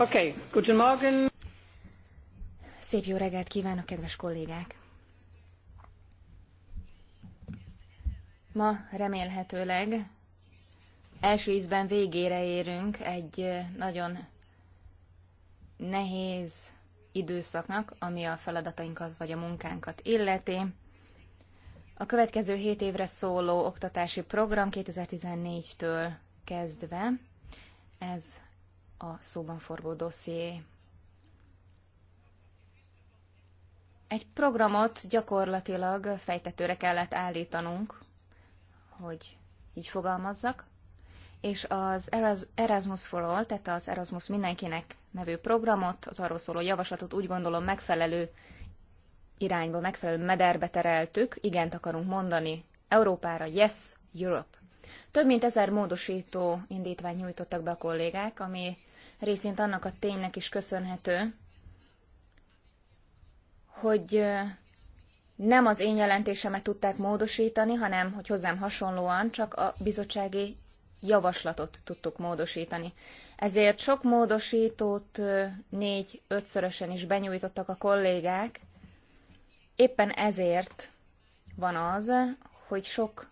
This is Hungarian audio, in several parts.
Okay, guten Morgen. Szép jó reggelt kívánok, kedves kollégák! Ma remélhetőleg első ízben végére érünk egy nagyon nehéz időszaknak, ami a feladatainkat vagy a munkánkat illeti. A következő 7 évre szóló oktatási program 2014-től kezdve, ez a szóban forgó dosszié. Egy programot gyakorlatilag fejtetőre kellett állítanunk, hogy így fogalmazzak, és az Erasmus for All, tehát az Erasmus mindenkinek nevű programot, az arról szóló javaslatot úgy gondolom megfelelő irányba, megfelelő mederbe tereltük, igent akarunk mondani Európára, yes, Europe. Több mint ezer módosító indítványt nyújtottak be a kollégák, ami részint annak a ténynek is köszönhető, hogy nem az én jelentésemet tudták módosítani, hanem, hogy hozzám hasonlóan, csak a bizottsági javaslatot tudtuk módosítani. Ezért sok módosítót négy-ötszörösen is benyújtottak a kollégák. Éppen ezért van az, hogy sok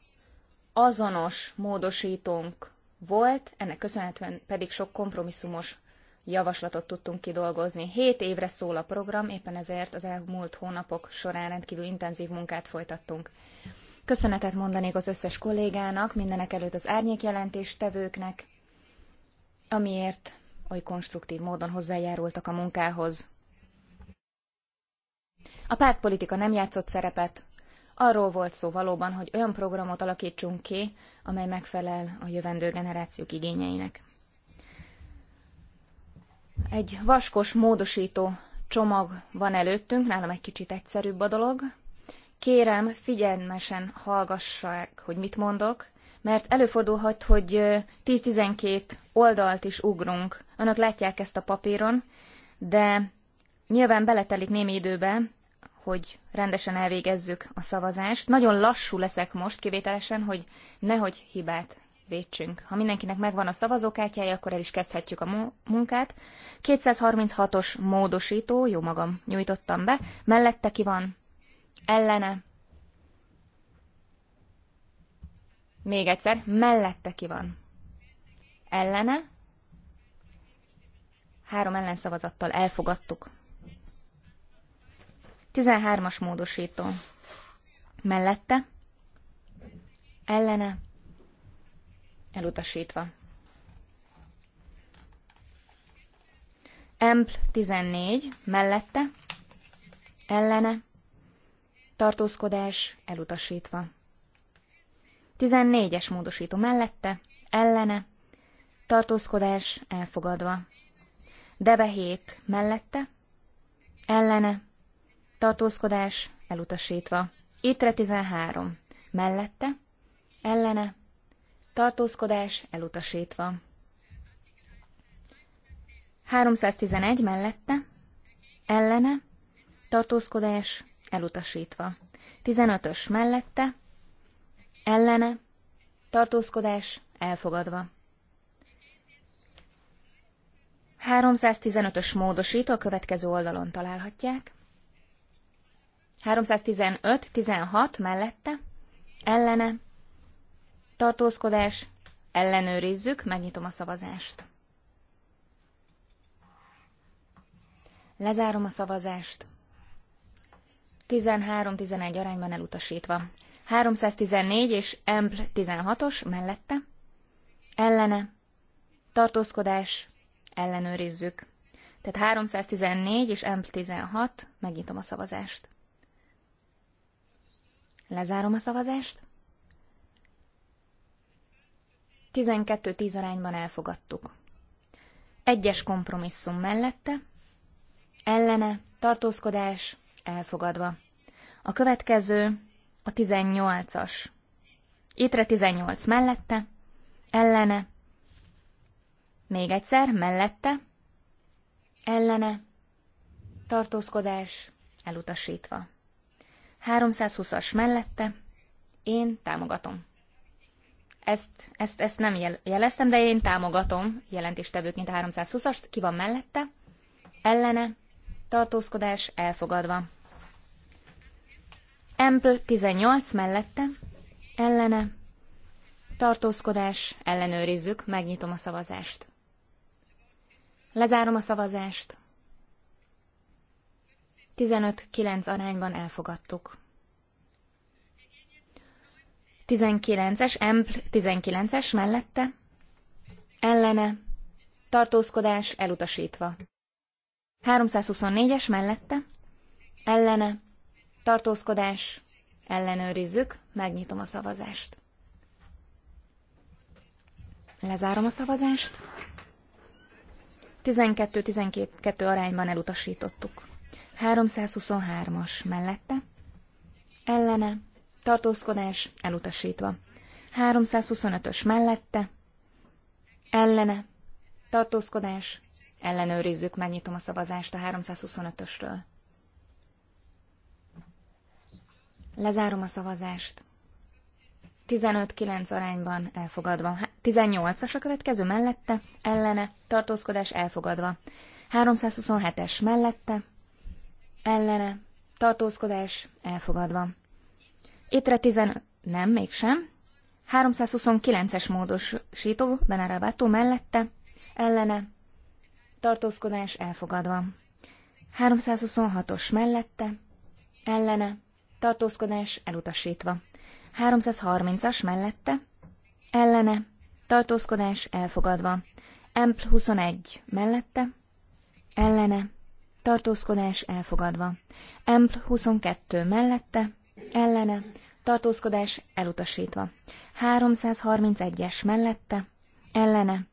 azonos módosítónk volt, ennek köszönhetően pedig sok kompromisszumos javaslatot tudtunk kidolgozni. Hét évre szól a program, éppen ezért az elmúlt hónapok során rendkívül intenzív munkát folytattunk. Köszönetet mondanék az összes kollégának, mindenek előtt az tevőknek, amiért oly konstruktív módon hozzájárultak a munkához. A pártpolitika nem játszott szerepet, Arról volt szó valóban, hogy olyan programot alakítsunk ki, amely megfelel a jövendő generációk igényeinek. Egy vaskos módosító csomag van előttünk, nálam egy kicsit egyszerűbb a dolog. Kérem, figyelmesen hallgassák, hogy mit mondok, mert előfordulhat, hogy 10-12 oldalt is ugrunk. Önök látják ezt a papíron, de nyilván beletelik némi időbe, hogy rendesen elvégezzük a szavazást. Nagyon lassú leszek most, kivételesen, hogy nehogy hibát vétsünk. Ha mindenkinek megvan a szavazókártyája, akkor el is kezdhetjük a munkát. 236-os módosító, jó magam, nyújtottam be. Mellette ki van? Ellene? Még egyszer, mellette ki van? Ellene? Három ellenszavazattal elfogadtuk. 13-as módosító. Mellette. Ellene. Elutasítva. Empl 14. Mellette. Ellene. Tartózkodás elutasítva. 14-es módosító mellette. Ellene. Tartózkodás elfogadva. Deve 7 mellette. Ellene tartózkodás elutasítva. Étre 13. Mellette, ellene, tartózkodás elutasítva. 311 mellette, ellene, tartózkodás elutasítva. 15-ös mellette, ellene, tartózkodás elfogadva. 315-ös módosító a következő oldalon találhatják. 315, 16 mellette, ellene, tartózkodás, ellenőrizzük, megnyitom a szavazást. Lezárom a szavazást. 13-11 arányban elutasítva. 314 és EMPL 16-os mellette. Ellene. Tartózkodás. Ellenőrizzük. Tehát 314 és EMPL 16. Megnyitom a szavazást. Lezárom a szavazást. 12-10 arányban elfogadtuk. Egyes kompromisszum mellette, ellene, tartózkodás, elfogadva. A következő a 18-as. Ittre 18 mellette, ellene, még egyszer mellette, ellene, tartózkodás, elutasítva. 320-as mellette én támogatom. Ezt, ezt, ezt nem jel, jeleztem, de én támogatom jelentéstevőként a 320-ast. Ki van mellette? Ellene. Tartózkodás elfogadva. Empl 18 mellette. Ellene. Tartózkodás ellenőrizzük, megnyitom a szavazást. Lezárom a szavazást. 15-9 arányban elfogadtuk. 19-es, Empl 19-es mellette, ellene, tartózkodás elutasítva. 324-es mellette, ellene, tartózkodás, ellenőrizzük, megnyitom a szavazást. Lezárom a szavazást. 12-12 arányban elutasítottuk. 323-as mellette, ellene, tartózkodás elutasítva. 325-ös mellette, ellene, tartózkodás, ellenőrizzük, megnyitom a szavazást a 325-ösről. Lezárom a szavazást. 15-9 arányban elfogadva. 18-as a következő mellette, ellene, tartózkodás elfogadva. 327-es mellette, ellene, tartózkodás elfogadva. Étre 10, nem, mégsem. 329-es módosító, Benarabató mellette, ellene, tartózkodás elfogadva. 326-os mellette, ellene, tartózkodás elutasítva. 330-as mellette, ellene, tartózkodás elfogadva. Empl 21 mellette, ellene, tartózkodás elfogadva. Empl 22 mellette, ellene, tartózkodás elutasítva. 331-es mellette, ellene,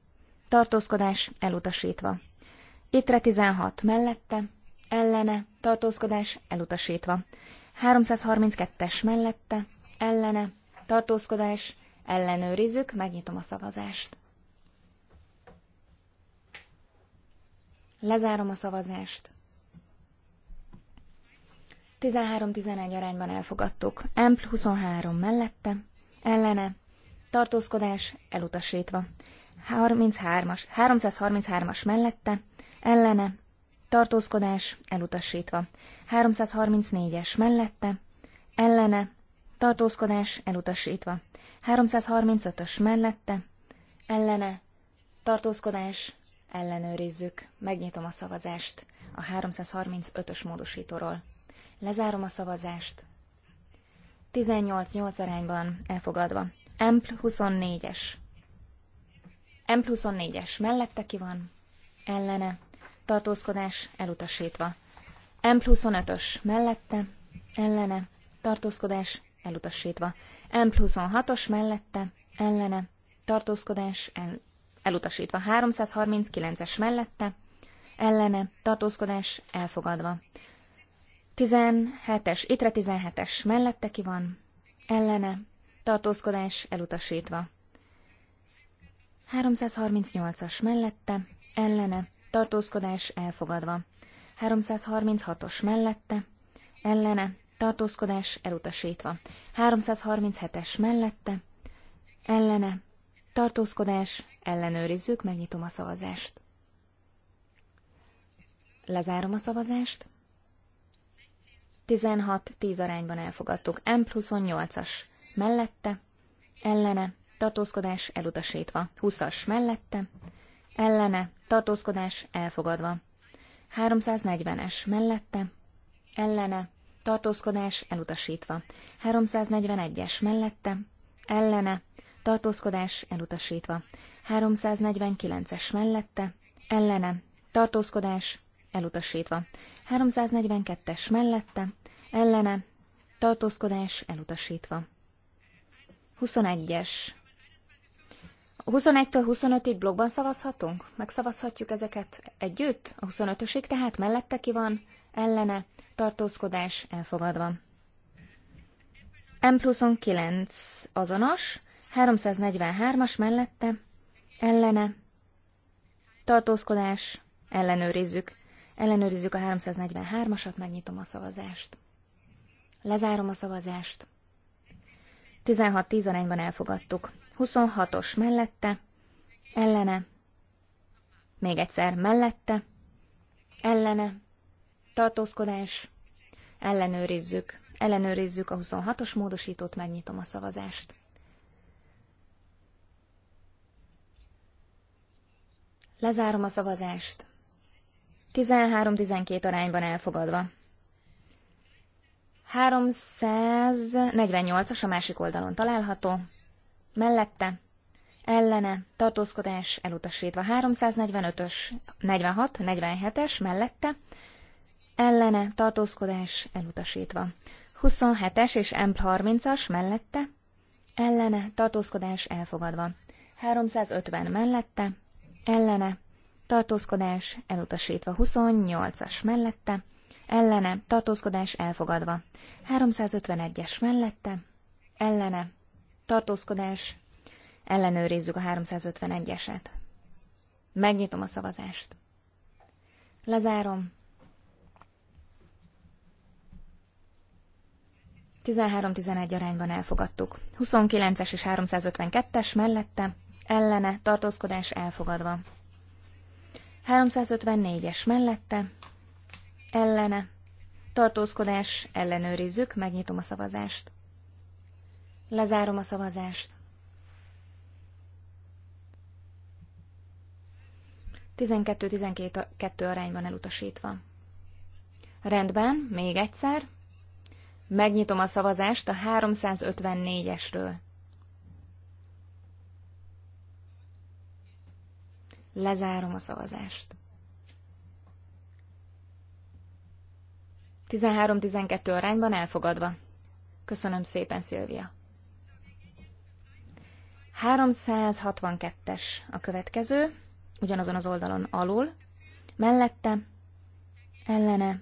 tartózkodás elutasítva. Ittre 16 mellette, ellene, tartózkodás elutasítva. 332-es mellette, ellene, tartózkodás, ellenőrizzük, megnyitom a szavazást. Lezárom a szavazást. 13-11 arányban elfogadtuk. Ampl 23 mellette, ellene, tartózkodás elutasítva. 33-as, 333-as mellette, ellene, tartózkodás elutasítva. 334-es mellette, ellene, tartózkodás elutasítva. 335-ös mellette, ellene, tartózkodás ellenőrizzük. Megnyitom a szavazást a 335-ös módosítóról. Lezárom a szavazást. 18-8 arányban elfogadva. Ampl 24-es. Ampl 24-es. Mellette ki van? Ellene. Tartózkodás elutasítva. Ampl 25-ös. Mellette. Ellene. Tartózkodás elutasítva. Ampl 26-os. Mellette. Ellene. Tartózkodás el, elutasítva. 339-es mellette. Ellene. Tartózkodás elfogadva. 17-es, étre 17-es mellette ki van, ellene, tartózkodás elutasítva. 338-as mellette, ellene, tartózkodás elfogadva. 336-os mellette, ellene, tartózkodás elutasítva. 337-es mellette, ellene, tartózkodás, ellenőrizzük, megnyitom a szavazást. Lezárom a szavazást. 16-10 arányban elfogadtuk. M plusz 28-as mellette, ellene, tartózkodás elutasítva. 20-as mellette, ellene, tartózkodás elfogadva. 340-es mellette, ellene, tartózkodás elutasítva. 341-es mellette, ellene, tartózkodás elutasítva. 349-es mellette, ellene, tartózkodás elutasítva. 342-es mellette, ellene, tartózkodás elutasítva. 21-es. 21-től 25-ig blogban szavazhatunk? Megszavazhatjuk ezeket együtt? A 25-ösig tehát mellette ki van, ellene, tartózkodás elfogadva. M pluszon 9 azonos, 343-as mellette, ellene, tartózkodás, ellenőrizzük. Ellenőrizzük a 343-asat, megnyitom a szavazást. Lezárom a szavazást. 16-10 arányban elfogadtuk. 26-os mellette, ellene, még egyszer mellette, ellene, tartózkodás, ellenőrizzük. Ellenőrizzük a 26-os módosítót, megnyitom a szavazást. Lezárom a szavazást. 13-12 arányban elfogadva. 348-as a másik oldalon található, mellette, ellene, tartózkodás elutasítva. 345-ös, 46, 47-es mellette, ellene, tartózkodás elutasítva. 27-es és M30-as mellette, ellene, tartózkodás elfogadva. 350 mellette, ellene, tartózkodás elutasítva 28-as mellette, ellene tartózkodás elfogadva 351-es mellette, ellene tartózkodás ellenőrizzük a 351-eset. Megnyitom a szavazást. Lezárom. 13-11 arányban elfogadtuk. 29-es és 352-es mellette, ellene tartózkodás elfogadva. 354-es mellette, ellene, tartózkodás, ellenőrizzük, megnyitom a szavazást. Lezárom a szavazást. 12-12 arányban elutasítva. Rendben, még egyszer. Megnyitom a szavazást a 354-esről. Lezárom a szavazást. 13-12 arányban elfogadva. Köszönöm szépen, Szilvia. 362-es a következő, ugyanazon az oldalon alul, mellette, ellene,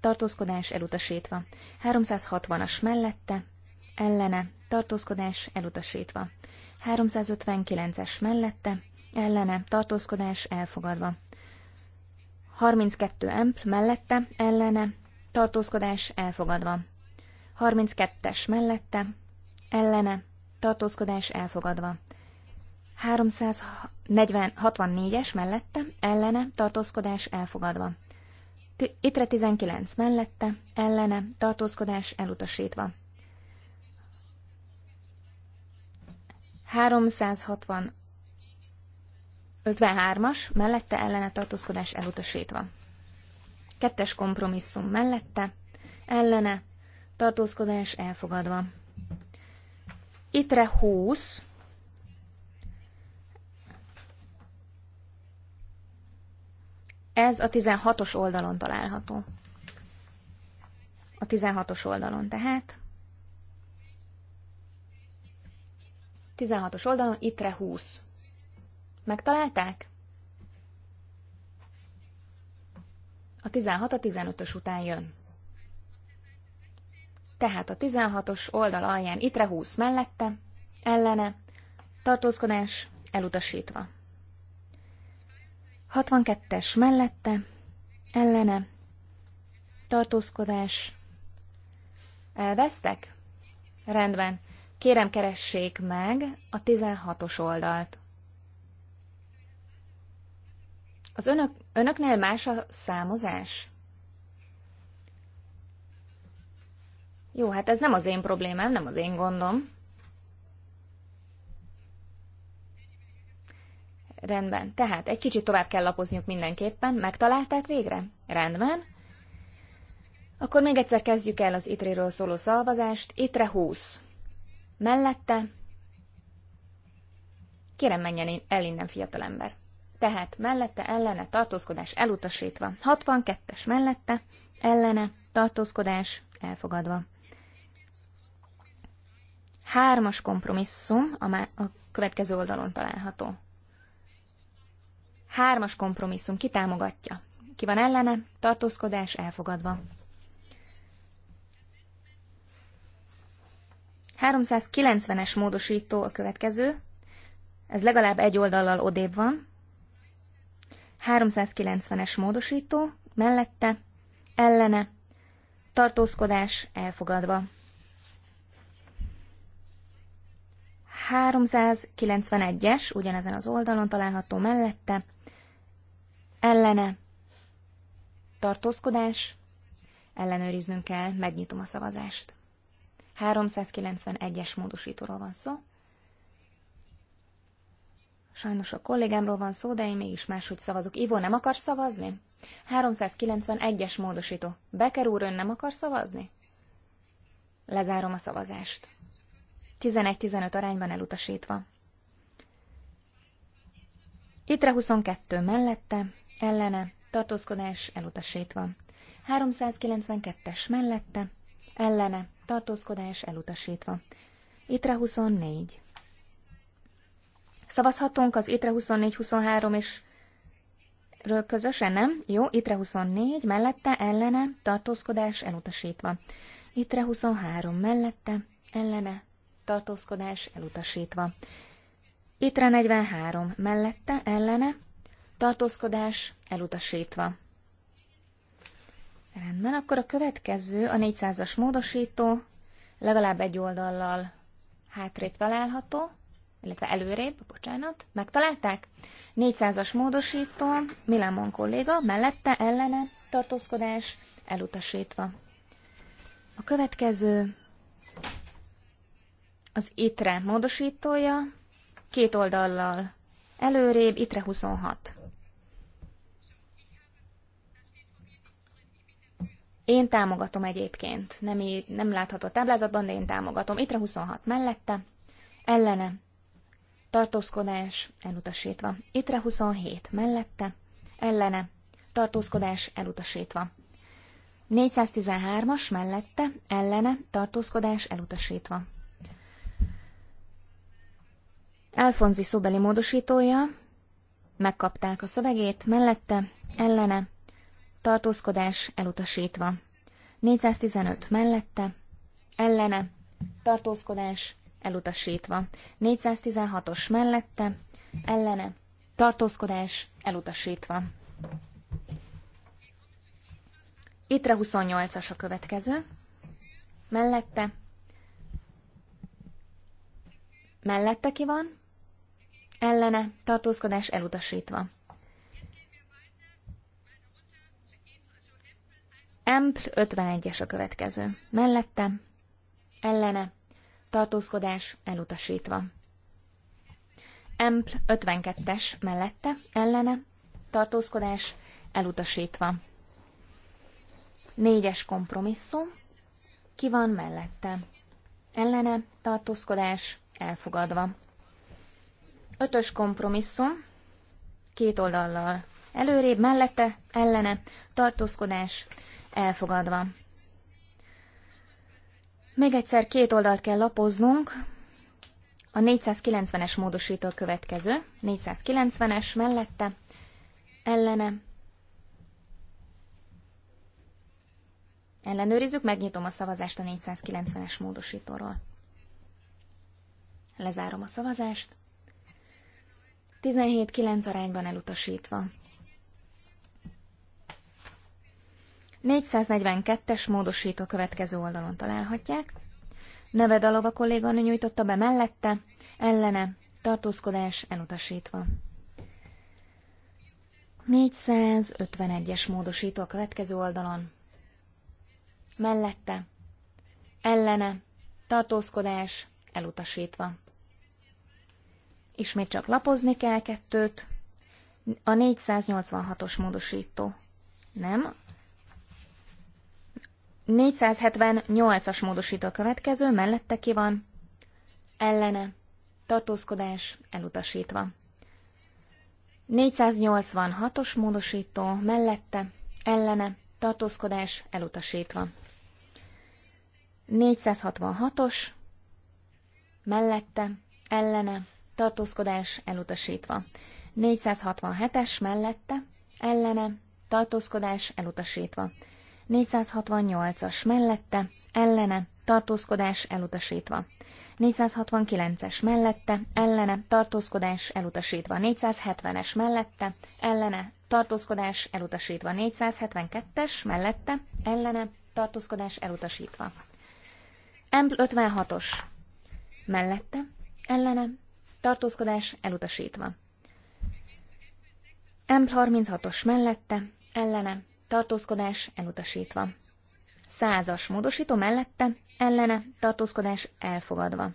tartózkodás elutasítva. 360-as mellette, ellene, tartózkodás elutasítva. 359-es mellette, ellene, tartózkodás elfogadva. 32 empl mellette, ellene, tartózkodás elfogadva. 32-es mellette, ellene, tartózkodás elfogadva. 364-es mellette, ellene, tartózkodás elfogadva. Itre 19 mellette, ellene, tartózkodás elutasítva. 53-as, mellette ellene tartózkodás elutasítva. Kettes kompromisszum mellette, ellene, tartózkodás elfogadva. Ittre 20, ez a 16-os oldalon található. A 16-os oldalon tehát. 16-os oldalon, ittre 20. Megtalálták? A 16 a 15-ös után jön. Tehát a 16-os oldal alján itre 20 mellette, ellene, tartózkodás elutasítva. 62-es mellette, ellene, tartózkodás. Elvesztek? Rendben. Kérem, keressék meg a 16-os oldalt. Az önök, önöknél más a számozás? Jó, hát ez nem az én problémám, nem az én gondom. Rendben. Tehát egy kicsit tovább kell lapozniuk mindenképpen. Megtalálták végre? Rendben. Akkor még egyszer kezdjük el az itréről szóló szavazást. Itre 20. Mellette. Kérem menjen el innen, fiatalember tehát mellette, ellene, tartózkodás elutasítva. 62-es mellette, ellene, tartózkodás elfogadva. Hármas kompromisszum a, má- a következő oldalon található. Hármas kompromisszum kitámogatja. Ki van ellene? Tartózkodás elfogadva. 390-es módosító a következő. Ez legalább egy oldallal odébb van. 390-es módosító, mellette, ellene, tartózkodás elfogadva. 391-es, ugyanezen az oldalon található mellette, ellene, tartózkodás, ellenőriznünk kell, megnyitom a szavazást. 391-es módosítóról van szó. Sajnos a kollégámról van szó, de én mégis máshogy szavazok. Ivo, nem akar szavazni? 391-es módosító. Beker úr, ön nem akar szavazni? Lezárom a szavazást. 11-15 arányban elutasítva. Ittre 22 mellette, ellene, tartózkodás elutasítva. 392-es mellette, ellene, tartózkodás elutasítva. Ittre 24 Szavazhatunk az ITRE 24, 23 és ről közösen, nem? Jó, ITRE 24, mellette, ellene, tartózkodás elutasítva. ITRE 23, mellette, ellene, tartózkodás elutasítva. ITRE 43, mellette, ellene, tartózkodás elutasítva. Rendben, akkor a következő, a 400-as módosító, legalább egy oldallal hátrébb található illetve előrébb, bocsánat, megtalálták. 400-as módosító, Milámon kolléga, mellette ellene tartózkodás elutasítva. A következő az ITRE módosítója, két oldallal előrébb, ITRE 26. Én támogatom egyébként. Nem, nem látható a táblázatban, de én támogatom. Itre 26 mellette, ellene, tartózkodás elutasítva. Itre 27 mellette, ellene, tartózkodás elutasítva. 413-as mellette, ellene, tartózkodás elutasítva. Elfonzi szóbeli módosítója, megkapták a szövegét, mellette, ellene, tartózkodás elutasítva. 415 mellette, ellene, tartózkodás elutasítva. 416-os mellette, ellene, tartózkodás, elutasítva. Ittre 28-as a következő, mellette, mellette ki van, ellene, tartózkodás, elutasítva. Empl 51-es a következő. Mellette, ellene, tartózkodás elutasítva. Empl 52-es mellette, ellene, tartózkodás elutasítva. Négyes kompromisszum, ki van mellette? Ellene, tartózkodás elfogadva. Ötös kompromisszum, két oldallal előrébb, mellette, ellene, tartózkodás elfogadva. Még egyszer két oldalt kell lapoznunk. A 490-es módosító következő, 490-es mellette, ellene. Ellenőrizzük, megnyitom a szavazást a 490-es módosítóról. Lezárom a szavazást. 17-9 arányban elutasítva. 442-es módosító következő oldalon találhatják. Nevedalova kolléganő nyújtotta be mellette, ellene, tartózkodás elutasítva. 451-es módosító a következő oldalon. Mellette, ellene, tartózkodás elutasítva. Ismét csak lapozni kell kettőt. A 486-os módosító. Nem, 478-as módosító következő, mellette ki van, ellene, tartózkodás elutasítva. 486-os módosító, mellette, ellene, tartózkodás elutasítva. 466-os, mellette, ellene, tartózkodás elutasítva. 467-es mellette, ellene, tartózkodás elutasítva. 468-as mellette, ellene, tartózkodás elutasítva. 469-es mellette, ellene, tartózkodás elutasítva. 470-es mellette, ellene, tartózkodás elutasítva. 472-es mellette, ellene, tartózkodás elutasítva. Empl 56-os mellette, ellene, tartózkodás elutasítva. Empl 36-os mellette, ellene, tartózkodás elutasítva. Százas módosító mellette, ellene, tartózkodás elfogadva.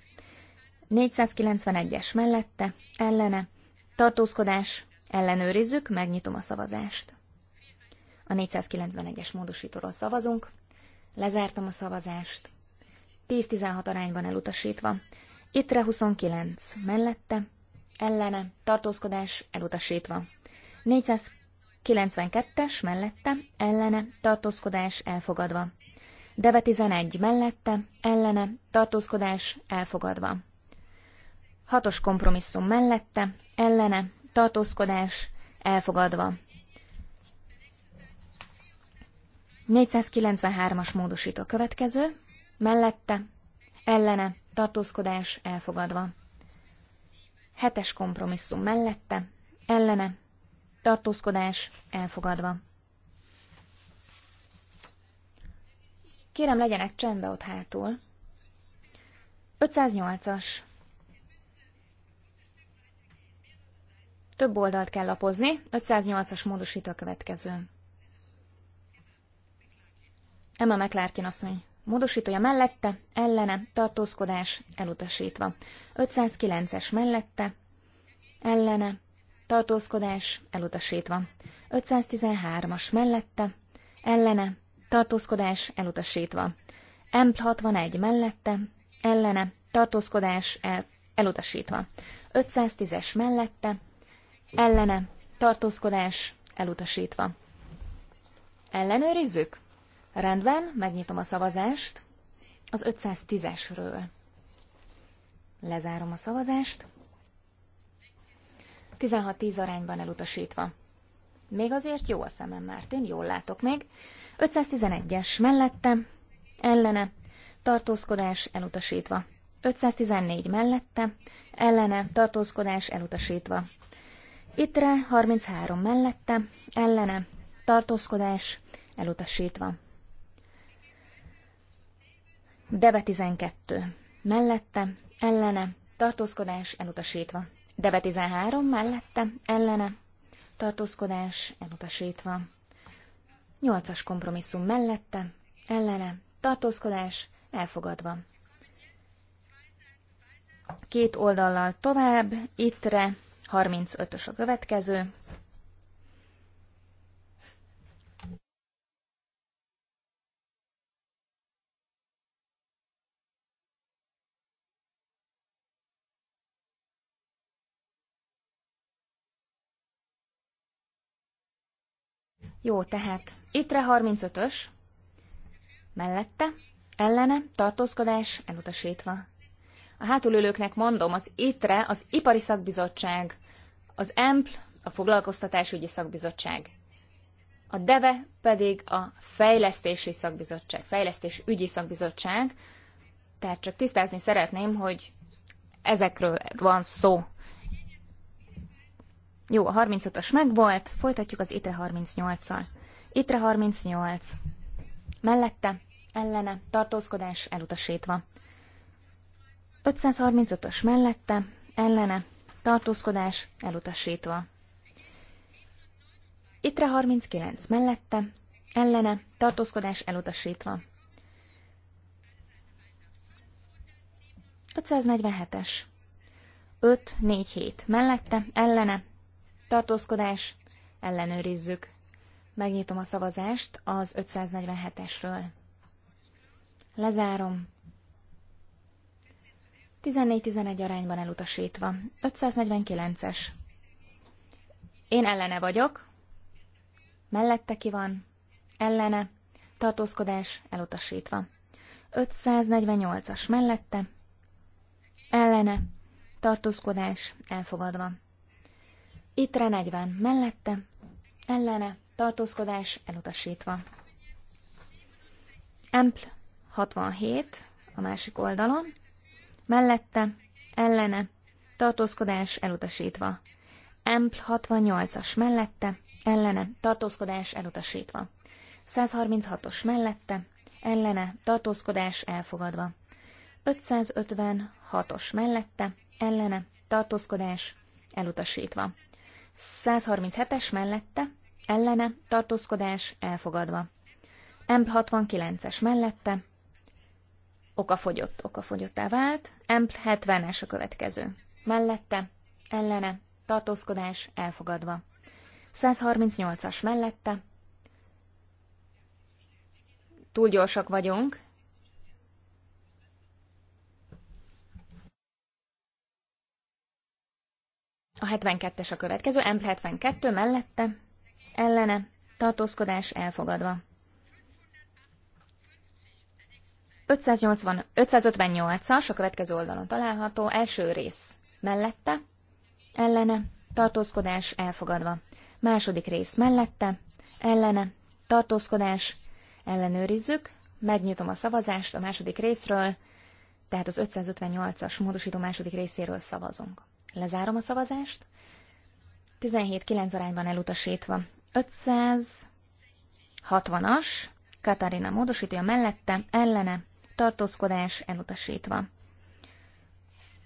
491-es mellette, ellene, tartózkodás, ellenőrizzük, megnyitom a szavazást. A 491-es módosítóról szavazunk, lezártam a szavazást, 10-16 arányban elutasítva. Ittre 29, mellette, ellene, tartózkodás elutasítva. 92-es mellette, ellene, tartózkodás elfogadva. Deve 11 mellette, ellene, tartózkodás elfogadva. Hatos kompromisszum mellette, ellene, tartózkodás elfogadva. 493-as módosító következő, mellette, ellene, tartózkodás elfogadva. Hetes kompromisszum mellette, ellene, tartózkodás elfogadva. Kérem, legyenek csendbe ott hátul. 508-as. Több oldalt kell lapozni, 508-as módosító a következő. Emma McLarkin asszony módosítója mellette, ellene, tartózkodás elutasítva. 509-es mellette, ellene, tartózkodás elutasítva. 513-as mellette, ellene, tartózkodás elutasítva. m 61 mellette, ellene, tartózkodás el, elutasítva. 510-es mellette, ellene, tartózkodás elutasítva. Ellenőrizzük? Rendben, megnyitom a szavazást az 510-esről. Lezárom a szavazást. 16-10 arányban elutasítva. Még azért jó a szemem, Mártin, jól látok még. 511-es mellette, ellene, tartózkodás elutasítva. 514 mellette, ellene, tartózkodás elutasítva. Ittre 33 mellette, ellene, tartózkodás elutasítva. Deve 12 mellette, ellene, tartózkodás elutasítva. Debe 13 mellette, ellene, tartózkodás elutasítva. Nyolcas kompromisszum mellette, ellene, tartózkodás elfogadva. Két oldallal tovább, ittre 35-ös a következő, Jó, tehát ittre 35-ös, mellette, ellene, tartózkodás, elutasítva. A hátulülőknek mondom, az ITRE az Ipari Szakbizottság, az EMPL a Foglalkoztatásügyi Szakbizottság, a DEVE pedig a Fejlesztési Szakbizottság, Fejlesztés Ügyi Szakbizottság, tehát csak tisztázni szeretném, hogy ezekről van szó. Jó, a 35-ös megvolt, folytatjuk az ITRE 38-al. ITRE 38. Mellette, ellene, tartózkodás elutasítva. 535-ös mellette, ellene, tartózkodás elutasítva. Itre 39 mellette, ellene, tartózkodás elutasítva. 547-es. 5, 4, 7 mellette, ellene, tartózkodás, ellenőrizzük. Megnyitom a szavazást az 547-esről. Lezárom. 14-11 arányban elutasítva. 549-es. Én ellene vagyok. Mellette ki van? Ellene. Tartózkodás elutasítva. 548-as mellette. Ellene. Tartózkodás elfogadva. Ittre 40 mellette, ellene, tartózkodás elutasítva. Empl 67 a másik oldalon, mellette, ellene, tartózkodás elutasítva. Empl 68-as mellette, ellene, tartózkodás elutasítva. 136-os mellette, ellene, tartózkodás elfogadva. 556-os mellette, ellene, tartózkodás elutasítva. 137-es mellette, ellene, tartózkodás elfogadva. M69-es mellette, okafogyott, okafogyottá vált, M70-es a következő. Mellette, ellene, tartózkodás elfogadva. 138-as mellette. Túl gyorsak vagyunk, A 72-es a következő, M72 mellette, ellene, tartózkodás elfogadva. 580, 558-as a következő oldalon található, első rész mellette, ellene, tartózkodás elfogadva. Második rész mellette, ellene, tartózkodás, ellenőrizzük, megnyitom a szavazást a második részről, tehát az 558-as módosító második részéről szavazunk. Lezárom a szavazást. 17-9 arányban elutasítva. 560-as, Katarina módosítja mellette, ellene, tartózkodás elutasítva.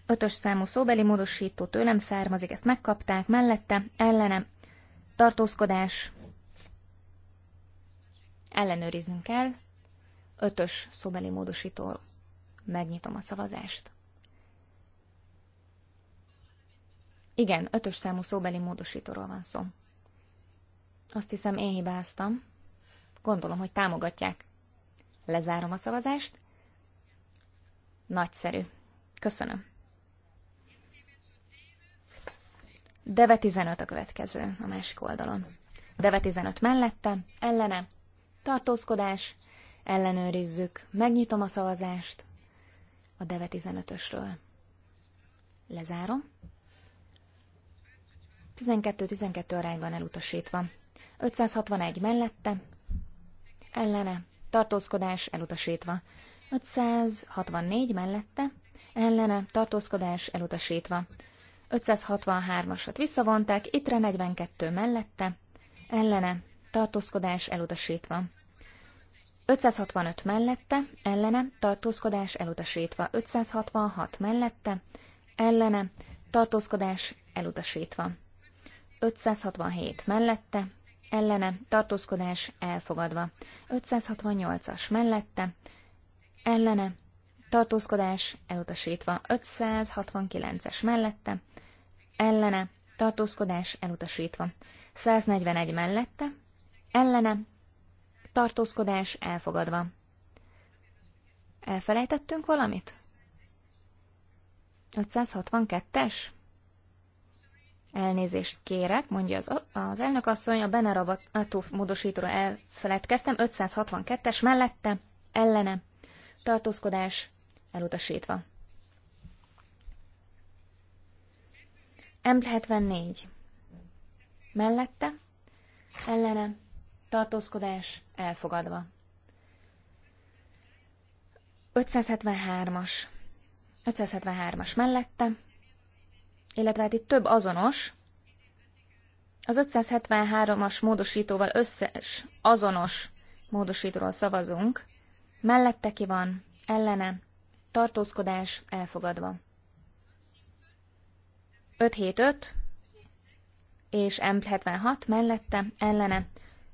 Ötös számú szóbeli módosító tőlem származik, ezt megkapták, mellette, ellene, tartózkodás, ellenőriznünk kell, ötös szóbeli módosító. Megnyitom a szavazást. Igen, ötös számú szóbeli módosítóról van szó. Azt hiszem, én hibáztam. Gondolom, hogy támogatják. Lezárom a szavazást. Nagyszerű. Köszönöm. Deve 15 a következő, a másik oldalon. Deve 15 mellette, ellene, tartózkodás, ellenőrizzük, megnyitom a szavazást a Deve 15-ösről. Lezárom. 12-12 arányban elutasítva. 561 mellette, ellene, tartózkodás elutasítva. 564 mellette, ellene, tartózkodás elutasítva. 563-asat visszavonták, ittre 42 mellette, ellene, tartózkodás elutasítva. 565 mellette, ellene, tartózkodás elutasítva. 566 mellette, ellene, tartózkodás elutasítva. 567 mellette, ellene, tartózkodás elfogadva. 568-as mellette, ellene, tartózkodás elutasítva. 569-es mellette, ellene, tartózkodás elutasítva. 141 mellette, ellene, tartózkodás elfogadva. Elfelejtettünk valamit? 562-es? Elnézést kérek, mondja az, az elnök asszony, a Beneravató módosítóra elfeledkeztem, 562-es mellette, ellene, tartózkodás elutasítva. M74 mellette, ellene, tartózkodás elfogadva. 573-as, 573-as mellette, illetve hát itt több azonos, az 573-as módosítóval összes azonos módosítóról szavazunk, mellette ki van, ellene, tartózkodás elfogadva. 575 és M76 mellette, ellene,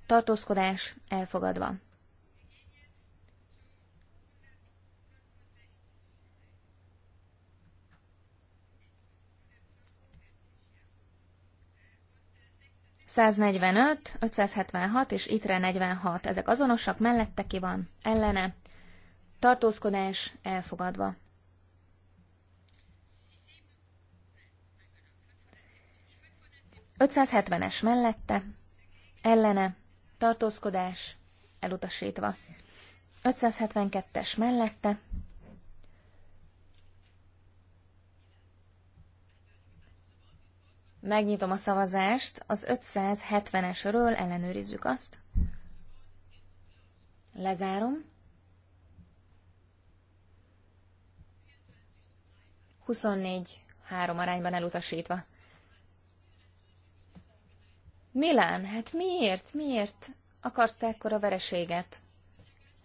tartózkodás elfogadva. 145, 576 és ITRE 46. Ezek azonosak, mellette ki van, ellene. Tartózkodás elfogadva. es mellette, ellene, tartózkodás, elutasítva. 572-es mellette, Megnyitom a szavazást, az 570-esről ellenőrizzük azt. Lezárom. 24 3 arányban elutasítva. Milán, hát miért, miért akarsz ekkora vereséget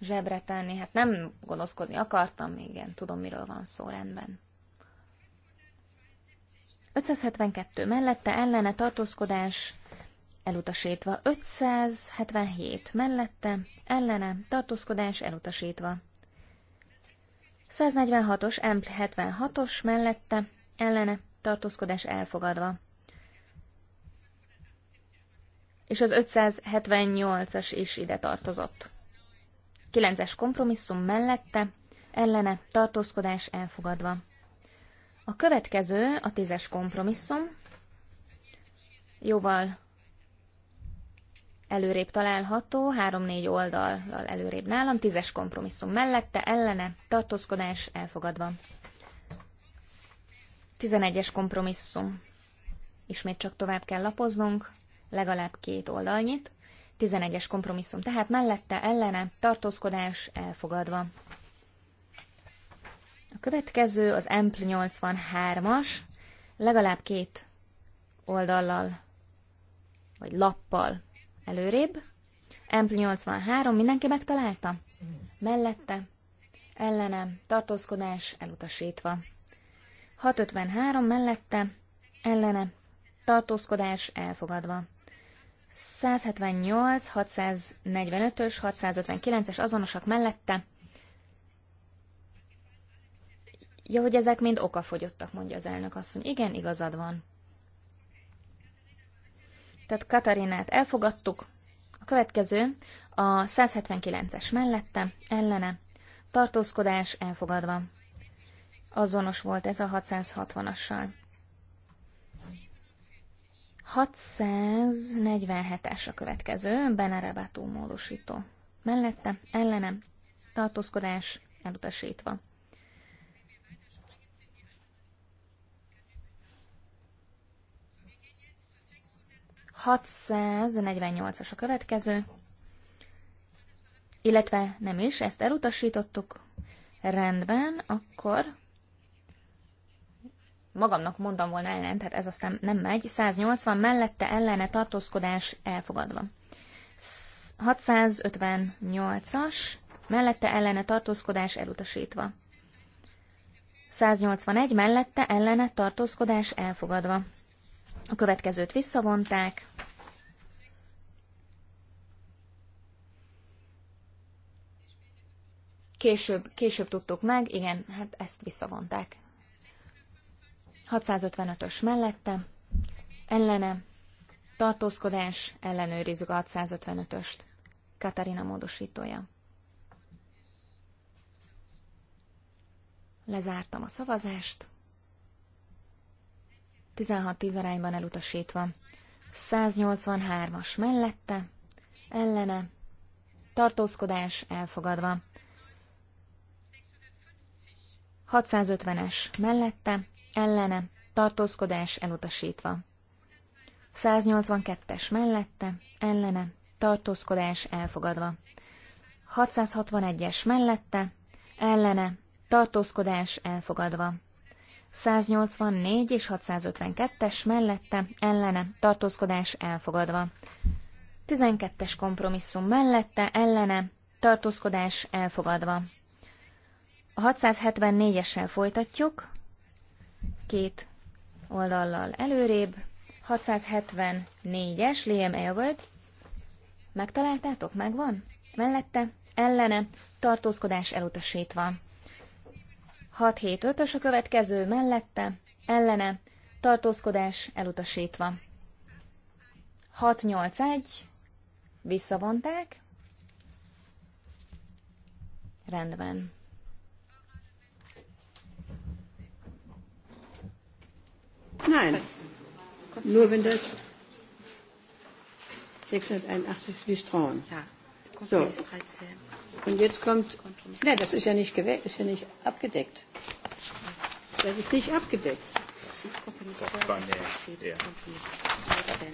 zsebre tenni? Hát nem gonoszkodni akartam, igen, tudom, miről van szó, rendben. 572 mellette ellene tartózkodás elutasítva. 577 mellette ellene tartózkodás elutasítva. 146-os Ampl 76-os mellette ellene tartózkodás elfogadva. És az 578-as is ide tartozott. 9-es kompromisszum mellette ellene tartózkodás elfogadva. A következő a tízes kompromisszum. Jóval előrébb található, három-négy oldallal előrébb nálam, tízes kompromisszum mellette, ellene, tartózkodás elfogadva. Tizenegyes kompromisszum. Ismét csak tovább kell lapoznunk, legalább két oldalnyit. Tizenegyes kompromisszum, tehát mellette, ellene, tartózkodás elfogadva. A következő az Ampl 83-as, legalább két oldallal, vagy lappal előrébb. Ampl 83, mindenki megtalálta? Mellette, ellene, tartózkodás elutasítva. 653 mellette, ellene, tartózkodás elfogadva. 178, 645-ös, 659-es azonosak mellette, Ja, hogy ezek mind okafogyottak, mondja az elnök asszony. Igen, igazad van. Tehát Katarinát elfogadtuk. A következő a 179-es mellette, ellene, tartózkodás elfogadva. Azonos volt ez a 660-assal. 647-es a következő, Benarabatú módosító. Mellette, ellene, tartózkodás elutasítva. 648-as a következő, illetve nem is, ezt elutasítottuk. Rendben, akkor magamnak mondom volna ellen, tehát ez aztán nem megy. 180 mellette ellene tartózkodás elfogadva. 658-as mellette ellene tartózkodás elutasítva. 181 mellette ellene tartózkodás elfogadva. A következőt visszavonták. később, később tudtuk meg, igen, hát ezt visszavonták. 655-ös mellette, ellene, tartózkodás, ellenőrizzük a 655-öst. Katarina módosítója. Lezártam a szavazást. 16-10 arányban elutasítva. 183-as mellette, ellene, tartózkodás elfogadva. 650-es mellette, ellene, tartózkodás elutasítva. 182-es mellette, ellene, tartózkodás elfogadva. 661-es mellette, ellene, tartózkodás elfogadva. 184 és 652-es mellette, ellene, tartózkodás elfogadva. 12-es kompromisszum mellette, ellene, tartózkodás elfogadva. A 674-essel folytatjuk, két oldallal előrébb. 674-es Liam Aylward. Megtaláltátok? Megvan? Mellette? Ellene? Tartózkodás elutasítva. 675-ös a következő mellette, ellene, tartózkodás elutasítva. 681, visszavonták. Rendben. Nein, nur wenn das 681 ist Strauen. Ja, so. 13. Und jetzt kommt, Kompromiss nein, das ist ja nicht gewählt, ist ja nicht abgedeckt. Das ist nicht abgedeckt.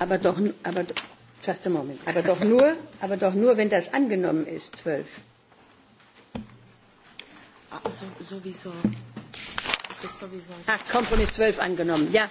Aber doch, aber, just a moment, aber doch nur, aber doch nur, wenn das angenommen ist, 12. Ah, so, sowieso. Kompromiss 12 ah, angenommen. Ja,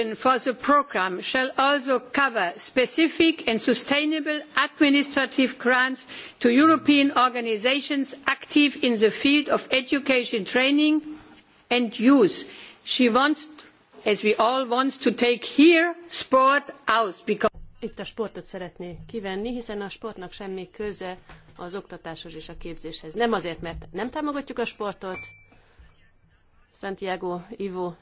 vision for the programme shall also cover specific and sustainable administrative grants to european organisations active in the field of education training and youth. she wants as we all want to take here sport out because itt a sportot szeretné kivenni, hiszen a sportnak semmi köze az oktatáshoz és a képzéshez. Nem azért, mert nem támogatjuk a sportot, Santiago, Ivo,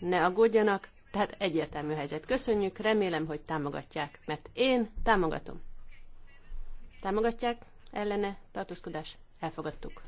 ne aggódjanak, tehát egyértelmű helyzet. Köszönjük, remélem, hogy támogatják, mert én támogatom. Támogatják, ellene, tartózkodás, elfogadtuk.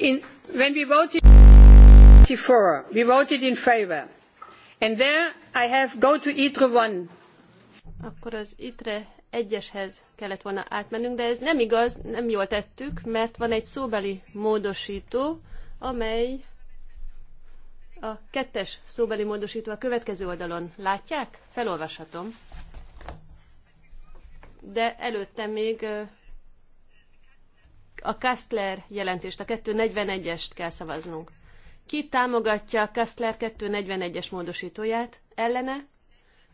In, when we voted before, we voted in favor. And there I have go to ITRE 1. Akkor az ITRE egyeshez kellett volna átmennünk, de ez nem igaz, nem jól tettük, mert van egy szóbeli módosító, amely a kettes szóbeli módosító a következő oldalon. Látják? Felolvashatom. De előtte még a Kastler jelentést, a 241-est kell szavaznunk. Ki támogatja a Kastler 241-es módosítóját? Ellene?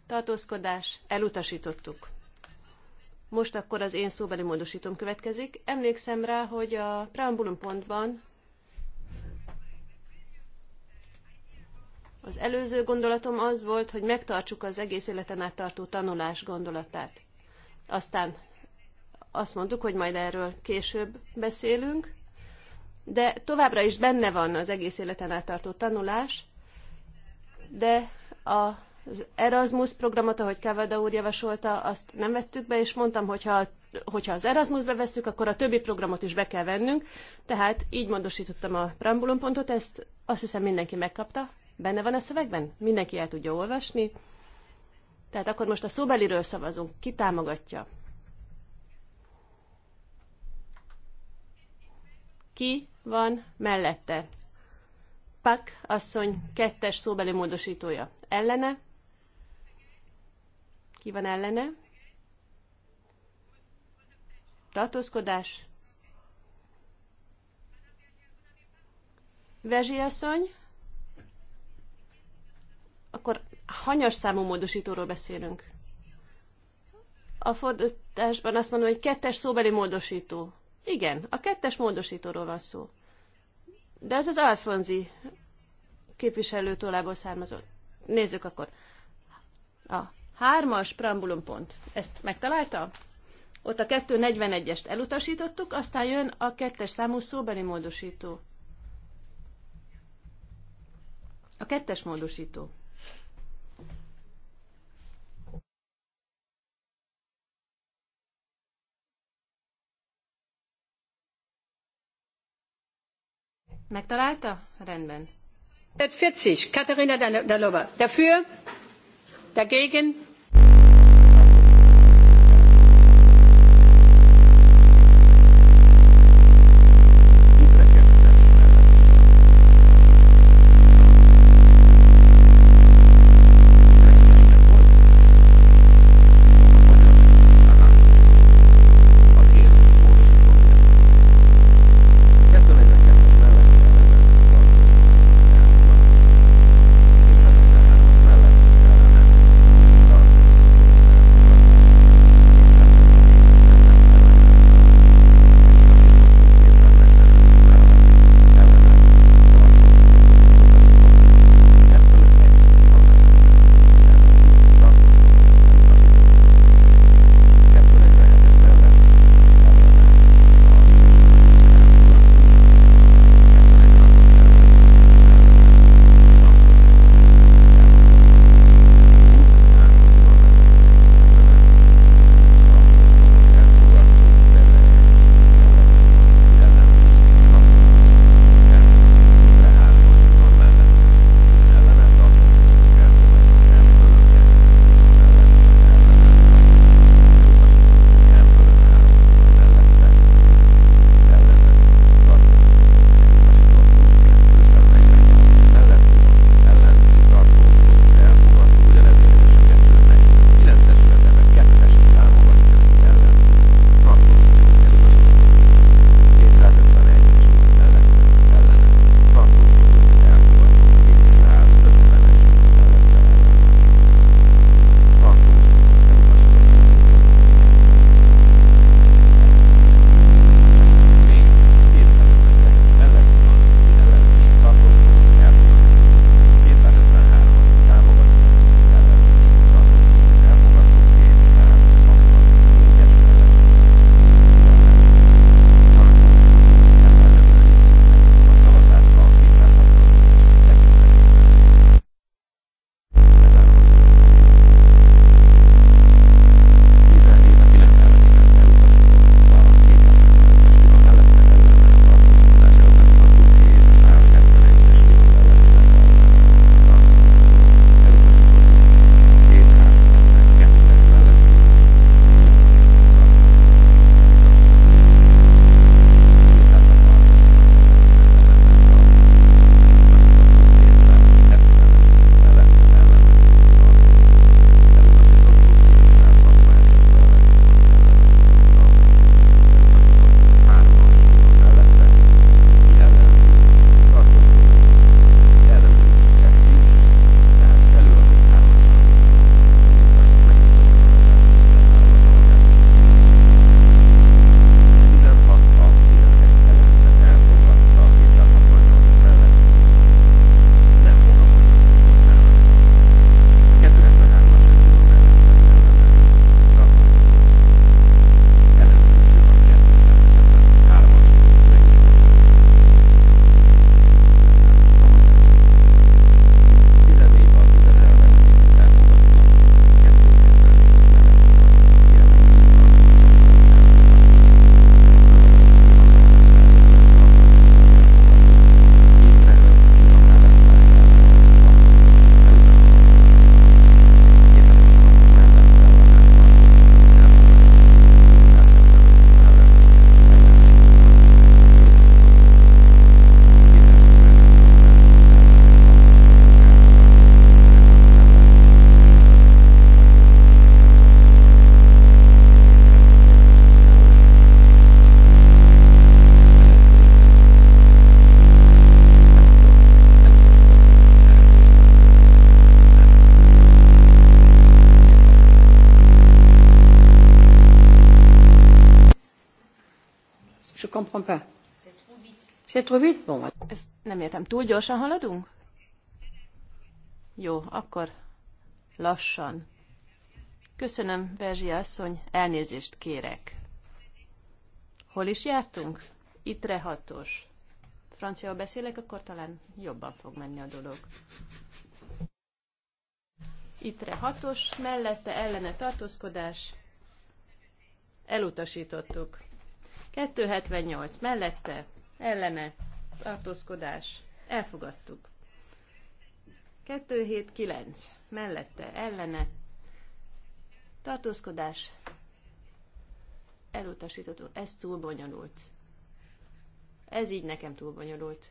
Tartózkodás? Elutasítottuk. Most akkor az én szóbeli módosítom következik. Emlékszem rá, hogy a preambulum pontban az előző gondolatom az volt, hogy megtartsuk az egész életen át tartó tanulás gondolatát. Aztán azt mondtuk, hogy majd erről később beszélünk, de továbbra is benne van az egész életen át tartó tanulás, de az Erasmus programot, ahogy Kavada úr javasolta, azt nem vettük be, és mondtam, hogyha, hogyha az Erasmus bevesszük, akkor a többi programot is be kell vennünk, tehát így módosítottam a pontot, ezt azt hiszem mindenki megkapta, benne van a szövegben, mindenki el tudja olvasni, tehát akkor most a szóbeliről szavazunk, ki támogatja. Ki van mellette? Pak asszony kettes szóbeli módosítója. Ellene? Ki van ellene? Tartózkodás? Vezsi asszony? Akkor hanyas számú módosítóról beszélünk? A fordításban azt mondom, hogy kettes szóbeli módosító. Igen, a kettes módosítóról van szó. De ez az Alfonzi képviselő tollából származott. Nézzük akkor. A hármas prambulum pont. Ezt megtalálta? Ott a 241-est elutasítottuk, aztán jön a kettes számú szóbeli módosító. A kettes módosító. Megtalálta? Rendben. 40, Katharina Dalova. Dafür? Dagegen? Ezt nem értem. Túl gyorsan haladunk? Jó, akkor lassan. Köszönöm, Berzsi asszony, elnézést kérek. Hol is jártunk? Itt hatos. Franciaul beszélek, akkor talán jobban fog menni a dolog. Itt hatos, mellette ellene tartózkodás. Elutasítottuk. 278 mellette ellene tartózkodás elfogadtuk. 279 mellette ellene tartózkodás elutasítható. Ez túl bonyolult. Ez így nekem túl bonyolult.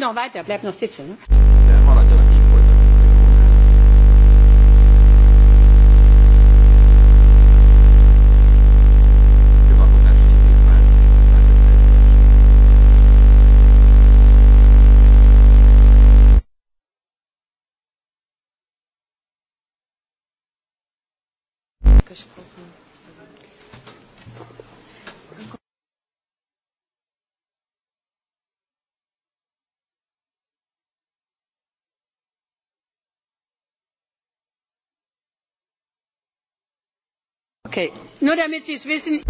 nem, várjál, bleib noch sitzen. Nur damit Sie es wissen.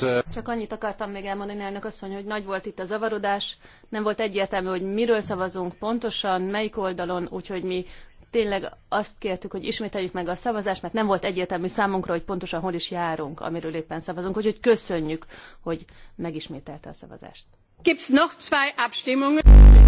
Uh, Csak annyit akartam még elmondani, elnök asszony, hogy nagy volt itt a zavarodás, nem volt egyértelmű, hogy miről szavazunk pontosan, melyik oldalon, úgyhogy mi tényleg azt kértük, hogy ismételjük meg a szavazást, mert nem volt egyértelmű számunkra, hogy pontosan hol is járunk, amiről éppen szavazunk. Úgyhogy köszönjük, hogy megismételte a szavazást. Gibt's noch zwei Abstimmungen?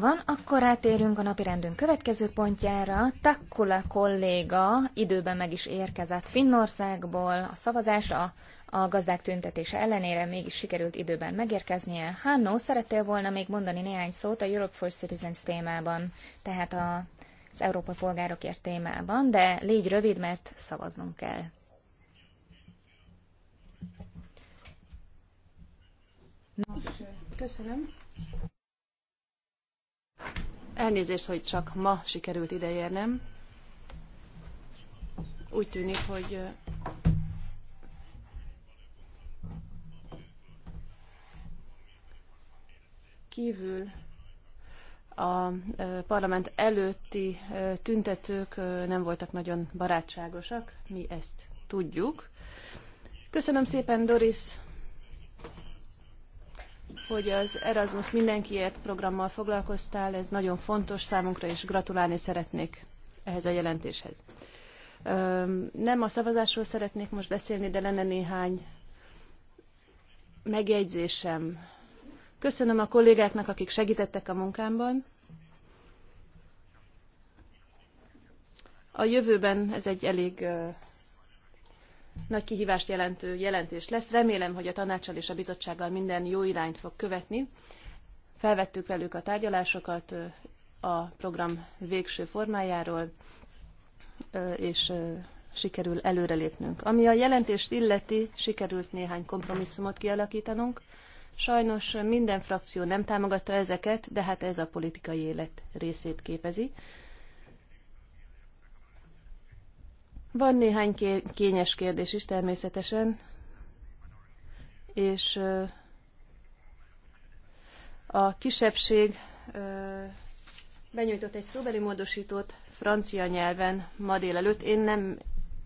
Rendben van, akkor átérünk a napirendünk következő pontjára. Takkula kolléga időben meg is érkezett Finnországból. A szavazás a gazdák tüntetése ellenére mégis sikerült időben megérkeznie. Hannó, szerettél volna még mondani néhány szót a Europe for Citizens témában, tehát a, az Európa polgárokért témában, de légy rövid, mert szavaznunk kell. Köszönöm. Elnézést, hogy csak ma sikerült ideérnem. Úgy tűnik, hogy kívül a parlament előtti tüntetők nem voltak nagyon barátságosak, mi ezt tudjuk. Köszönöm szépen, Doris, hogy az Erasmus Mindenkiért programmal foglalkoztál, ez nagyon fontos számunkra, és gratulálni szeretnék ehhez a jelentéshez. Nem a szavazásról szeretnék most beszélni, de lenne néhány megjegyzésem. Köszönöm a kollégáknak, akik segítettek a munkámban. A jövőben ez egy elég nagy kihívást jelentő jelentés lesz. Remélem, hogy a tanácsal és a bizottsággal minden jó irányt fog követni. Felvettük velük a tárgyalásokat a program végső formájáról, és sikerül előrelépnünk. Ami a jelentést illeti, sikerült néhány kompromisszumot kialakítanunk. Sajnos minden frakció nem támogatta ezeket, de hát ez a politikai élet részét képezi. Van néhány kényes kérdés is természetesen, és a kisebbség benyújtott egy szóbeli módosítót francia nyelven ma délelőtt. Én nem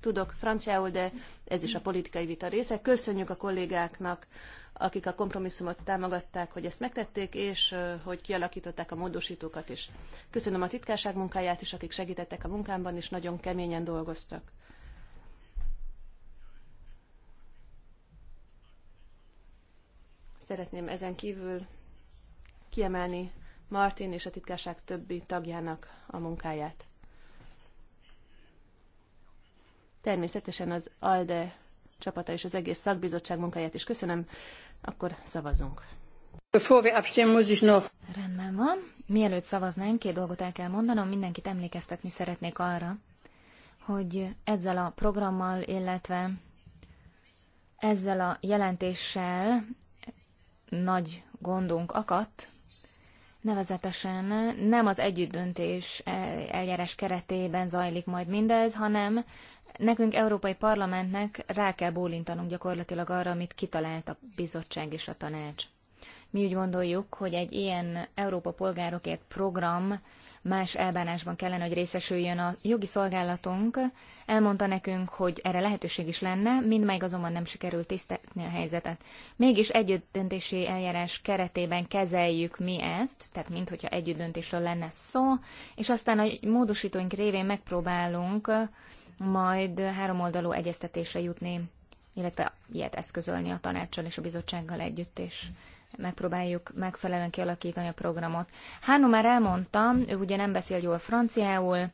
tudok franciául, de ez is a politikai vita része. Köszönjük a kollégáknak, akik a kompromisszumot támogatták, hogy ezt megtették, és hogy kialakították a módosítókat is. Köszönöm a titkárság munkáját is, akik segítettek a munkámban, és nagyon keményen dolgoztak. Szeretném ezen kívül kiemelni Martin és a titkárság többi tagjának a munkáját. Természetesen az ALDE csapata és az egész szakbizottság munkáját is köszönöm. Akkor szavazunk. Rendben van. Mielőtt szavaznánk, két dolgot el kell mondanom. Mindenkit emlékeztetni szeretnék arra, hogy ezzel a programmal, illetve ezzel a jelentéssel nagy gondunk akadt, nevezetesen nem az együttdöntés eljárás keretében zajlik majd mindez, hanem Nekünk, Európai Parlamentnek rá kell bólintanunk gyakorlatilag arra, amit kitalált a bizottság és a tanács. Mi úgy gondoljuk, hogy egy ilyen Európa polgárokért program más elbánásban kellene, hogy részesüljön a jogi szolgálatunk. Elmondta nekünk, hogy erre lehetőség is lenne, mindmáig azonban nem sikerült tisztetni a helyzetet. Mégis együttdöntési eljárás keretében kezeljük mi ezt, tehát minthogyha együttdöntésről lenne szó, és aztán a módosítóink révén megpróbálunk majd három oldalú egyeztetésre jutni, illetve ilyet eszközölni a tanácssal és a bizottsággal együtt, és megpróbáljuk megfelelően kialakítani a programot. Hánu már elmondtam, ő ugye nem beszél jól franciául,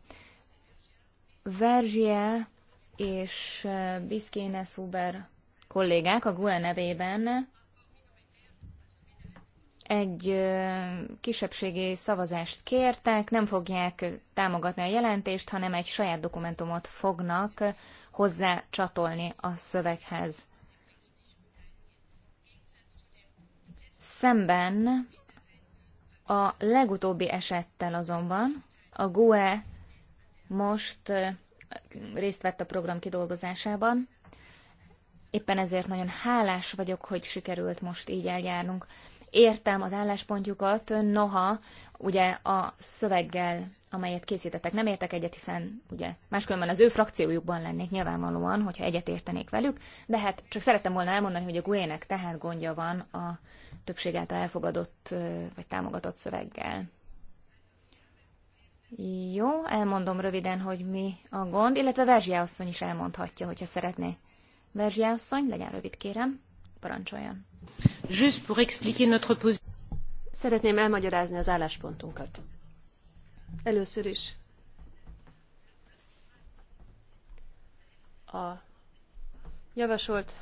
Verzsie és Biszkénes Huber kollégák a GUE nevében egy kisebbségi szavazást kértek, nem fogják támogatni a jelentést, hanem egy saját dokumentumot fognak hozzá csatolni a szöveghez. Szemben a legutóbbi esettel azonban a GUE most részt vett a program kidolgozásában, éppen ezért nagyon hálás vagyok, hogy sikerült most így eljárnunk értem az álláspontjukat, noha ugye a szöveggel, amelyet készítettek, nem értek egyet, hiszen ugye máskülönben az ő frakciójukban lennék nyilvánvalóan, hogyha egyet értenék velük, de hát csak szerettem volna elmondani, hogy a GUE-nek tehát gondja van a többség által elfogadott vagy támogatott szöveggel. Jó, elmondom röviden, hogy mi a gond, illetve Verzsia asszony is elmondhatja, hogyha szeretné. Verzsia asszony, legyen rövid, kérem, parancsoljon. Szeretném elmagyarázni az álláspontunkat. Először is a javasolt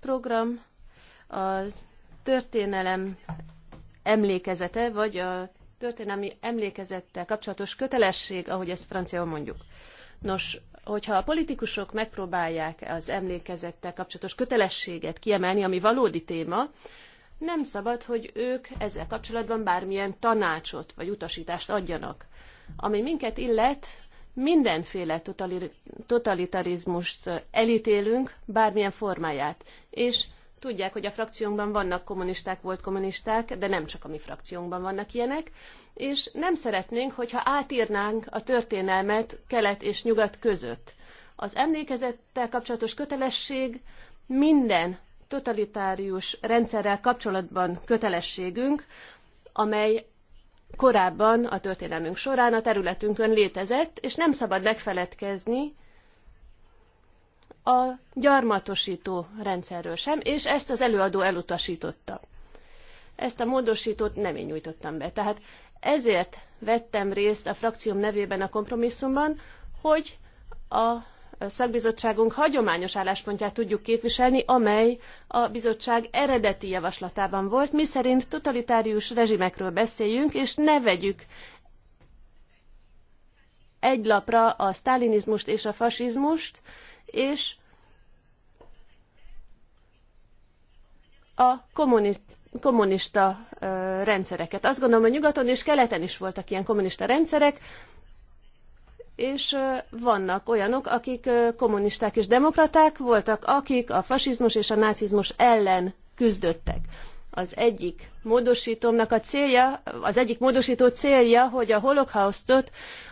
program a történelem emlékezete, vagy a történelmi emlékezettel kapcsolatos kötelesség, ahogy ezt franciául mondjuk. Nos, hogyha a politikusok megpróbálják az emlékezettel kapcsolatos kötelességet kiemelni, ami valódi téma, nem szabad, hogy ők ezzel kapcsolatban bármilyen tanácsot vagy utasítást adjanak. Ami minket illet, mindenféle totalitarizmust elítélünk, bármilyen formáját, és Tudják, hogy a frakciónkban vannak kommunisták, volt kommunisták, de nem csak a mi frakciónkban vannak ilyenek, és nem szeretnénk, hogyha átírnánk a történelmet kelet és nyugat között. Az emlékezettel kapcsolatos kötelesség minden totalitárius rendszerrel kapcsolatban kötelességünk, amely korábban a történelmünk során a területünkön létezett, és nem szabad megfeledkezni a gyarmatosító rendszerről sem, és ezt az előadó elutasította. Ezt a módosítót nem én nyújtottam be. Tehát ezért vettem részt a frakcióm nevében a kompromisszumban, hogy a szakbizottságunk hagyományos álláspontját tudjuk képviselni, amely a bizottság eredeti javaslatában volt, miszerint totalitárius rezsimekről beszéljünk, és ne vegyük egy lapra a sztálinizmust és a fasizmust, és a kommunista rendszereket. Azt gondolom, hogy nyugaton és keleten is voltak ilyen kommunista rendszerek, és vannak olyanok, akik kommunisták és demokraták voltak, akik a fasizmus és a nácizmus ellen küzdöttek. Az egyik módosítómnak a célja, az egyik módosító célja, hogy a holokausztot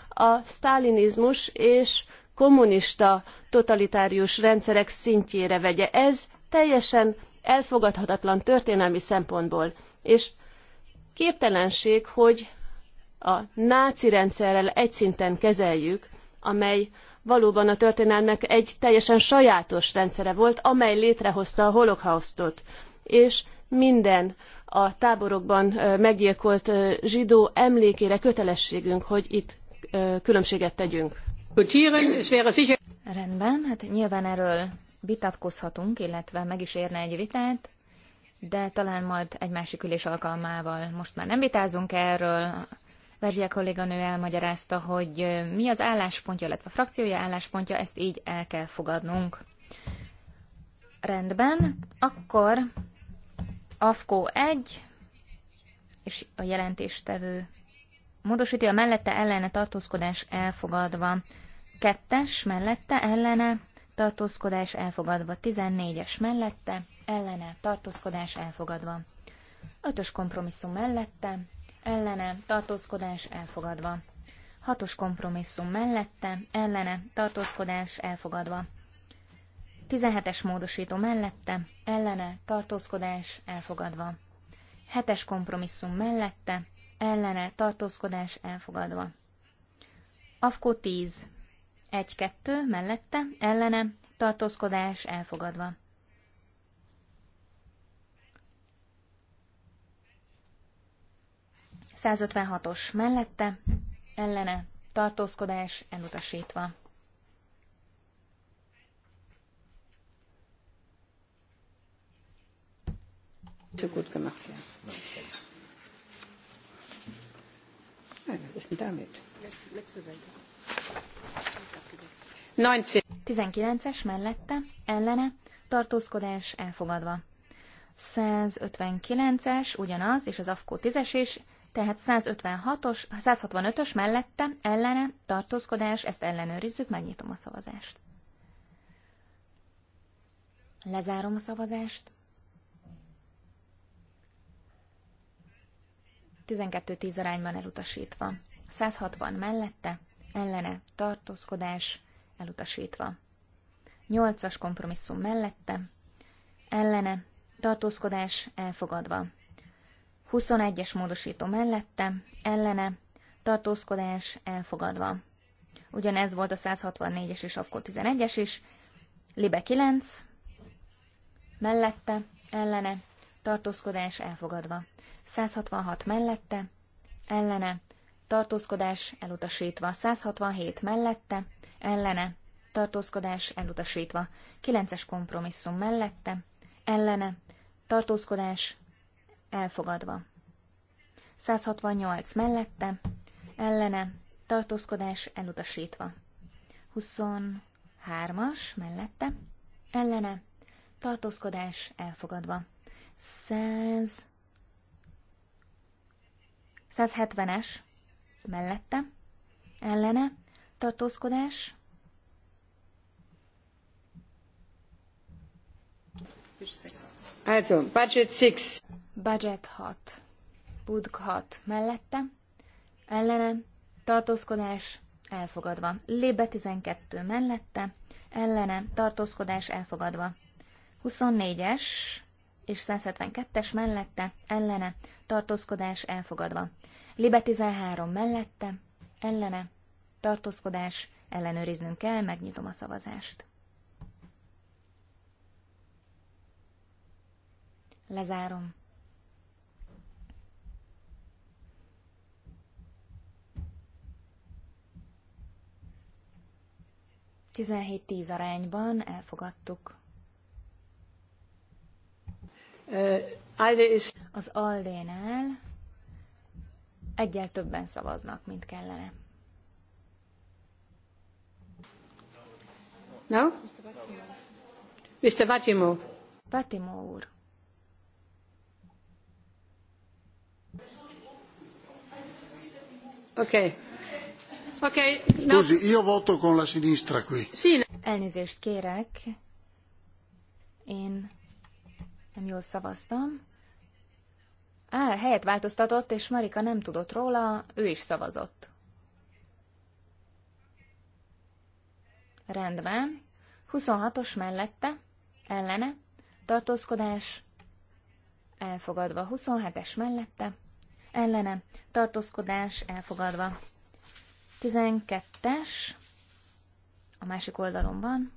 a sztálinizmus és kommunista, totalitárius rendszerek szintjére vegye. Ez teljesen elfogadhatatlan történelmi szempontból, és képtelenség, hogy a náci rendszerrel egy szinten kezeljük, amely valóban a történelmek egy teljesen sajátos rendszere volt, amely létrehozta a holokausztot, és minden a táborokban meggyilkolt zsidó emlékére kötelességünk, hogy itt különbséget tegyünk. Rendben, hát nyilván erről vitatkozhatunk, illetve meg is érne egy vitát, de talán majd egy másik ülés alkalmával. Most már nem vitázunk erről. Verzsia kolléganő elmagyarázta, hogy mi az álláspontja, illetve a frakciója álláspontja, ezt így el kell fogadnunk. Rendben, akkor AFKO 1, és a jelentéstevő módosítja a mellette ellene tartózkodás elfogadva. Kettes mellette ellene tartózkodás elfogadva. 14-es mellette ellene tartózkodás elfogadva. Ötös kompromisszum mellette ellene tartózkodás elfogadva. Hatos kompromisszum mellette ellene tartózkodás elfogadva. 17-es módosító mellette, ellene, tartózkodás, elfogadva. 7-es kompromisszum mellette, ellene, tartózkodás, elfogadva. Afko 10 egy-kettő, mellette, ellene, tartózkodás elfogadva. Százötvenhatos, mellette, ellene, tartózkodás elutasítva. Zu 19-es mellette, ellene, tartózkodás elfogadva. 159-es ugyanaz, és az AFKO 10-es is, tehát 156-os, 165-ös mellette, ellene, tartózkodás, ezt ellenőrizzük, megnyitom a szavazást. Lezárom a szavazást. 12-10 arányban elutasítva. 160 mellette, ellene tartózkodás elutasítva. Nyolcas kompromisszum mellette, ellene tartózkodás elfogadva. 21-es módosító mellette, ellene tartózkodás elfogadva. Ugyanez volt a 164-es és akkor 11-es is, Libe 9, mellette, ellene, tartózkodás elfogadva. 166 mellette, ellene, tartózkodás elutasítva, 167 mellette, ellene, tartózkodás elutasítva, 9-es kompromisszum mellette, ellene, tartózkodás elfogadva. 168 mellette, ellene, tartózkodás elutasítva. 23-as mellette, ellene, tartózkodás elfogadva. 100 170-es mellette, ellene, tartózkodás. Also, budget 6. Budget 6. Budg 6 mellette, ellene, tartózkodás, elfogadva. Lébe 12 mellette, ellene, tartózkodás, elfogadva. 24-es és 172-es mellette, ellene, tartózkodás, elfogadva. Libe 13 mellette, ellene, tartózkodás, ellenőriznünk kell, megnyitom a szavazást. Lezárom. Tizenhét tíz arányban elfogadtuk. Az Aldénál egyel többen szavaznak, mint kellene. No? Mr. Vatimo. Vatimo úr. Okay. Okay, no. Scusi, io voto con la sinistra qui. Sì. Elnézést kérek. Én nem jól szavaztam. Á, helyet változtatott, és Marika nem tudott róla, ő is szavazott. Rendben. 26-os mellette, ellene, tartózkodás, elfogadva. 27-es mellette, ellene, tartózkodás, elfogadva. 12-es, a másik oldalon van.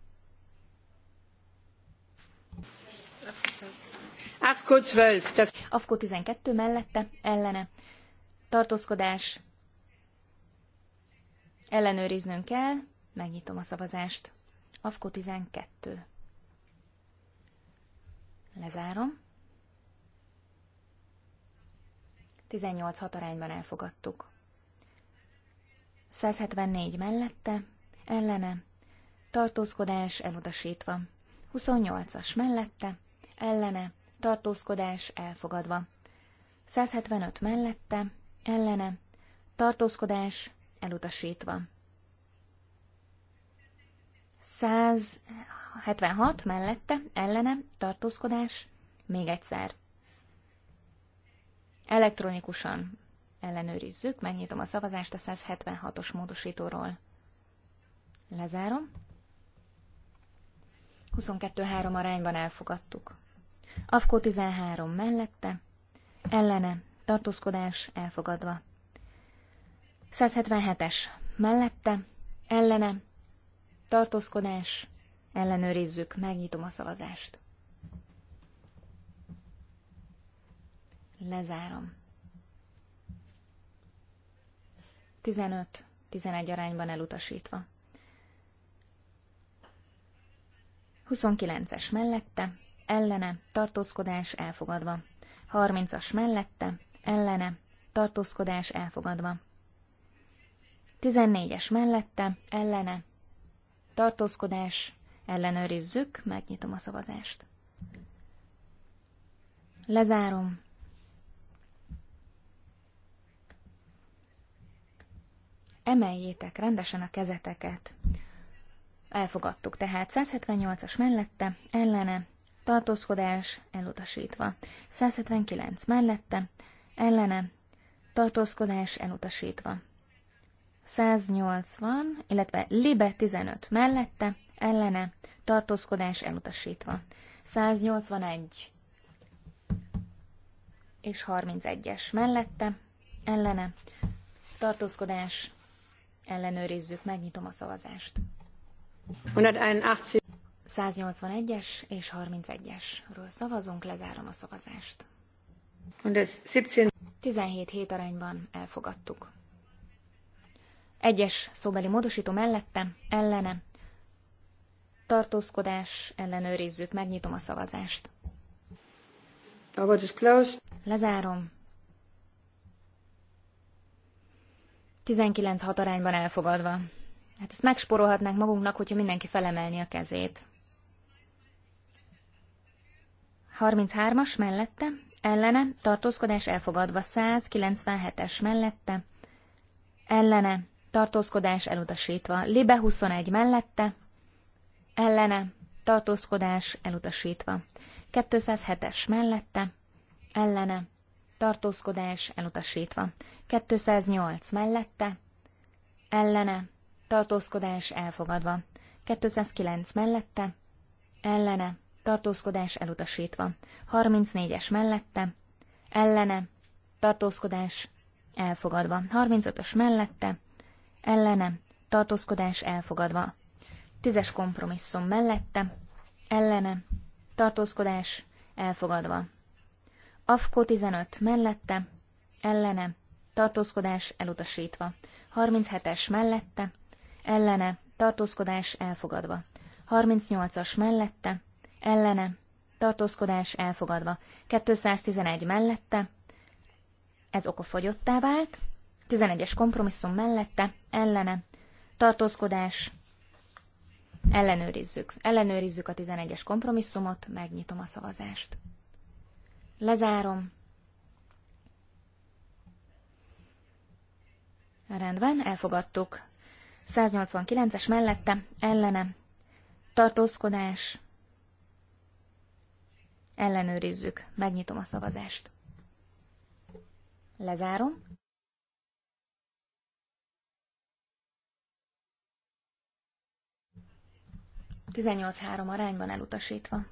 AFKO 12. AFKO 12 mellette, ellene. Tartózkodás. Ellenőriznünk kell. Megnyitom a szavazást. AFKO 12. Lezárom. 18-6 arányban elfogadtuk. 174 mellette, ellene, tartózkodás elutasítva. 28-as mellette, ellene, tartózkodás elfogadva. 175 mellette, ellene, tartózkodás elutasítva. 176 mellette, ellene, tartózkodás, még egyszer. Elektronikusan ellenőrizzük, megnyitom a szavazást a 176-os módosítóról. Lezárom. 22-3 arányban elfogadtuk. Afko 13 mellette, ellene, tartózkodás elfogadva. 177-es mellette, ellene, tartózkodás, ellenőrizzük, megnyitom a szavazást. Lezárom. 15-11 arányban elutasítva. 29-es mellette, ellene, tartózkodás elfogadva. 30-as mellette, ellene, tartózkodás elfogadva. 14-es mellette, ellene, tartózkodás, ellenőrizzük, megnyitom a szavazást. Lezárom. Emeljétek rendesen a kezeteket. Elfogadtuk tehát 178-as mellette, ellene, tartózkodás elutasítva. 179 mellette, ellene, tartózkodás elutasítva. 180, illetve libe 15 mellette, ellene, tartózkodás elutasítva. 181 és 31-es mellette, ellene, tartózkodás, ellenőrizzük, megnyitom a szavazást. 181. 181-es és 31-esről szavazunk, lezárom a szavazást. 17 hét arányban elfogadtuk. Egyes szóbeli módosító mellette, ellene. Tartózkodás, ellenőrizzük, megnyitom a szavazást. Lezárom. 19 hat arányban elfogadva. Hát ezt megsporolhatnánk magunknak, hogyha mindenki felemelni a kezét. 33-as mellette, ellene, tartózkodás elfogadva 197-es mellette, ellene, tartózkodás elutasítva, libe 21 mellette, ellene, tartózkodás elutasítva, 207-es mellette, ellene, tartózkodás elutasítva, 208 mellette, ellene, tartózkodás elfogadva, 209 mellette, ellene, tartózkodás elutasítva. 34-es mellette, ellene, tartózkodás elfogadva. 35-ös mellette, ellene, tartózkodás elfogadva. 10-es kompromisszum mellette, ellene, tartózkodás elfogadva. AFKO 15 mellette, ellene, tartózkodás elutasítva. 37-es mellette, ellene, tartózkodás elfogadva. 38-as mellette, ellene, tartózkodás elfogadva. 211 mellette, ez okofogyottá vált, 11-es kompromisszum mellette, ellene, tartózkodás, ellenőrizzük. Ellenőrizzük a 11-es kompromisszumot, megnyitom a szavazást. Lezárom. Rendben, elfogadtuk. 189-es mellette, ellene, tartózkodás, Ellenőrizzük. Megnyitom a szavazást. Lezárom. Tizennyolc-három arányban elutasítva.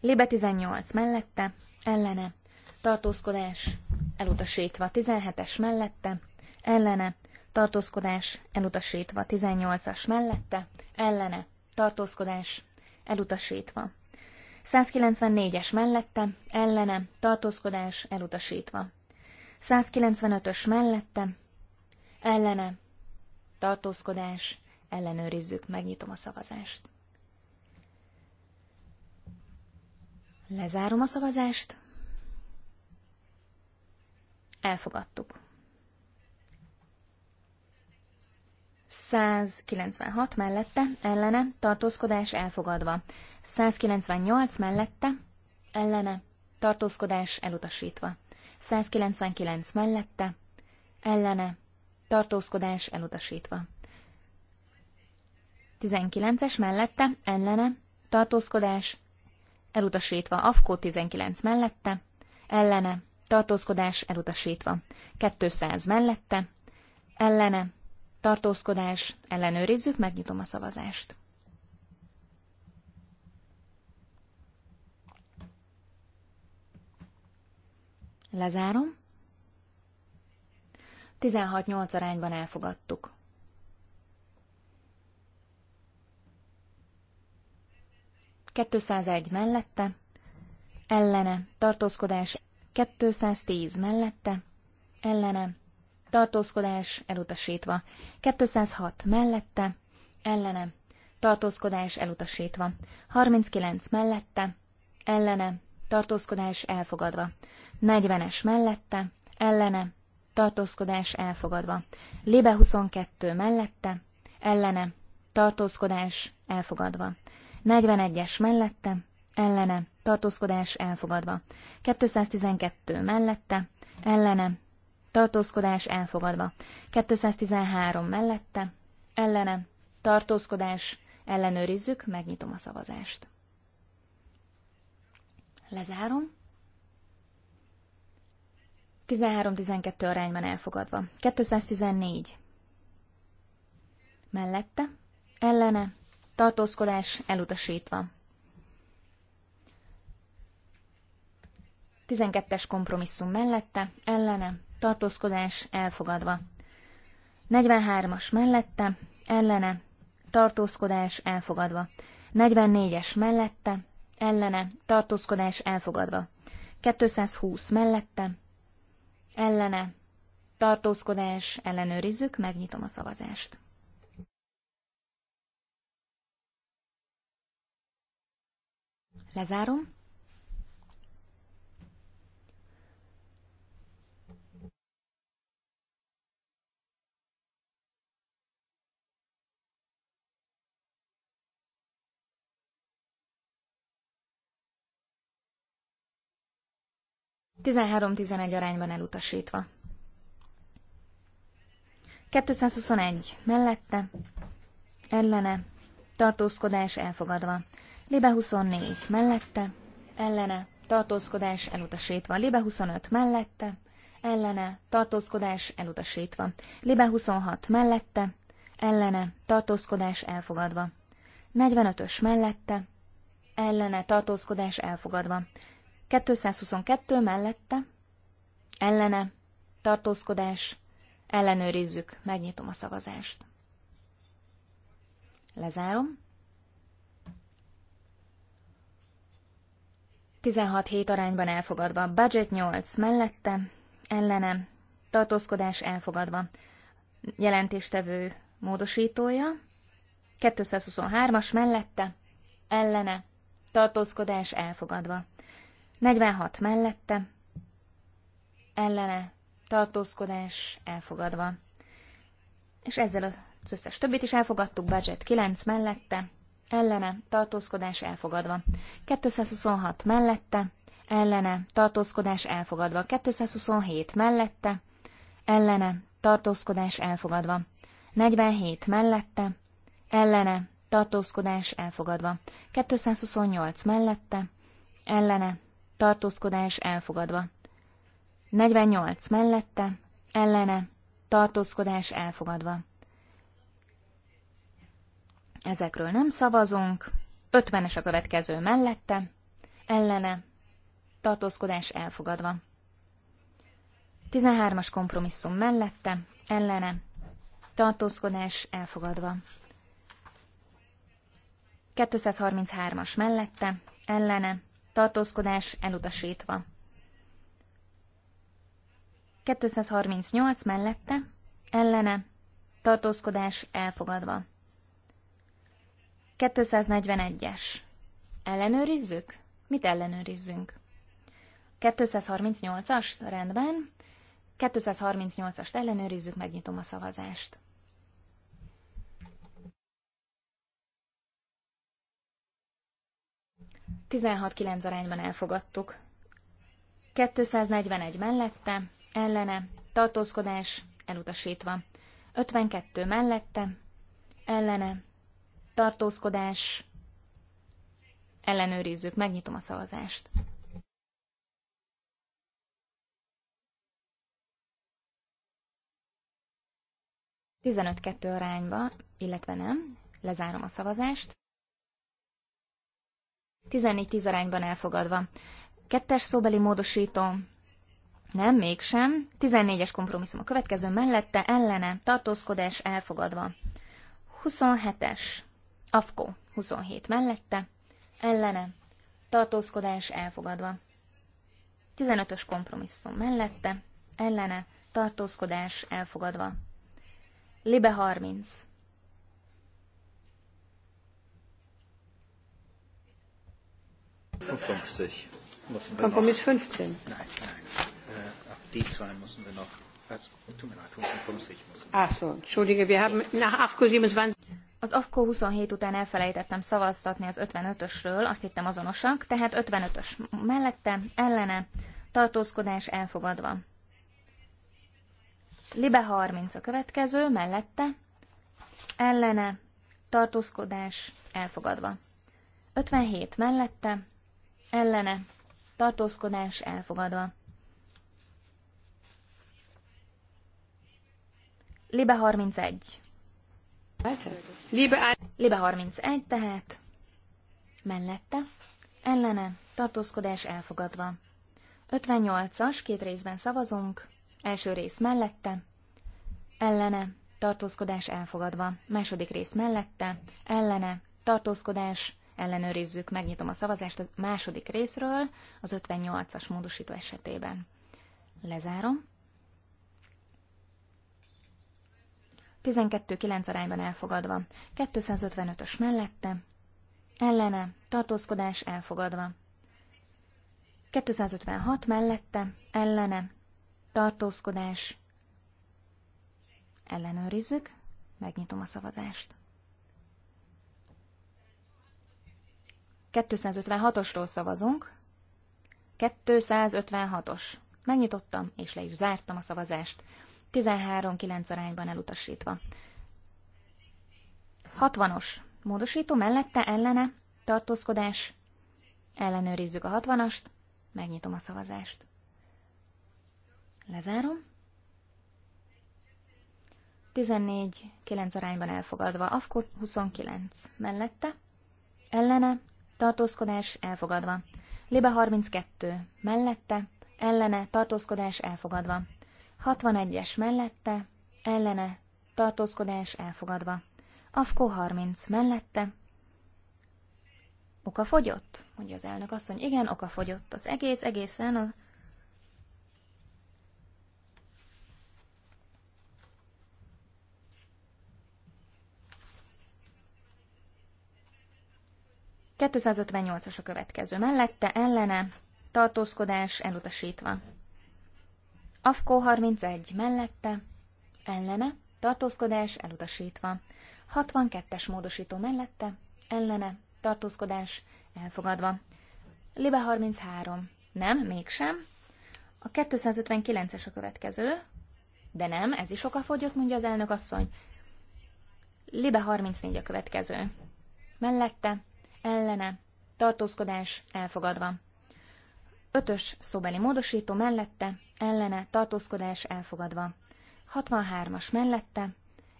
Lébe 18 mellette, ellene, tartózkodás elutasítva 17-es mellette, ellene, tartózkodás elutasítva. 18-as mellette, ellene, tartózkodás elutasítva. 194-es mellette, ellene, tartózkodás elutasítva. 195-ös mellette, ellene, tartózkodás, ellenőrizzük, megnyitom a szavazást. Lezárom a szavazást. Elfogadtuk. 196 mellette, ellene, tartózkodás elfogadva. 198 mellette, ellene, tartózkodás elutasítva. 199 mellette, ellene, tartózkodás elutasítva. 19-es mellette, ellene, tartózkodás elutasítva. Afkó 19 mellette, ellene, tartózkodás elutasítva. 200 mellette, ellene, tartózkodás, ellenőrizzük, megnyitom a szavazást. Lezárom. 16-8 arányban elfogadtuk. egy mellette, ellene, tartózkodás, 210 mellette, ellene, tartózkodás elutasítva. 206 mellette, ellene, tartózkodás elutasítva. 39 mellette, ellene, tartózkodás elfogadva. 40-es mellette, ellene, tartózkodás elfogadva. Libe 22 mellette, ellene, tartózkodás elfogadva. 41-es mellette, ellene, tartózkodás elfogadva. 212 mellette, ellene, tartózkodás elfogadva. 213 mellette, ellene, tartózkodás, ellenőrizzük, megnyitom a szavazást. Lezárom. 13-12 arányban elfogadva. 214. Mellette, ellene, tartózkodás elutasítva. 12-es kompromisszum mellette, ellene, tartózkodás elfogadva. 43-as mellette, ellene, tartózkodás elfogadva. 44-es mellette, ellene, tartózkodás elfogadva. 220 mellette, ellene, tartózkodás, ellenőrizzük, megnyitom a szavazást. Lezárom. 13-11 arányban elutasítva. 221 mellette, ellene, tartózkodás elfogadva. Libe 24 mellette, ellene, tartózkodás elutasítva. Libe 25 mellette, ellene, tartózkodás elutasítva. Libe 26 mellette, ellene, tartózkodás elfogadva. 45-ös mellette, ellene, tartózkodás elfogadva. 222 mellette, ellene, tartózkodás, ellenőrizzük, megnyitom a szavazást. Lezárom. 16 hét arányban elfogadva, budget 8 mellette, ellene, tartózkodás elfogadva. Jelentéstevő módosítója, 223-as mellette, ellene, tartózkodás elfogadva. 46 mellette, ellene, tartózkodás elfogadva. És ezzel az összes többit is elfogadtuk, budget 9 mellette, ellene, tartózkodás elfogadva. 226 mellette, ellene, tartózkodás elfogadva. 227 mellette, ellene, tartózkodás elfogadva. 47 mellette, ellene, tartózkodás elfogadva. 228 mellette, ellene, tartózkodás elfogadva. 48 mellette, ellene, tartózkodás elfogadva. Ezekről nem szavazunk. 50-es a következő mellette, ellene, tartózkodás elfogadva. 13-as kompromisszum mellette, ellene, tartózkodás elfogadva. 233-as mellette, ellene, tartózkodás elutasítva. 238 mellette, ellene, tartózkodás elfogadva. 241-es. Ellenőrizzük? Mit ellenőrizzünk? 238-as, rendben. 238-ast ellenőrizzük, megnyitom a szavazást. 16-9 arányban elfogadtuk. 241 mellette, ellene, tartózkodás, elutasítva. 52 mellette, ellene, tartózkodás, ellenőrizzük, megnyitom a szavazást. Tizenöt-kettő arányba, illetve nem, lezárom a szavazást. 14-10 arányban elfogadva. Kettes szóbeli módosító. Nem, mégsem. 14-es kompromisszum a következő mellette, ellene, tartózkodás elfogadva. 27-es. Afko 27 mellette, ellene, tartózkodás elfogadva. 15-ös kompromisszum mellette, ellene, tartózkodás elfogadva. Libe 30. 50. Kompromiss 15. Nein, nein. Äh, die zwei müssen wir noch. Tut mir leid, 55 müssen wir. Ach entschuldige, wir haben nach AFCO 27. Az afko 27 után elfelejtettem szavaztatni az 55-ösről, azt hittem azonosak, tehát 55-ös mellette, ellene, tartózkodás elfogadva. Libe 30 a következő, mellette, ellene, tartózkodás elfogadva. 57 mellette, ellene, tartózkodás elfogadva. Libe 31. Libe, Libe 31, tehát mellette, ellene, tartózkodás elfogadva. 58-as, két részben szavazunk, első rész mellette, ellene, tartózkodás elfogadva, második rész mellette, ellene, tartózkodás ellenőrizzük, megnyitom a szavazást a második részről, az 58-as módosító esetében. Lezárom. 12-9 arányban elfogadva, 255-ös mellette, ellene, tartózkodás elfogadva. 256 mellette, ellene, tartózkodás, ellenőrizzük, megnyitom a szavazást. 256-osról szavazunk. 256-os. Megnyitottam, és le is zártam a szavazást. 13-9 arányban elutasítva. 60-os. Módosító mellette ellene tartózkodás. Ellenőrizzük a 60-ast. Megnyitom a szavazást. Lezárom. 14-9 arányban elfogadva. Afko 29. Mellette. Ellene tartózkodás elfogadva. Libe 32, mellette, ellene, tartózkodás elfogadva. 61-es mellette, ellene, tartózkodás elfogadva. Afko 30 mellette. Oka fogyott, mondja az elnök asszony. Igen, oka fogyott. Az egész egészen a 258-as a következő mellette, ellene, tartózkodás elutasítva. Afkó 31 mellette, ellene, tartózkodás elutasítva. 62-es módosító mellette, ellene, tartózkodás elfogadva. Libe 33. Nem, mégsem. A 259-es a következő. De nem, ez is okafogyott, mondja az elnök asszony. Libe 34 a következő. Mellette, ellene, tartózkodás elfogadva. Ötös szóbeli módosító mellette, ellene, tartózkodás elfogadva. 63-as mellette,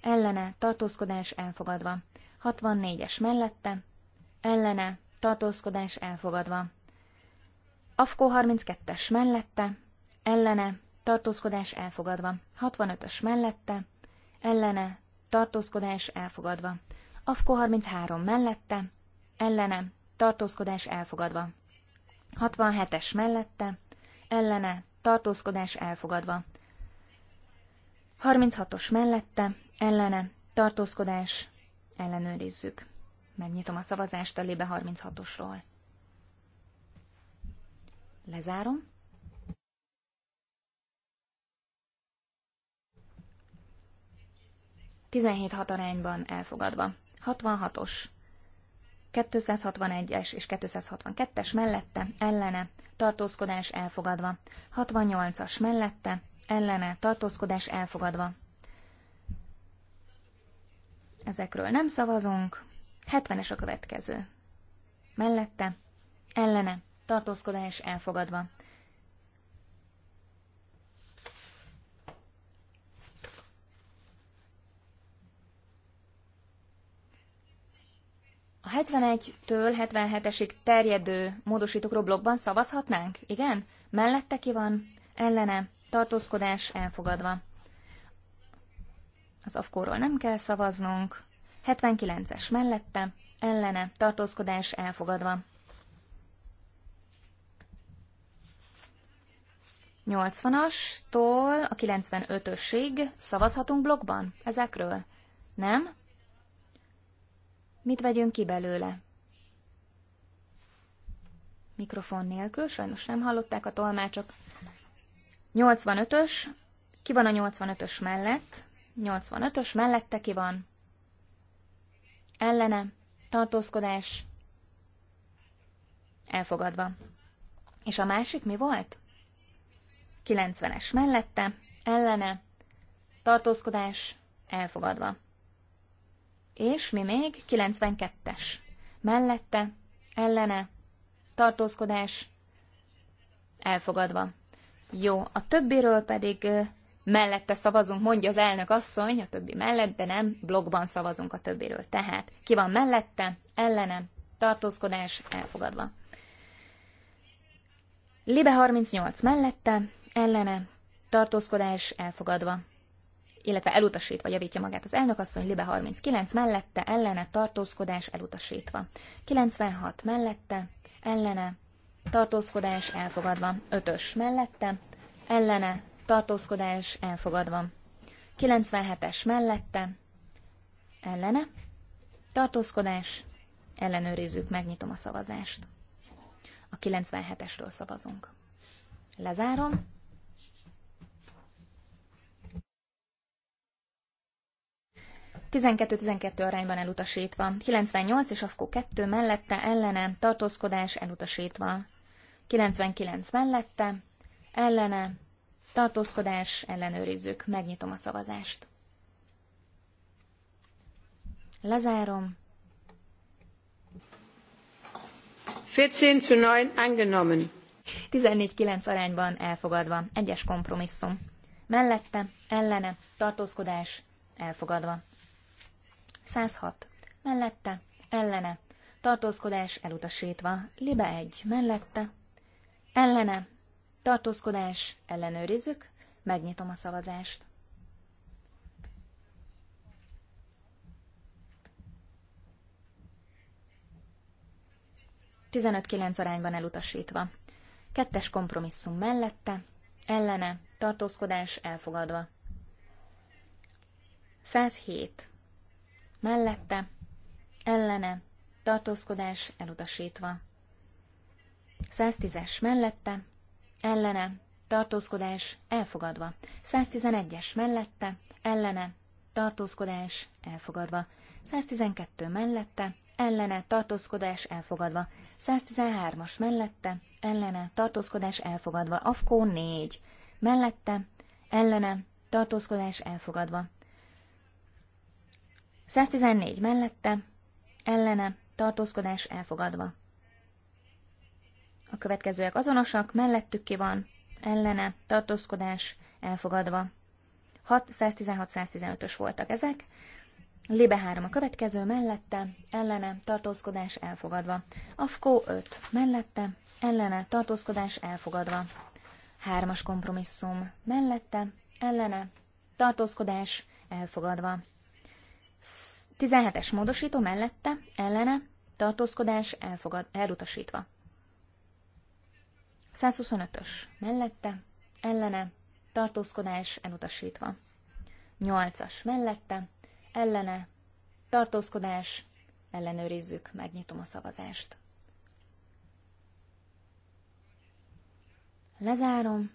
ellene, tartózkodás elfogadva. 64-es mellette, ellene, tartózkodás elfogadva. Afkó 32-es mellette, ellene, tartózkodás elfogadva. 65-ös mellette, ellene, tartózkodás elfogadva. Afkó 33 mellette, ellene, tartózkodás elfogadva. 67-es mellette, ellene, tartózkodás elfogadva. 36-os mellette, ellene, tartózkodás, ellenőrizzük. Megnyitom a szavazást a Lébe 36-osról. Lezárom. Tizenhét hat arányban elfogadva. 66-os 261-es és 262-es mellette, ellene, tartózkodás elfogadva. 68-as mellette, ellene, tartózkodás elfogadva. Ezekről nem szavazunk. 70-es a következő. Mellette, ellene, tartózkodás elfogadva. A 71-től 77-esig terjedő módosítókról blogban szavazhatnánk? Igen? Mellette ki van? Ellene? Tartózkodás elfogadva. Az afkóról nem kell szavaznunk. 79-es mellette, ellene, tartózkodás elfogadva. 80-astól a 95-ösig szavazhatunk blogban ezekről? Nem? Mit vegyünk ki belőle? Mikrofon nélkül, sajnos nem hallották a tolmácsok. 85-ös, ki van a 85-ös mellett? 85-ös mellette ki van? Ellene, tartózkodás, elfogadva. És a másik mi volt? 90-es mellette, ellene, tartózkodás, elfogadva. És mi még? 92-es. Mellette, ellene, tartózkodás, elfogadva. Jó, a többiről pedig mellette szavazunk, mondja az elnök asszony, a többi mellett, de nem, blogban szavazunk a többiről. Tehát ki van mellette, ellene, tartózkodás, elfogadva. Libe 38 mellette, ellene, tartózkodás, elfogadva illetve elutasítva javítja magát az elnökasszony, Libe 39 mellette, ellene, tartózkodás elutasítva. 96 mellette, ellene, tartózkodás elfogadva. 5-ös mellette, ellene, tartózkodás elfogadva. 97-es mellette, ellene, tartózkodás, ellenőrizzük, megnyitom a szavazást. A 97-esről szavazunk. Lezárom. 12-12 arányban elutasítva. 98 és akkor 2 mellette ellene tartózkodás elutasítva. 99 mellette ellene tartózkodás ellenőrizzük. Megnyitom a szavazást. Lezárom. 14-9 angenommen. 14-9 arányban elfogadva. Egyes kompromisszum. Mellette, ellene, tartózkodás, elfogadva. 106. Mellette, ellene, tartózkodás elutasítva. Libe 1. Mellette, ellene, tartózkodás, ellenőrizzük, megnyitom a szavazást. Tizenöt-kilenc arányban elutasítva. Kettes kompromisszum mellette, ellene, tartózkodás elfogadva. 107 mellette, ellene, tartózkodás elutasítva. 110-es mellette, ellene, tartózkodás elfogadva. 111-es mellette, ellene, tartózkodás elfogadva. 112 mellette, ellene, tartózkodás elfogadva. 113-as mellette, ellene, tartózkodás elfogadva. Afkó 4 mellette, ellene, tartózkodás elfogadva. 114 mellette, ellene, tartózkodás elfogadva. A következőek azonosak, mellettük ki van, ellene, tartózkodás elfogadva. 6, 116, 115-ös voltak ezek. Libe 3 a következő mellette, ellene, tartózkodás elfogadva. Afko 5 mellette, ellene, tartózkodás elfogadva. Hármas kompromisszum mellette, ellene, tartózkodás elfogadva. 17-es módosító mellette, ellene, tartózkodás elfogad, elutasítva. 125-ös mellette, ellene, tartózkodás elutasítva. 8-as mellette, ellene, tartózkodás, ellenőrizzük, megnyitom a szavazást. Lezárom.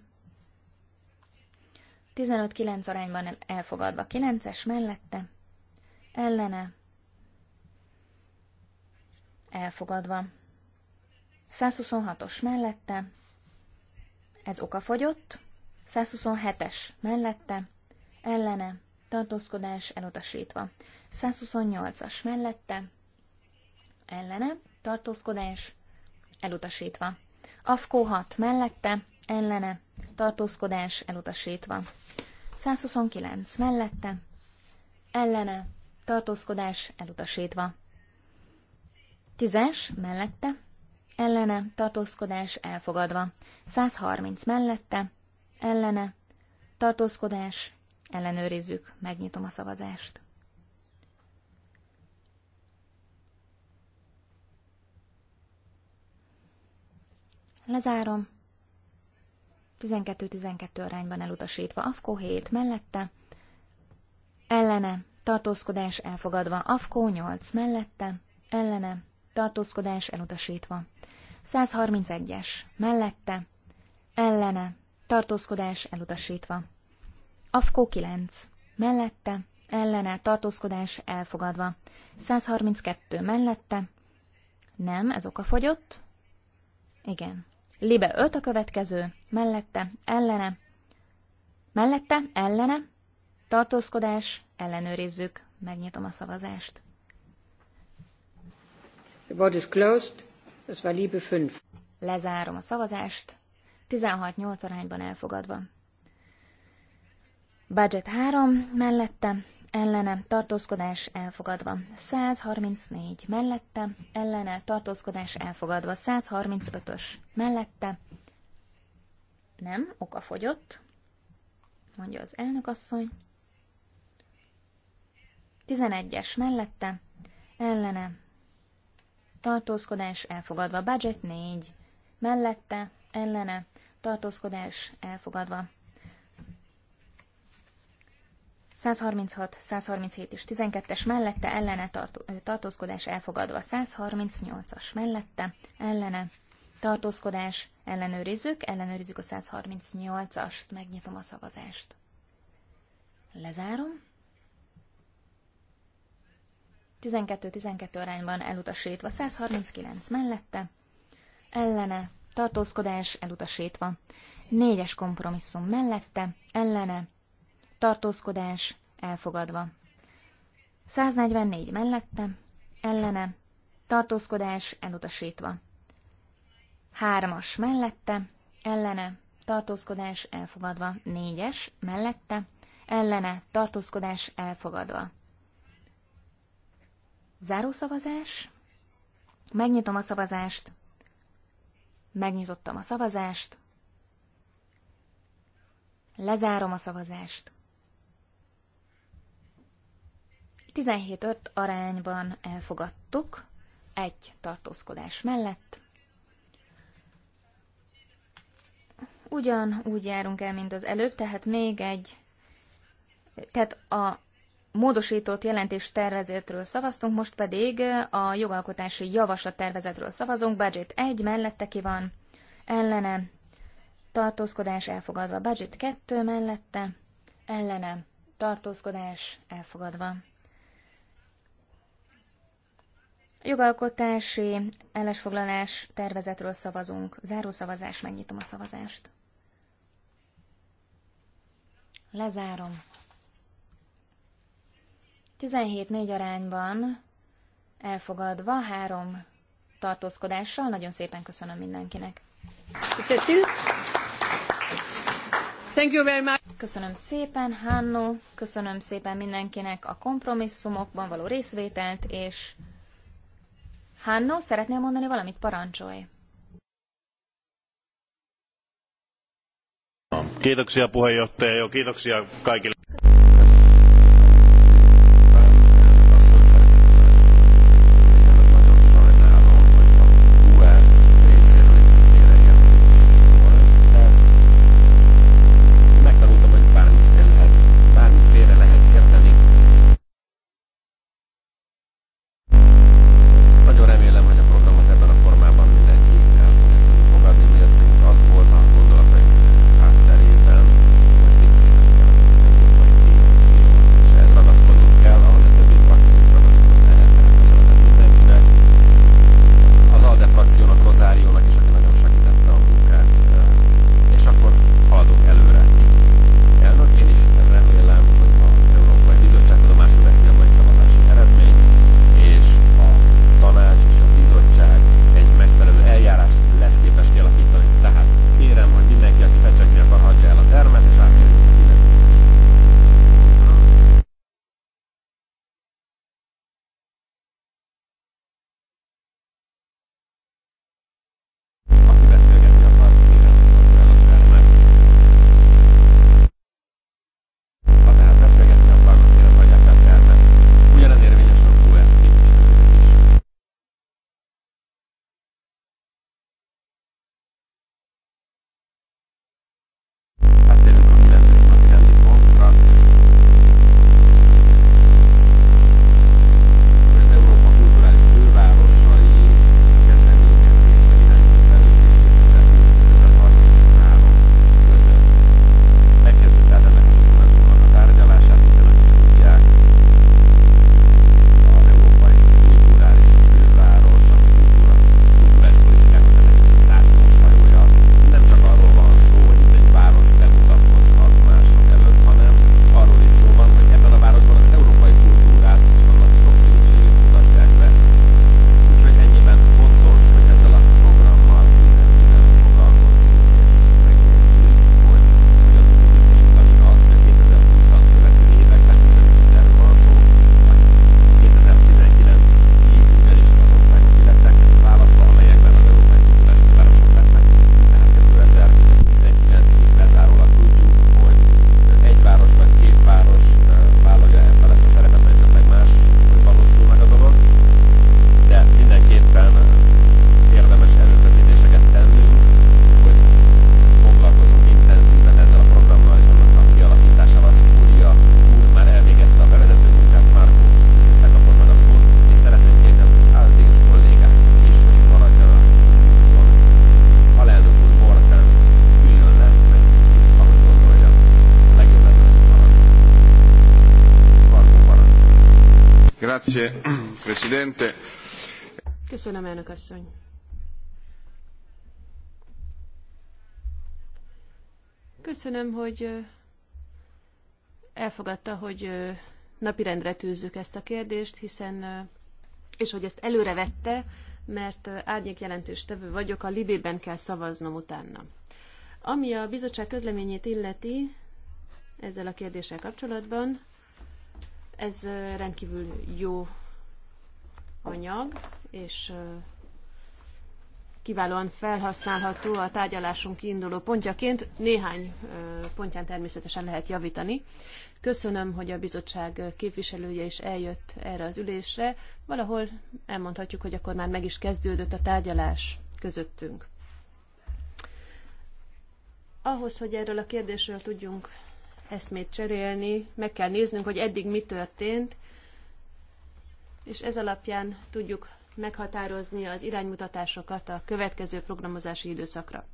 15-9 arányban elfogadva 9-es mellette, ellene, elfogadva. 126-os mellette, ez okafogyott, 127-es mellette, ellene, tartózkodás elutasítva. 128-as mellette, ellene, tartózkodás elutasítva. Afkó 6 mellette, ellene, tartózkodás elutasítva. 129 mellette, ellene, tartózkodás elutasítva. Tízes mellette, ellene tartózkodás elfogadva. 130 mellette, ellene tartózkodás ellenőrizzük, megnyitom a szavazást. Lezárom. 12-12 arányban elutasítva, Afko 7 mellette, ellene tartózkodás elfogadva. Afkó 8 mellette, ellene, tartózkodás elutasítva. 131-es, mellette, ellene, tartózkodás elutasítva. Afkó 9, mellette, ellene, tartózkodás elfogadva. 132 mellette, nem, ez okafogyott. Igen. Libe 5 a következő, mellette, ellene, mellette, ellene, tartózkodás ellenőrizzük, megnyitom a szavazást. The vote is closed. ez war Liebe 5. Lezárom a szavazást. 16-8 arányban elfogadva. Budget 3 mellette, ellene, tartózkodás elfogadva. 134 mellette, ellene, tartózkodás elfogadva. 135-ös mellette. Nem, oka fogyott, mondja az elnökasszony. 11-es mellette, ellene, tartózkodás elfogadva. Budget 4 mellette, ellene, tartózkodás elfogadva. 136, 137 és 12-es mellette ellene tartó, tartózkodás elfogadva, 138-as mellette ellene tartózkodás ellenőrizzük, ellenőrizzük a 138-ast, megnyitom a szavazást. Lezárom. 12-12 arányban elutasítva, 139 mellette, ellene, tartózkodás elutasítva, 4-es kompromisszum mellette, ellene, tartózkodás elfogadva, 144 mellette, ellene, tartózkodás elutasítva, 3-as mellette, ellene, tartózkodás elfogadva, 4-es mellette, ellene, tartózkodás elfogadva. Zárószavazás. Megnyitom a szavazást. Megnyitottam a szavazást. Lezárom a szavazást. 17-5 arányban elfogadtuk, egy tartózkodás mellett. Ugyan úgy járunk el, mint az előbb, tehát még egy, tehát a módosított jelentés tervezetről szavaztunk, most pedig a jogalkotási javaslat tervezetről szavazunk. Budget 1 mellette ki van, ellene, tartózkodás elfogadva. Budget 2 mellette, ellene, tartózkodás elfogadva. Jogalkotási ellesfoglalás tervezetről szavazunk. Záró szavazás, megnyitom a szavazást. Lezárom. 17-4 arányban elfogadva, három tartózkodással. Nagyon szépen köszönöm mindenkinek. Thank you very much. Köszönöm szépen, Hanno, köszönöm szépen mindenkinek a kompromisszumokban való részvételt, és Hanno, szeretnél mondani valamit? Parancsolj! Kiitoksia puheenjohtaja ja kiitoksia kaikille. Presidente. Köszönöm, elnök asszony. Köszönöm, hogy elfogadta, hogy napirendre tűzzük ezt a kérdést, hiszen, és hogy ezt előre vette, mert árnyék jelentéstevő vagyok, a Libében kell szavaznom utána. Ami a bizottság közleményét illeti ezzel a kérdéssel kapcsolatban, ez rendkívül jó anyag, és kiválóan felhasználható a tárgyalásunk kiinduló pontjaként. Néhány pontján természetesen lehet javítani. Köszönöm, hogy a bizottság képviselője is eljött erre az ülésre. Valahol elmondhatjuk, hogy akkor már meg is kezdődött a tárgyalás közöttünk. Ahhoz, hogy erről a kérdésről tudjunk eszmét cserélni, meg kell néznünk, hogy eddig mi történt, és ez alapján tudjuk meghatározni az iránymutatásokat a következő programozási időszakra.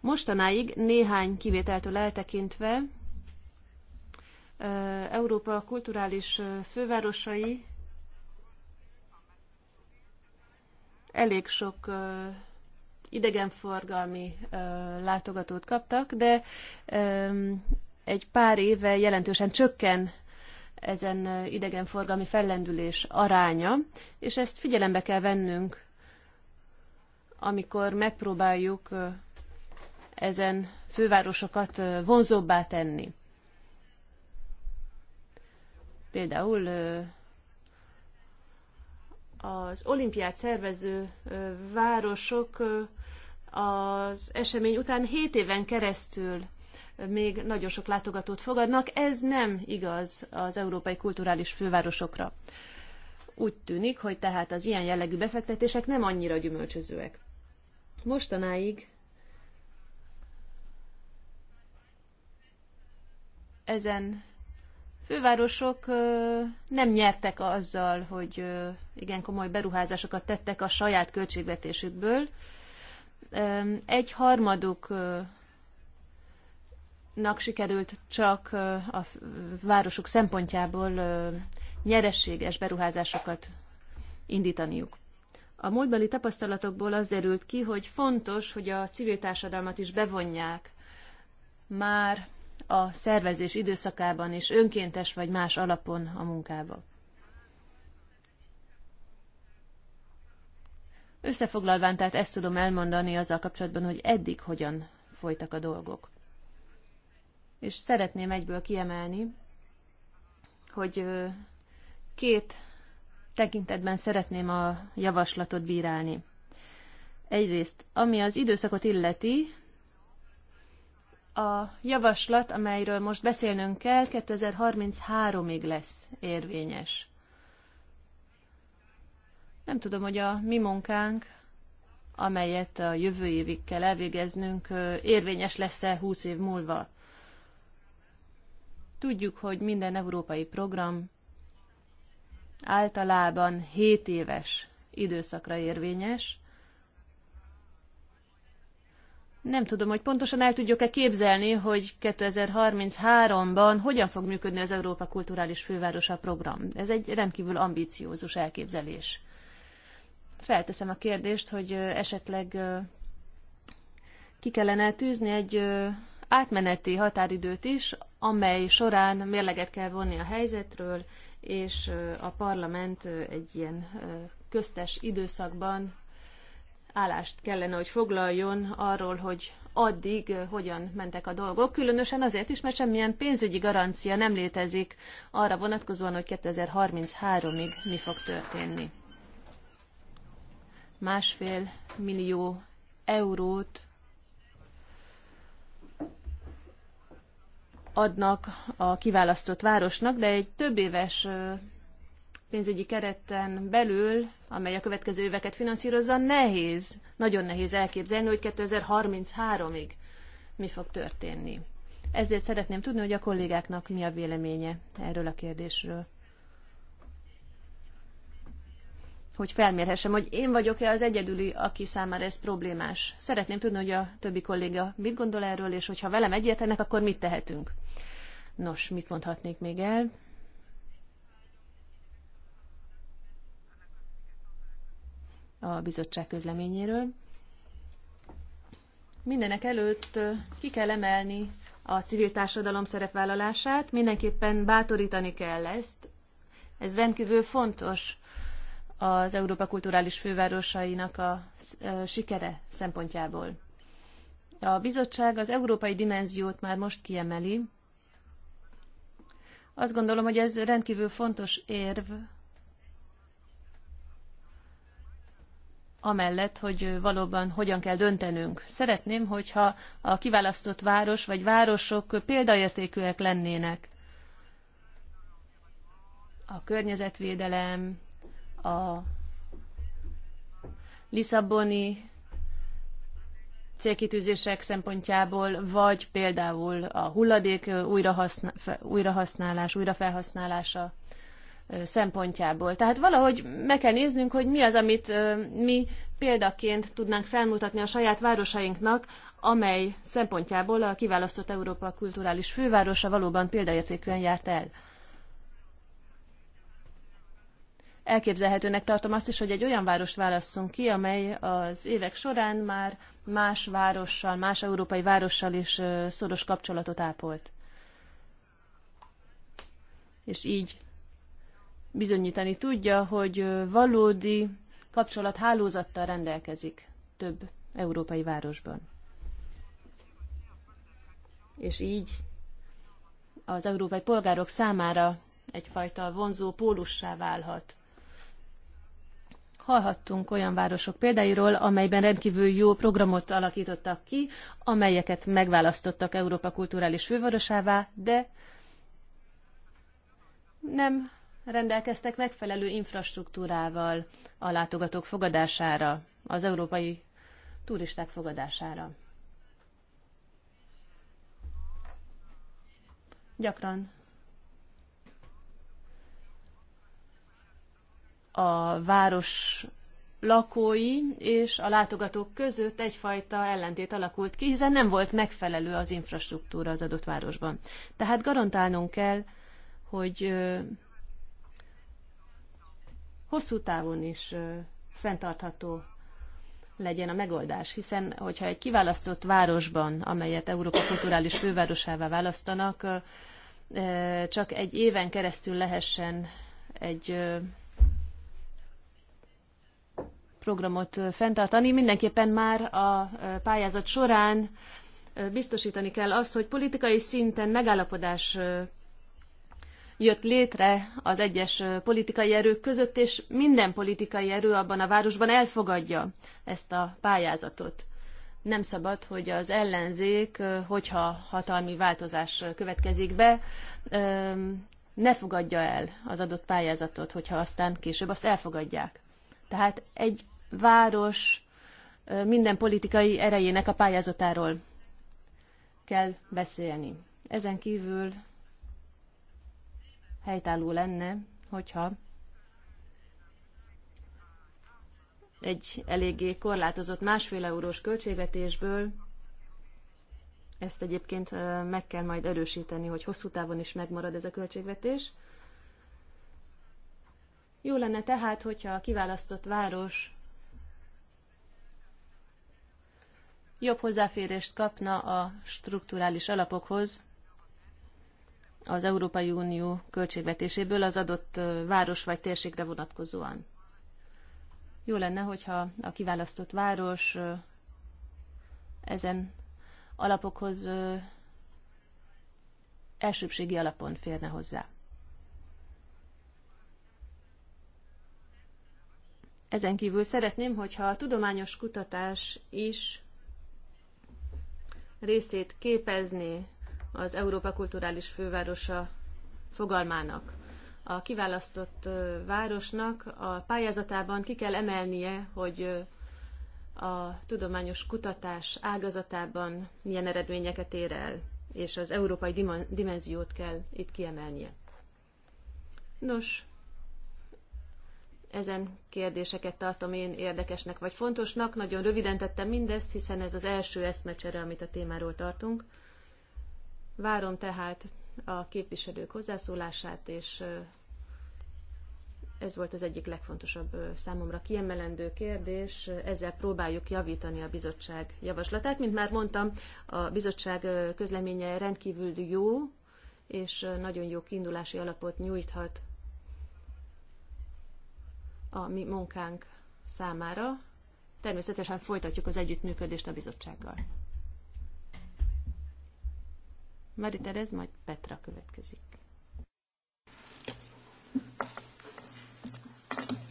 Mostanáig néhány kivételtől eltekintve Európa kulturális fővárosai elég sok idegenforgalmi látogatót kaptak, de egy pár éve jelentősen csökken ezen idegenforgalmi fellendülés aránya, és ezt figyelembe kell vennünk, amikor megpróbáljuk ezen fővárosokat vonzóbbá tenni. Például az olimpiát szervező városok az esemény után 7 éven keresztül még nagyon sok látogatót fogadnak. Ez nem igaz az európai kulturális fővárosokra. Úgy tűnik, hogy tehát az ilyen jellegű befektetések nem annyira gyümölcsözőek. Mostanáig ezen fővárosok nem nyertek azzal, hogy igen komoly beruházásokat tettek a saját költségvetésükből. Egy harmaduk nak sikerült csak a városok szempontjából nyerességes beruházásokat indítaniuk. A múltbeli tapasztalatokból az derült ki, hogy fontos, hogy a civil társadalmat is bevonják már a szervezés időszakában is önkéntes vagy más alapon a munkába. Összefoglalván tehát ezt tudom elmondani azzal kapcsolatban, hogy eddig hogyan folytak a dolgok és szeretném egyből kiemelni, hogy két tekintetben szeretném a javaslatot bírálni. Egyrészt, ami az időszakot illeti, a javaslat, amelyről most beszélnünk kell, 2033-ig lesz érvényes. Nem tudom, hogy a mi munkánk, amelyet a jövő évig kell elvégeznünk, érvényes lesz-e 20 év múlva. Tudjuk, hogy minden európai program általában 7 éves időszakra érvényes. Nem tudom, hogy pontosan el tudjuk-e képzelni, hogy 2033-ban hogyan fog működni az Európa Kulturális Fővárosa program. Ez egy rendkívül ambiciózus elképzelés. Felteszem a kérdést, hogy esetleg ki kellene tűzni egy átmeneti határidőt is amely során mérleget kell vonni a helyzetről, és a parlament egy ilyen köztes időszakban állást kellene, hogy foglaljon arról, hogy addig hogyan mentek a dolgok, különösen azért is, mert semmilyen pénzügyi garancia nem létezik arra vonatkozóan, hogy 2033-ig mi fog történni. Másfél millió eurót adnak a kiválasztott városnak, de egy több éves pénzügyi kereten belül, amely a következő éveket finanszírozza, nehéz, nagyon nehéz elképzelni, hogy 2033-ig mi fog történni. Ezért szeretném tudni, hogy a kollégáknak mi a véleménye erről a kérdésről. hogy felmérhessem, hogy én vagyok-e az egyedüli, aki számára ez problémás. Szeretném tudni, hogy a többi kolléga mit gondol erről, és hogyha velem egyértenek, akkor mit tehetünk. Nos, mit mondhatnék még el? A bizottság közleményéről. Mindenek előtt ki kell emelni a civil társadalom szerepvállalását, mindenképpen bátorítani kell ezt. Ez rendkívül fontos az Európa kulturális fővárosainak a sikere szempontjából. A bizottság az európai dimenziót már most kiemeli. Azt gondolom, hogy ez rendkívül fontos érv amellett, hogy valóban hogyan kell döntenünk. Szeretném, hogyha a kiválasztott város vagy városok példaértékűek lennének. A környezetvédelem, a Lisszaboni célkitűzések szempontjából, vagy például a hulladék újrahasználás, újrafelhasználása szempontjából. Tehát valahogy meg kell néznünk, hogy mi az, amit mi példaként tudnánk felmutatni a saját városainknak, amely szempontjából a kiválasztott Európa kulturális fővárosa valóban példaértékűen járt el. elképzelhetőnek tartom azt is, hogy egy olyan várost válasszunk ki, amely az évek során már más várossal, más európai várossal is szoros kapcsolatot ápolt. És így bizonyítani tudja, hogy valódi kapcsolathálózattal rendelkezik több európai városban. És így az európai polgárok számára egyfajta vonzó pólussá válhat Hallhattunk olyan városok példáiról, amelyben rendkívül jó programot alakítottak ki, amelyeket megválasztottak Európa kulturális fővárosává, de nem rendelkeztek megfelelő infrastruktúrával a látogatók fogadására, az európai turisták fogadására. Gyakran a város lakói és a látogatók között egyfajta ellentét alakult ki, hiszen nem volt megfelelő az infrastruktúra az adott városban. Tehát garantálnunk kell, hogy hosszú távon is fenntartható legyen a megoldás, hiszen hogyha egy kiválasztott városban, amelyet Európa kulturális fővárosává választanak, csak egy éven keresztül lehessen egy programot fenntartani. Mindenképpen már a pályázat során biztosítani kell azt, hogy politikai szinten megállapodás jött létre az egyes politikai erők között, és minden politikai erő abban a városban elfogadja ezt a pályázatot. Nem szabad, hogy az ellenzék, hogyha hatalmi változás következik be, ne fogadja el az adott pályázatot, hogyha aztán később azt elfogadják. Tehát egy város minden politikai erejének a pályázatáról kell beszélni. Ezen kívül helytálló lenne, hogyha egy eléggé korlátozott másfél eurós költségvetésből, ezt egyébként meg kell majd erősíteni, hogy hosszú távon is megmarad ez a költségvetés. Jó lenne tehát, hogyha a kiválasztott város jobb hozzáférést kapna a strukturális alapokhoz az Európai Unió költségvetéséből az adott város vagy térségre vonatkozóan. Jó lenne, hogyha a kiválasztott város ezen alapokhoz elsőbségi alapon férne hozzá. Ezen kívül szeretném, hogyha a tudományos kutatás is részét képezni az Európa Kulturális Fővárosa fogalmának. A kiválasztott városnak a pályázatában ki kell emelnie, hogy a tudományos kutatás ágazatában milyen eredményeket ér el, és az európai dimenziót kell itt kiemelnie. Nos, ezen kérdéseket tartom én érdekesnek vagy fontosnak. Nagyon röviden tettem mindezt, hiszen ez az első eszmecsere, amit a témáról tartunk. Várom tehát a képviselők hozzászólását, és ez volt az egyik legfontosabb számomra kiemelendő kérdés. Ezzel próbáljuk javítani a bizottság javaslatát. Mint már mondtam, a bizottság közleménye rendkívül jó, és nagyon jó kiindulási alapot nyújthat a mi munkánk számára. Természetesen folytatjuk az együttműködést a bizottsággal. Mari Terez, majd Petra következik.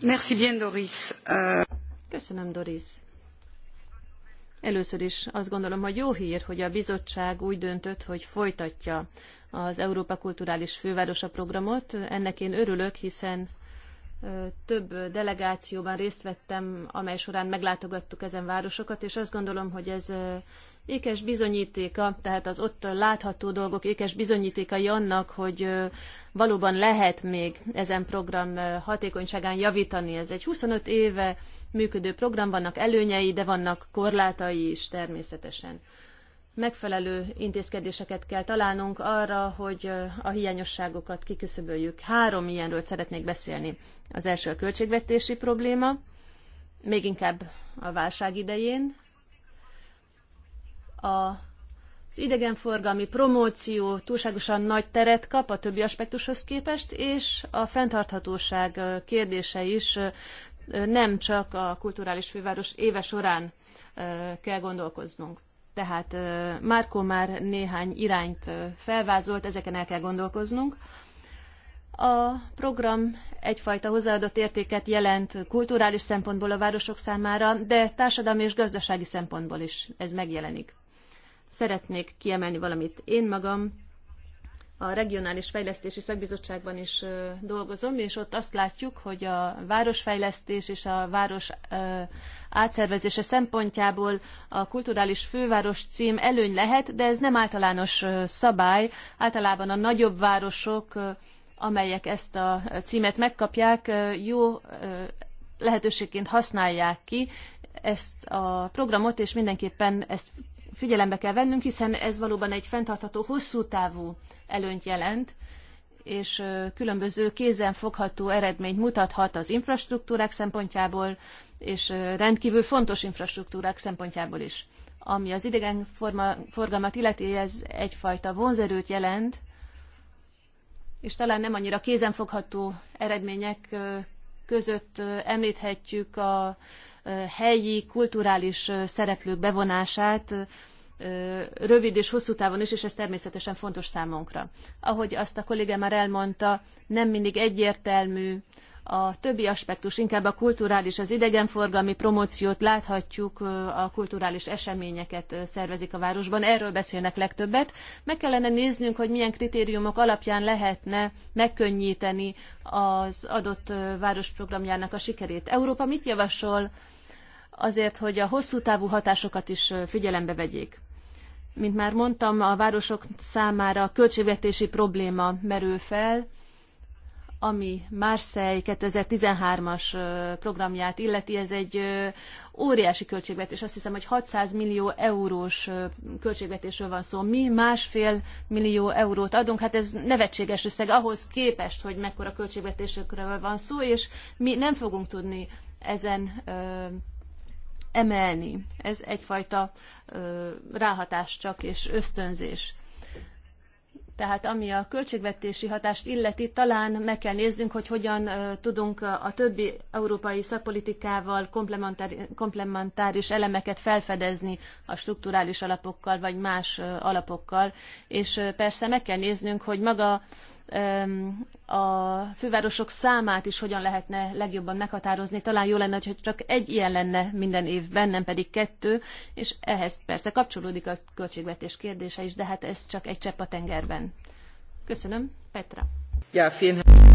Merci bien, Doris. Uh... Köszönöm, Doris. Először is azt gondolom, hogy jó hír, hogy a bizottság úgy döntött, hogy folytatja az Európa Kulturális Fővárosa programot. Ennek én örülök, hiszen több delegációban részt vettem, amely során meglátogattuk ezen városokat, és azt gondolom, hogy ez ékes bizonyítéka, tehát az ott látható dolgok ékes bizonyítékai annak, hogy valóban lehet még ezen program hatékonyságán javítani. Ez egy 25 éve működő program, vannak előnyei, de vannak korlátai is természetesen megfelelő intézkedéseket kell találnunk arra, hogy a hiányosságokat kiküszöböljük. Három ilyenről szeretnék beszélni. Az első a költségvetési probléma, még inkább a válság idején. A, az idegenforgalmi promóció túlságosan nagy teret kap a többi aspektushoz képest, és a fenntarthatóság kérdése is nem csak a kulturális főváros éve során kell gondolkoznunk tehát Márkó már néhány irányt felvázolt, ezeken el kell gondolkoznunk. A program egyfajta hozzáadott értéket jelent kulturális szempontból a városok számára, de társadalmi és gazdasági szempontból is ez megjelenik. Szeretnék kiemelni valamit. Én magam a Regionális Fejlesztési Szakbizottságban is dolgozom, és ott azt látjuk, hogy a városfejlesztés és a város átszervezése szempontjából a kulturális főváros cím előny lehet, de ez nem általános szabály. Általában a nagyobb városok, amelyek ezt a címet megkapják, jó lehetőségként használják ki ezt a programot, és mindenképpen ezt figyelembe kell vennünk, hiszen ez valóban egy fenntartható, hosszú távú előnyt jelent, és különböző kézenfogható eredményt mutathat az infrastruktúrák szempontjából, és rendkívül fontos infrastruktúrák szempontjából is. Ami az forgalmat illeti, ez egyfajta vonzerőt jelent, és talán nem annyira kézenfogható eredmények között említhetjük a helyi kulturális szereplők bevonását, rövid és hosszú távon is, és ez természetesen fontos számunkra. Ahogy azt a kollégám már elmondta, nem mindig egyértelmű a többi aspektus, inkább a kulturális, az idegenforgalmi promóciót láthatjuk, a kulturális eseményeket szervezik a városban, erről beszélnek legtöbbet. Meg kellene néznünk, hogy milyen kritériumok alapján lehetne megkönnyíteni az adott város programjának a sikerét. Európa mit javasol azért, hogy a hosszú távú hatásokat is figyelembe vegyék? Mint már mondtam, a városok számára a költségvetési probléma merül fel, ami Marseille 2013-as programját illeti, ez egy óriási költségvetés. Azt hiszem, hogy 600 millió eurós költségvetésről van szó. Mi másfél millió eurót adunk, hát ez nevetséges összeg ahhoz képest, hogy mekkora költségvetésekről van szó, és mi nem fogunk tudni ezen emelni. Ez egyfajta ö, ráhatás csak és ösztönzés. Tehát ami a költségvetési hatást illeti, talán meg kell néznünk, hogy hogyan tudunk a többi európai szakpolitikával komplementáris elemeket felfedezni a strukturális alapokkal vagy más alapokkal. És persze meg kell néznünk, hogy maga a fővárosok számát is hogyan lehetne legjobban meghatározni. Talán jó lenne, hogy csak egy ilyen lenne minden évben, nem pedig kettő, és ehhez persze kapcsolódik a költségvetés kérdése is, de hát ez csak egy csepp a tengerben. Köszönöm, Petra. Ja, vielen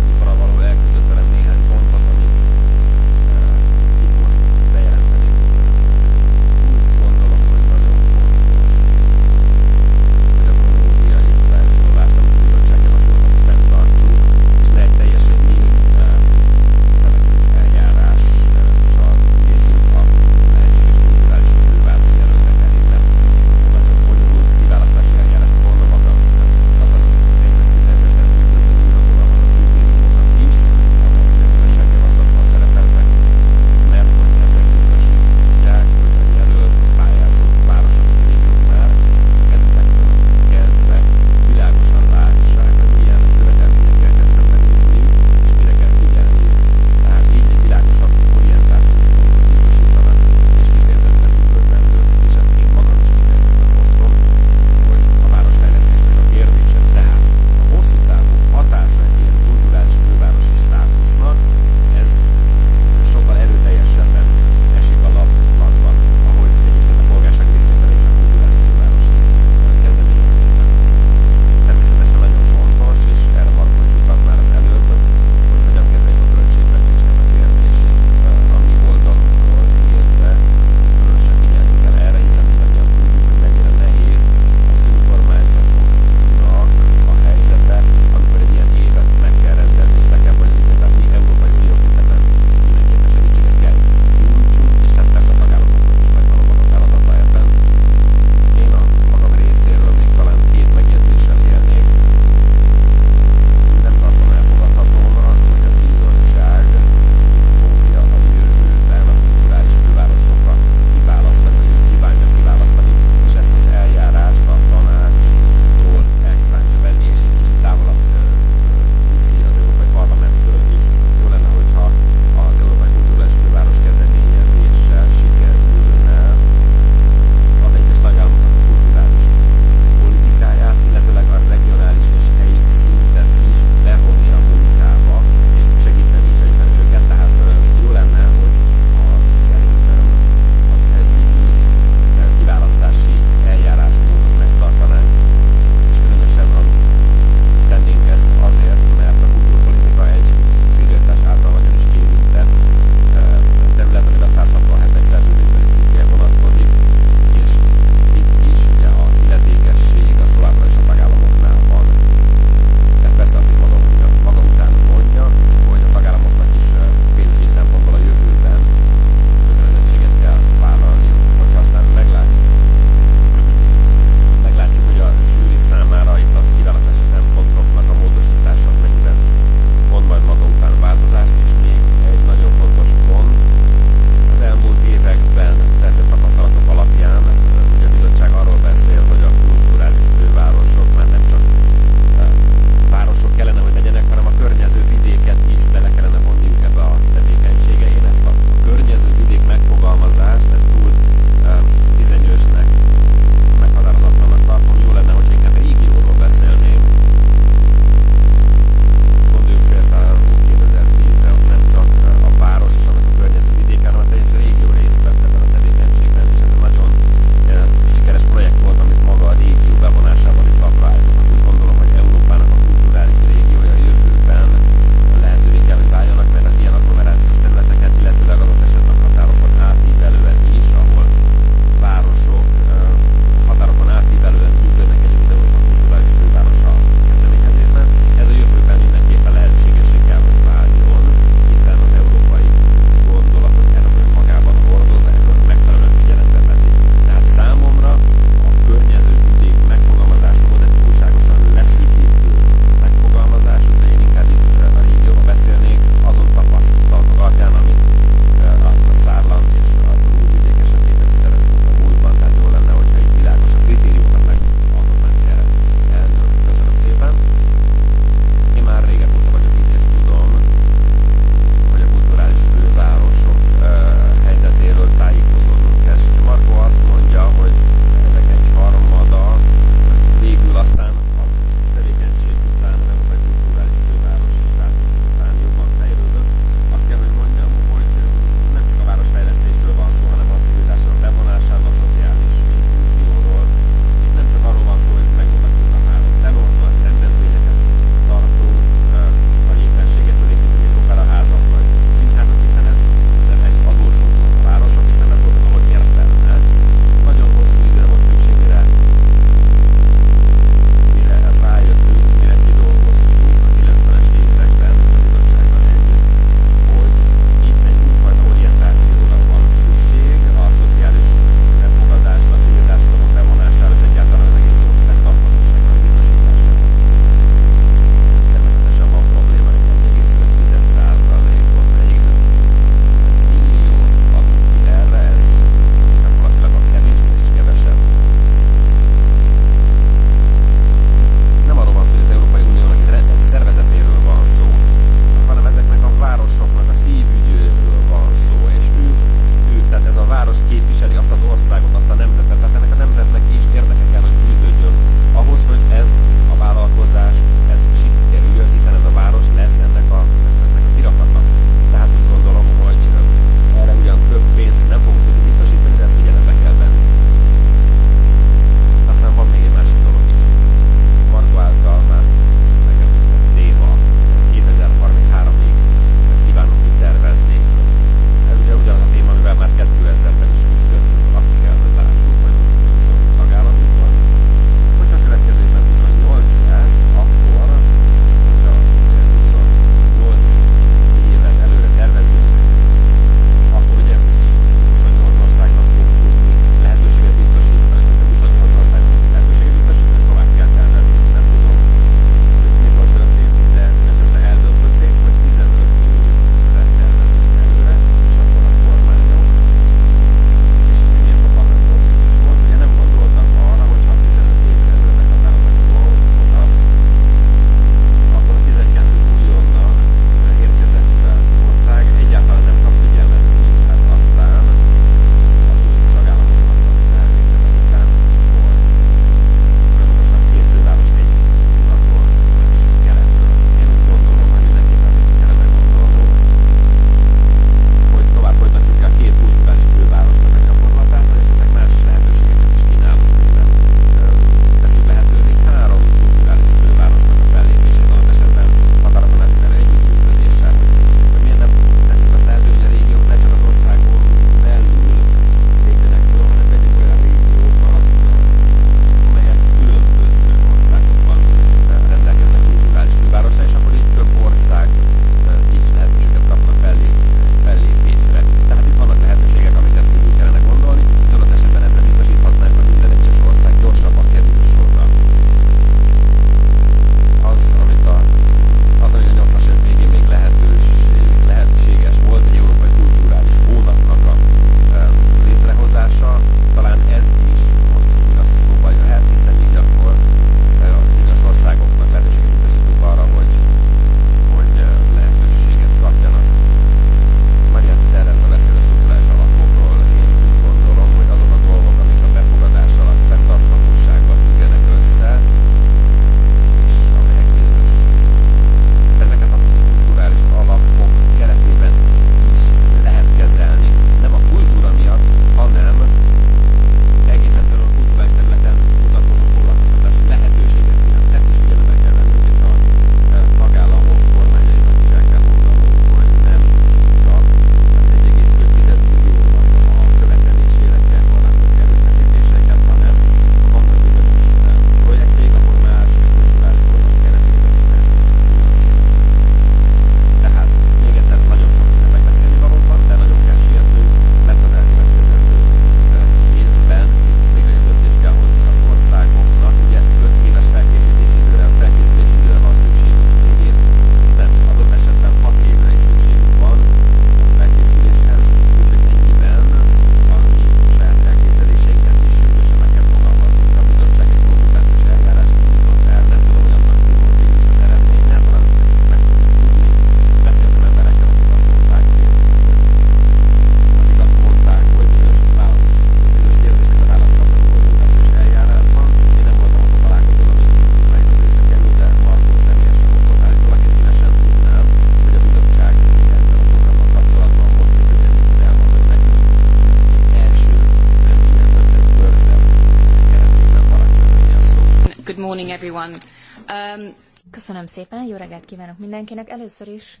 Köszönöm szépen, jó reggelt kívánok mindenkinek. Először is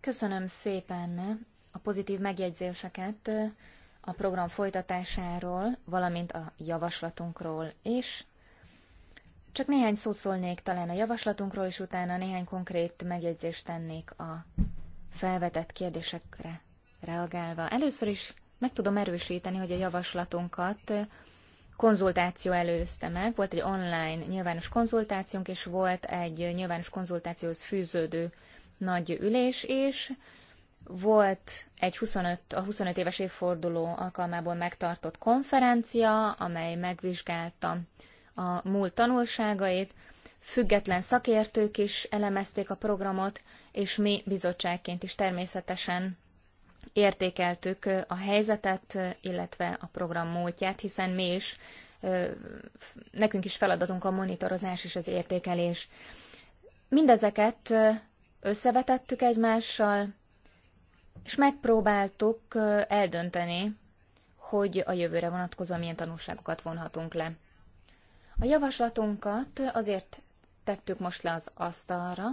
köszönöm szépen a pozitív megjegyzéseket a program folytatásáról, valamint a javaslatunkról, és csak néhány szót szólnék talán a javaslatunkról, és utána néhány konkrét megjegyzést tennék a felvetett kérdésekre reagálva. Először is meg tudom erősíteni, hogy a javaslatunkat konzultáció előzte meg, volt egy online nyilvános konzultációnk, és volt egy nyilvános konzultációhoz fűződő nagy ülés, és volt egy 25, a 25 éves évforduló alkalmából megtartott konferencia, amely megvizsgálta a múlt tanulságait, független szakértők is elemezték a programot, és mi bizottságként is természetesen értékeltük a helyzetet, illetve a program múltját, hiszen mi is, nekünk is feladatunk a monitorozás és az értékelés. Mindezeket összevetettük egymással, és megpróbáltuk eldönteni, hogy a jövőre vonatkozóan milyen tanulságokat vonhatunk le. A javaslatunkat azért tettük most le az asztalra,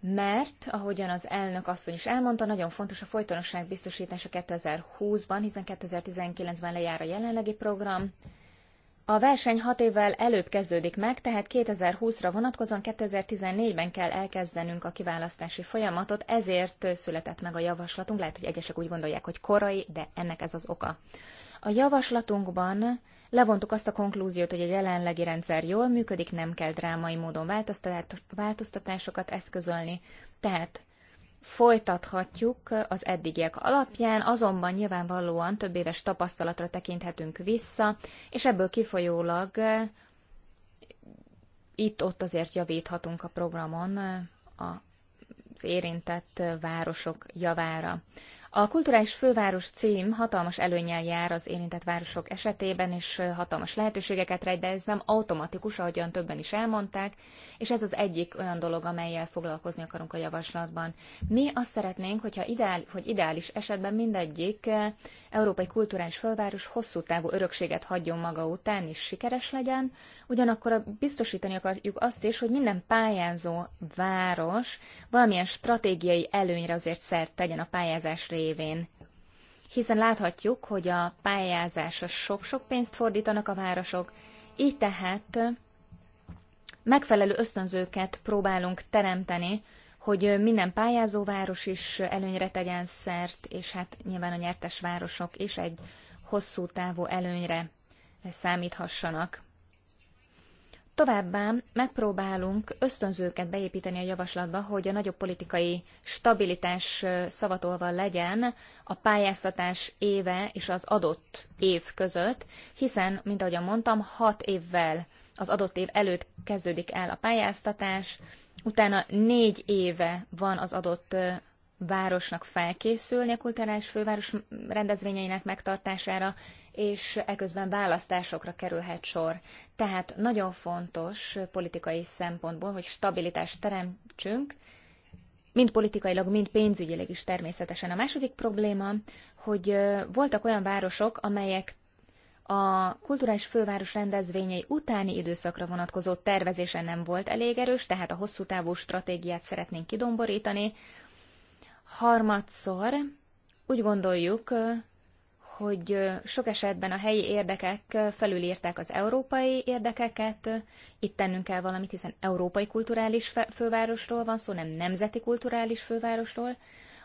mert, ahogyan az elnök asszony is elmondta, nagyon fontos a folytonosság biztosítása 2020-ban, hiszen 2019-ben lejár a jelenlegi program. A verseny hat évvel előbb kezdődik meg, tehát 2020-ra vonatkozóan 2014-ben kell elkezdenünk a kiválasztási folyamatot, ezért született meg a javaslatunk. Lehet, hogy egyesek úgy gondolják, hogy korai, de ennek ez az oka. A javaslatunkban Levontuk azt a konklúziót, hogy a jelenlegi rendszer jól működik, nem kell drámai módon változtatásokat eszközölni, tehát folytathatjuk az eddigiek alapján, azonban nyilvánvalóan több éves tapasztalatra tekinthetünk vissza, és ebből kifolyólag eh, itt-ott azért javíthatunk a programon eh, az érintett eh, városok javára. A kulturális főváros cím hatalmas előnyel jár az érintett városok esetében, és hatalmas lehetőségeket rejt, de ez nem automatikus, ahogyan többen is elmondták, és ez az egyik olyan dolog, amelyel foglalkozni akarunk a javaslatban. Mi azt szeretnénk, hogyha ideál, hogy ideális esetben mindegyik európai kulturális főváros hosszú távú örökséget hagyjon maga után, és sikeres legyen, ugyanakkor biztosítani akarjuk azt is, hogy minden pályázó város valamilyen stratégiai előnyre azért szert tegyen a pályázás révén. Hiszen láthatjuk, hogy a pályázásra sok-sok pénzt fordítanak a városok, így tehát megfelelő ösztönzőket próbálunk teremteni, hogy minden pályázó város is előnyre tegyen szert, és hát nyilván a nyertes városok is egy hosszú távú előnyre számíthassanak. Továbbá megpróbálunk ösztönzőket beépíteni a javaslatba, hogy a nagyobb politikai stabilitás szavatolva legyen a pályáztatás éve és az adott év között, hiszen, mint ahogyan mondtam, hat évvel az adott év előtt kezdődik el a pályáztatás, utána négy éve van az adott városnak felkészülni a kulturális főváros rendezvényeinek megtartására, és eközben választásokra kerülhet sor. Tehát nagyon fontos politikai szempontból, hogy stabilitást teremtsünk, mind politikailag, mind pénzügyileg is természetesen. A második probléma, hogy voltak olyan városok, amelyek a kulturális főváros rendezvényei utáni időszakra vonatkozó tervezése nem volt elég erős, tehát a hosszú távú stratégiát szeretnénk kidomborítani. Harmadszor úgy gondoljuk, hogy sok esetben a helyi érdekek felülírták az európai érdekeket, itt tennünk kell valamit, hiszen európai kulturális fővárosról van szó, nem nemzeti kulturális fővárosról.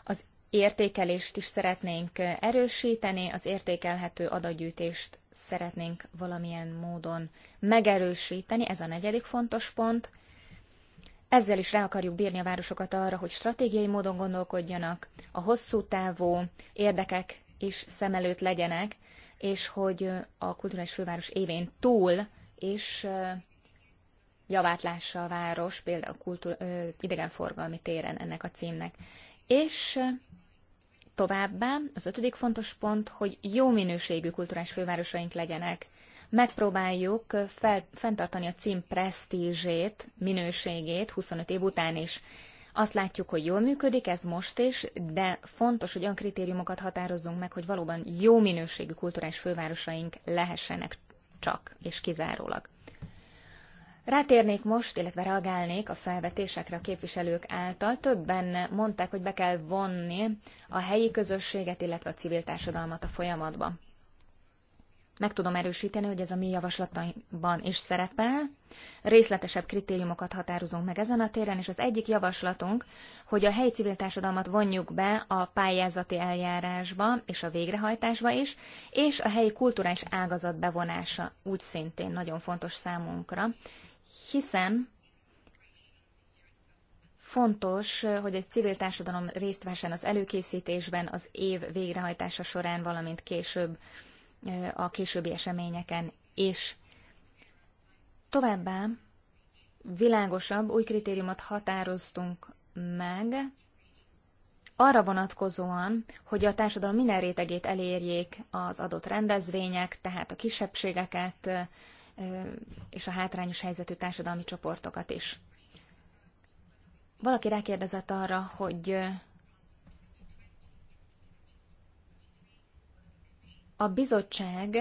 Az értékelést is szeretnénk erősíteni, az értékelhető adagyűjtést szeretnénk valamilyen módon megerősíteni, ez a negyedik fontos pont. Ezzel is rá akarjuk bírni a városokat arra, hogy stratégiai módon gondolkodjanak, a hosszú távú érdekek is szem előtt legyenek, és hogy a kulturális főváros évén túl is javátlása a város, például kultúr, idegenforgalmi téren ennek a címnek. És továbbá az ötödik fontos pont, hogy jó minőségű kulturális fővárosaink legyenek. Megpróbáljuk fel, fenntartani a cím presztízsét, minőségét 25 év után is. Azt látjuk, hogy jól működik ez most is, de fontos, hogy olyan kritériumokat határozzunk meg, hogy valóban jó minőségű kulturális fővárosaink lehessenek csak és kizárólag. Rátérnék most, illetve reagálnék a felvetésekre a képviselők által. Többen mondták, hogy be kell vonni a helyi közösséget, illetve a civil társadalmat a folyamatba meg tudom erősíteni, hogy ez a mi javaslatainkban is szerepel. Részletesebb kritériumokat határozunk meg ezen a téren, és az egyik javaslatunk, hogy a helyi civil társadalmat vonjuk be a pályázati eljárásba és a végrehajtásba is, és a helyi kulturális ágazat bevonása úgy szintén nagyon fontos számunkra, hiszen fontos, hogy egy civil társadalom részt vessen az előkészítésben, az év végrehajtása során, valamint később a későbbi eseményeken is. Továbbá világosabb új kritériumot határoztunk meg, arra vonatkozóan, hogy a társadalom minden rétegét elérjék az adott rendezvények, tehát a kisebbségeket és a hátrányos helyzetű társadalmi csoportokat is. Valaki rákérdezett arra, hogy a bizottság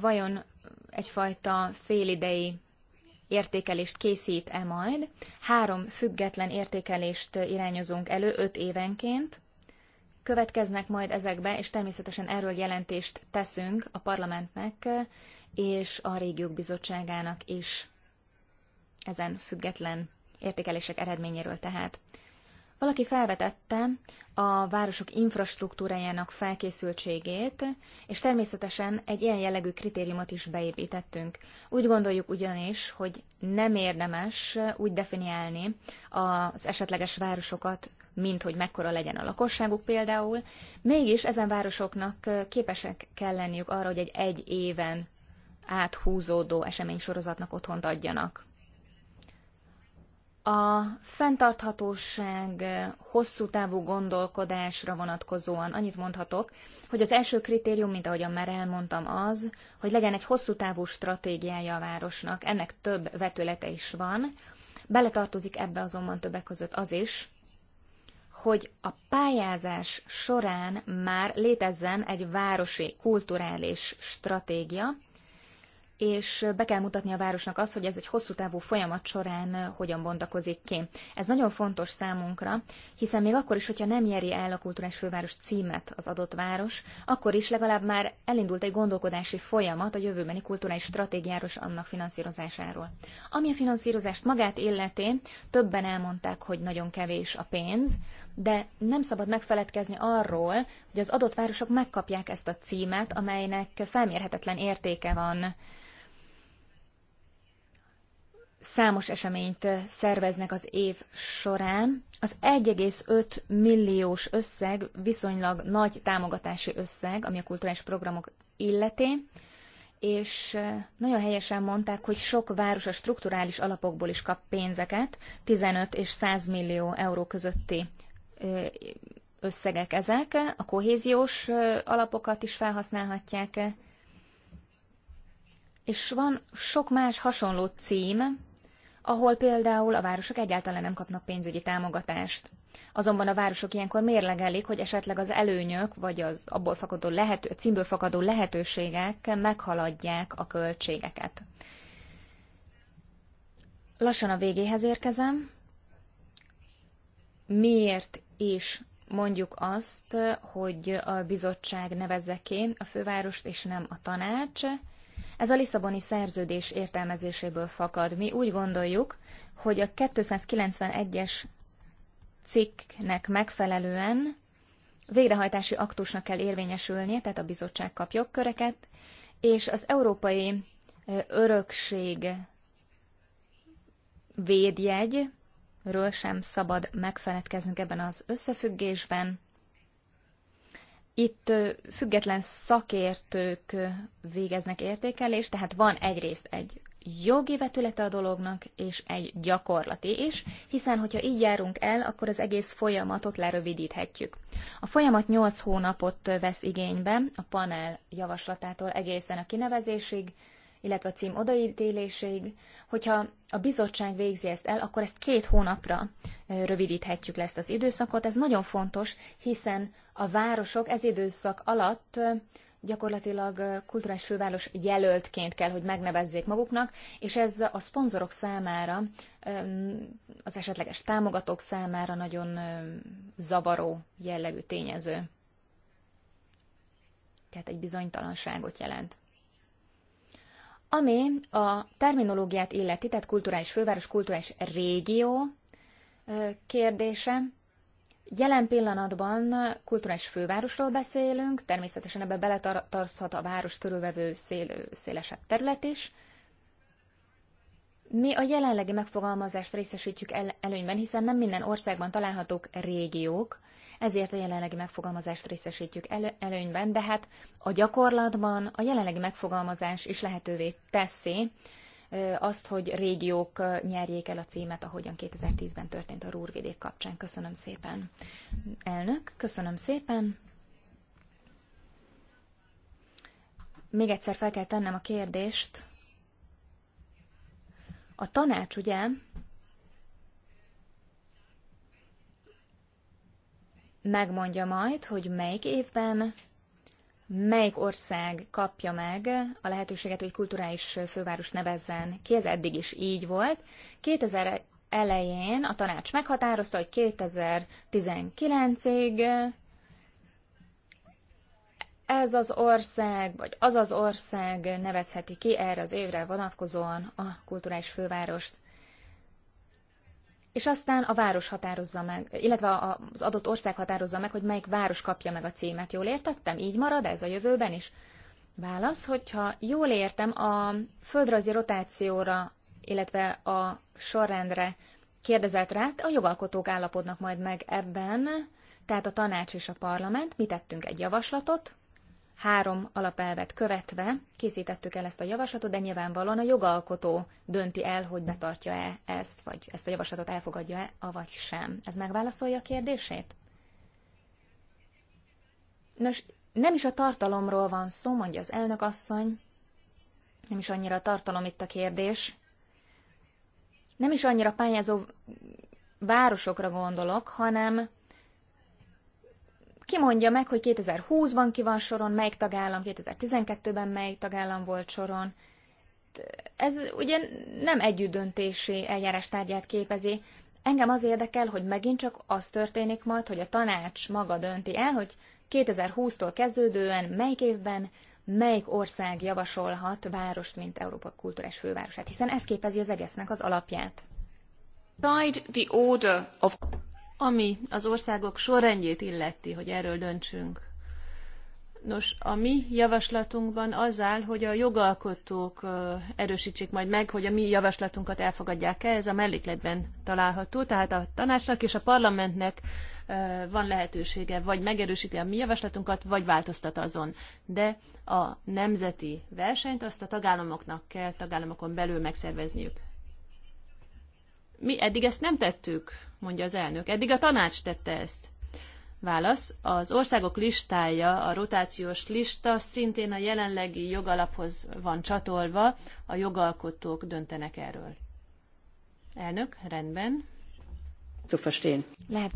vajon egyfajta félidei értékelést készít-e majd. Három független értékelést irányozunk elő öt évenként. Következnek majd ezekbe, és természetesen erről jelentést teszünk a parlamentnek és a régiók bizottságának is ezen független értékelések eredményéről tehát. Valaki felvetette a városok infrastruktúrájának felkészültségét, és természetesen egy ilyen jellegű kritériumot is beépítettünk. Úgy gondoljuk ugyanis, hogy nem érdemes úgy definiálni az esetleges városokat, mint hogy mekkora legyen a lakosságuk például, mégis ezen városoknak képesek kell lenniük arra, hogy egy egy éven áthúzódó eseménysorozatnak otthont adjanak. A fenntarthatóság eh, hosszú távú gondolkodásra vonatkozóan annyit mondhatok, hogy az első kritérium, mint ahogyan már elmondtam, az, hogy legyen egy hosszú távú stratégiája a városnak. Ennek több vetülete is van. Beletartozik ebbe azonban többek között az is, hogy a pályázás során már létezzen egy városi kulturális stratégia, és be kell mutatni a városnak azt, hogy ez egy hosszú távú folyamat során hogyan bontakozik ki. Ez nagyon fontos számunkra, hiszen még akkor is, hogyha nem nyeri el a kulturális főváros címet az adott város, akkor is legalább már elindult egy gondolkodási folyamat a jövőbeni kulturális stratégiáról és annak finanszírozásáról. Ami a finanszírozást magát illeti, többen elmondták, hogy nagyon kevés a pénz, de nem szabad megfeledkezni arról, hogy az adott városok megkapják ezt a címet, amelynek felmérhetetlen értéke van számos eseményt eh, szerveznek az év során. Az 1,5 milliós összeg viszonylag nagy támogatási összeg, ami a kulturális programok illeti, és eh, nagyon helyesen mondták, hogy sok város a strukturális alapokból is kap pénzeket, 15 és 100 millió euró közötti eh, összegek ezek, a kohéziós alapokat is felhasználhatják, és van sok más hasonló cím, ahol például a városok egyáltalán nem kapnak pénzügyi támogatást. Azonban a városok ilyenkor mérlegelik, hogy esetleg az előnyök, vagy az abból fakadó lehető, címből fakadó lehetőségek meghaladják a költségeket. Lassan a végéhez érkezem. Miért is mondjuk azt, hogy a bizottság nevezze ki a fővárost, és nem a tanács? Ez a Lisszaboni szerződés értelmezéséből fakad. Mi úgy gondoljuk, hogy a 291-es cikknek megfelelően végrehajtási aktusnak kell érvényesülnie, tehát a bizottság kap jogköreket, és az európai örökség védjegy, ről sem szabad megfeledkeznünk ebben az összefüggésben. Itt független szakértők végeznek értékelést, tehát van egyrészt egy jogi vetülete a dolognak, és egy gyakorlati is, hiszen hogyha így járunk el, akkor az egész folyamatot lerövidíthetjük. A folyamat 8 hónapot vesz igénybe a panel javaslatától egészen a kinevezésig, illetve a cím odaítéléséig. Hogyha a bizottság végzi ezt el, akkor ezt két hónapra rövidíthetjük le ezt az időszakot. Ez nagyon fontos, hiszen a városok ez időszak alatt gyakorlatilag kulturális főváros jelöltként kell, hogy megnevezzék maguknak, és ez a szponzorok számára, az esetleges támogatók számára nagyon zavaró jellegű tényező. Tehát egy bizonytalanságot jelent. Ami a terminológiát illeti, tehát kulturális főváros, kulturális régió kérdése, Jelen pillanatban kulturális fővárosról beszélünk, természetesen ebbe beletartozhat a város körülvevő szél, szélesebb terület is. Mi a jelenlegi megfogalmazást részesítjük el, előnyben, hiszen nem minden országban találhatók régiók, ezért a jelenlegi megfogalmazást részesítjük el, előnyben, de hát a gyakorlatban a jelenlegi megfogalmazás is lehetővé teszi, azt, hogy régiók nyerjék el a címet, ahogyan 2010-ben történt a Rúrvidék kapcsán. Köszönöm szépen. Elnök, köszönöm szépen. Még egyszer fel kell tennem a kérdést. A tanács, ugye, megmondja majd, hogy melyik évben melyik ország kapja meg a lehetőséget, hogy kulturális főváros nevezzen ki, ez eddig is így volt. 2000 elején a tanács meghatározta, hogy 2019-ig ez az ország, vagy az az ország nevezheti ki erre az évre vonatkozóan a kulturális fővárost és aztán a város határozza meg, illetve az adott ország határozza meg, hogy melyik város kapja meg a címet. Jól értettem? Így marad ez a jövőben is? Válasz, hogyha jól értem, a földrajzi rotációra, illetve a sorrendre kérdezett rá, a jogalkotók állapodnak majd meg ebben, tehát a tanács és a parlament, mi tettünk egy javaslatot, három alapelvet követve készítettük el ezt a javaslatot, de nyilvánvalóan a jogalkotó dönti el, hogy betartja-e ezt, vagy ezt a javaslatot elfogadja-e, avagy sem. Ez megválaszolja a kérdését? Nos, nem is a tartalomról van szó, mondja az elnök asszony. Nem is annyira a tartalom itt a kérdés. Nem is annyira pályázó városokra gondolok, hanem ki mondja meg, hogy 2020-ban ki van soron, melyik tagállam, 2012-ben melyik tagállam volt soron. Ez ugye nem együttdöntési eljárás tárgyát képezi. Engem az érdekel, hogy megint csak az történik majd, hogy a tanács maga dönti el, hogy 2020-tól kezdődően melyik évben melyik ország javasolhat várost, mint Európa kulturális fővárosát, hiszen ez képezi az egésznek az alapját ami az országok sorrendjét illeti, hogy erről döntsünk. Nos, a mi javaslatunkban az áll, hogy a jogalkotók erősítsék majd meg, hogy a mi javaslatunkat elfogadják-e, ez a mellékletben található, tehát a tanácsnak és a parlamentnek van lehetősége, vagy megerősíti a mi javaslatunkat, vagy változtat azon. De a nemzeti versenyt azt a tagállamoknak kell tagállamokon belül megszervezniük. Mi eddig ezt nem tettük, mondja az elnök. Eddig a tanács tette ezt. Válasz. Az országok listája, a rotációs lista szintén a jelenlegi jogalaphoz van csatolva, a jogalkotók döntenek erről. Elnök, rendben. Zu verstehen. Lehet.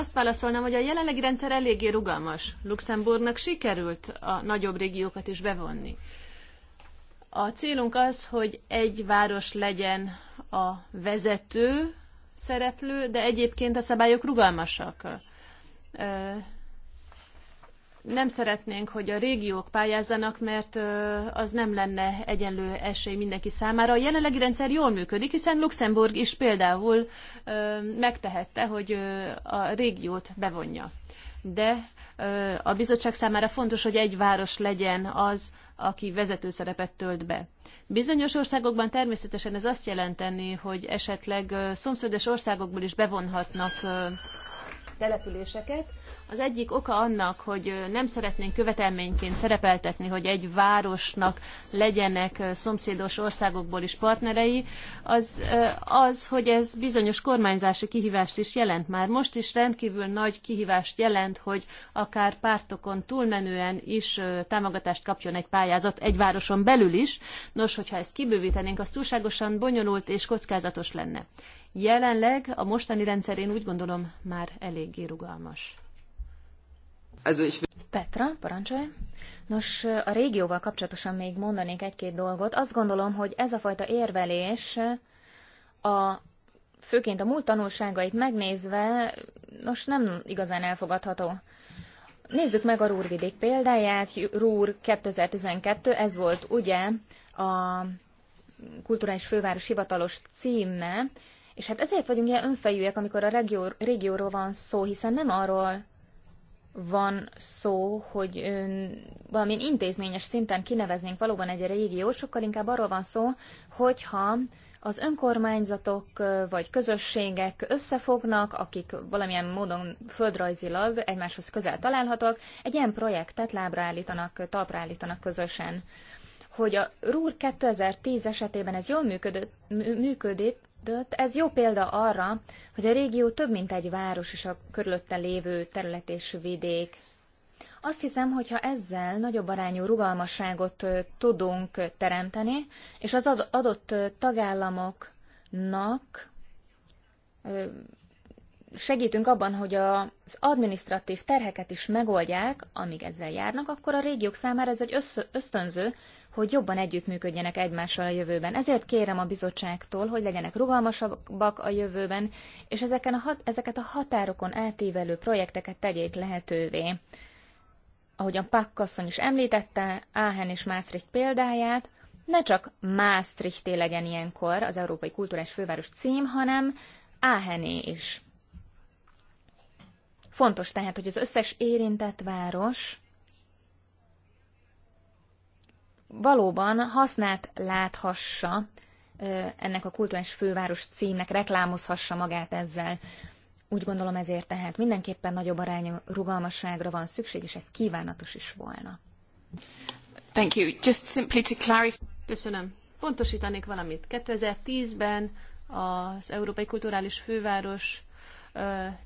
azt válaszolnám, hogy a jelenlegi rendszer eléggé rugalmas. Luxemburgnak sikerült a nagyobb régiókat is bevonni. A célunk az, hogy egy város legyen a vezető szereplő, de egyébként a szabályok rugalmasak nem szeretnénk, hogy a régiók pályázzanak, mert az nem lenne egyenlő esély mindenki számára. A jelenlegi rendszer jól működik, hiszen Luxemburg is például megtehette, hogy a régiót bevonja. De a bizottság számára fontos, hogy egy város legyen az, aki vezető szerepet tölt be. Bizonyos országokban természetesen ez azt jelenteni, hogy esetleg szomszédos országokból is bevonhatnak településeket, az egyik oka annak, hogy nem szeretnénk követelményként szerepeltetni, hogy egy városnak legyenek szomszédos országokból is partnerei, az, az, hogy ez bizonyos kormányzási kihívást is jelent már. Most is rendkívül nagy kihívást jelent, hogy akár pártokon túlmenően is támogatást kapjon egy pályázat egy városon belül is. Nos, hogyha ezt kibővítenénk, az túlságosan bonyolult és kockázatos lenne. Jelenleg a mostani rendszer én úgy gondolom már eléggé rugalmas. Petra, parancsolj! Nos, a régióval kapcsolatosan még mondanék egy-két dolgot. Azt gondolom, hogy ez a fajta érvelés a főként a múlt tanulságait megnézve, nos nem igazán elfogadható. Nézzük meg a Rúrvidék példáját. Rúr 2012, ez volt ugye a kulturális főváros hivatalos címe, és hát ezért vagyunk ilyen önfejűek, amikor a regió, régióról van szó, hiszen nem arról van szó, hogy valamilyen intézményes szinten kineveznénk valóban egy régió, sokkal inkább arról van szó, hogyha az önkormányzatok vagy közösségek összefognak, akik valamilyen módon földrajzilag egymáshoz közel találhatók, egy ilyen projektet lábra állítanak, talpra állítanak közösen. Hogy a RUR 2010 esetében ez jól működött, működik, működött. Ez jó példa arra, hogy a régió több, mint egy város és a körülötte lévő terület és vidék. Azt hiszem, hogyha ezzel nagyobb arányú rugalmasságot tudunk teremteni, és az adott tagállamoknak segítünk abban, hogy az administratív terheket is megoldják, amíg ezzel járnak, akkor a régiók számára ez egy ösztönző, hogy jobban együttműködjenek egymással a jövőben. Ezért kérem a bizottságtól, hogy legyenek rugalmasabbak a jövőben, és ezeken a hat, ezeket a határokon átívelő projekteket tegyék lehetővé. Ahogy a Pakkasszony is említette, Áhen és Maastricht példáját, ne csak Maastricht legyen ilyenkor az Európai Kulturális Főváros cím, hanem Áhené is. Fontos tehát, hogy az összes érintett város valóban hasznát láthassa ennek a kulturális főváros címnek, reklámozhassa magát ezzel. Úgy gondolom ezért tehát mindenképpen nagyobb arányú rugalmasságra van szükség, és ez kívánatos is volna. Thank you. Just simply to clarify. Köszönöm. Pontosítanék valamit. 2010-ben az Európai Kulturális Főváros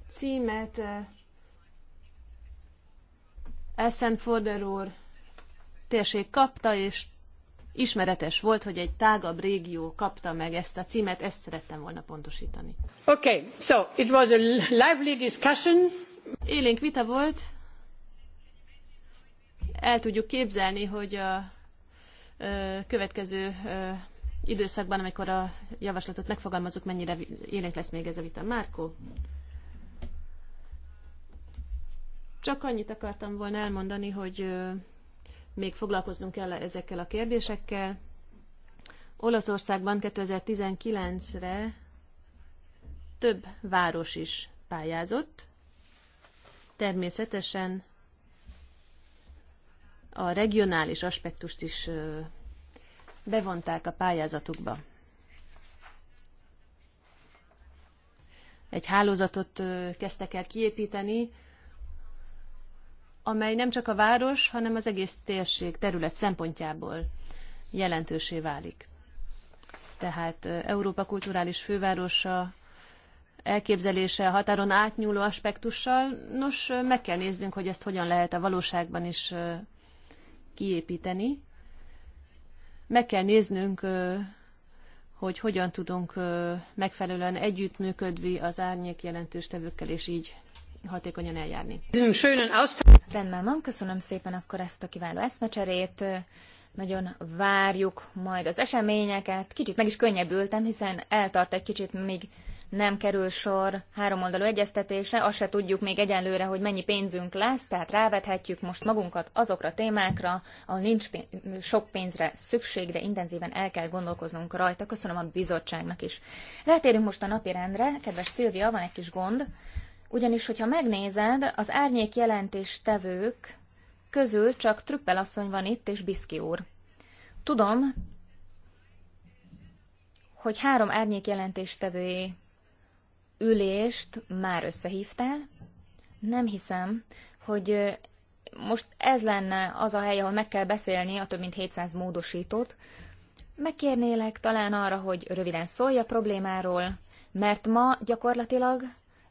címet Essen Forder térség kapta, és ismeretes volt, hogy egy tágabb régió kapta meg ezt a címet, ezt szerettem volna pontosítani. Okay, so it was a lively discussion. Élénk vita volt. El tudjuk képzelni, hogy a következő időszakban, amikor a javaslatot megfogalmazunk, mennyire élek lesz még ez a vita. Márkó? Csak annyit akartam volna elmondani, hogy még foglalkoznunk kell ezekkel a kérdésekkel. Olaszországban 2019-re több város is pályázott. Természetesen a regionális aspektust is bevonták a pályázatukba. Egy hálózatot kezdtek el kiépíteni, amely nem csak a város, hanem az egész térség terület szempontjából jelentősé válik. Tehát Európa kulturális fővárosa elképzelése határon átnyúló aspektussal, nos, meg kell néznünk, hogy ezt hogyan lehet a valóságban is kiépíteni. Meg kell néznünk, hogy hogyan tudunk megfelelően együttműködni az árnyék jelentős tevőkkel, és így hatékonyan eljárni. Rendben van, köszönöm szépen akkor ezt a kiváló eszmecserét. Nagyon várjuk majd az eseményeket. Kicsit meg is könnyebbültem, hiszen eltart egy kicsit, még nem kerül sor háromoldalú egyeztetésre, azt se tudjuk még egyenlőre, hogy mennyi pénzünk lesz, tehát rávethetjük most magunkat azokra a témákra, ahol nincs pénz, sok pénzre szükség, de intenzíven el kell gondolkoznunk rajta. Köszönöm a bizottságnak is. Rátérünk most a napi rendre. Kedves Szilvia, van egy kis gond. Ugyanis, hogyha megnézed, az árnyék tevők közül csak Trüppel asszony van itt, és Biszki úr. Tudom, hogy három árnyék tevői ülést már összehívtál. Nem hiszem, hogy most ez lenne az a hely, ahol meg kell beszélni a több mint 700 módosítót. Megkérnélek talán arra, hogy röviden szólj a problémáról, mert ma gyakorlatilag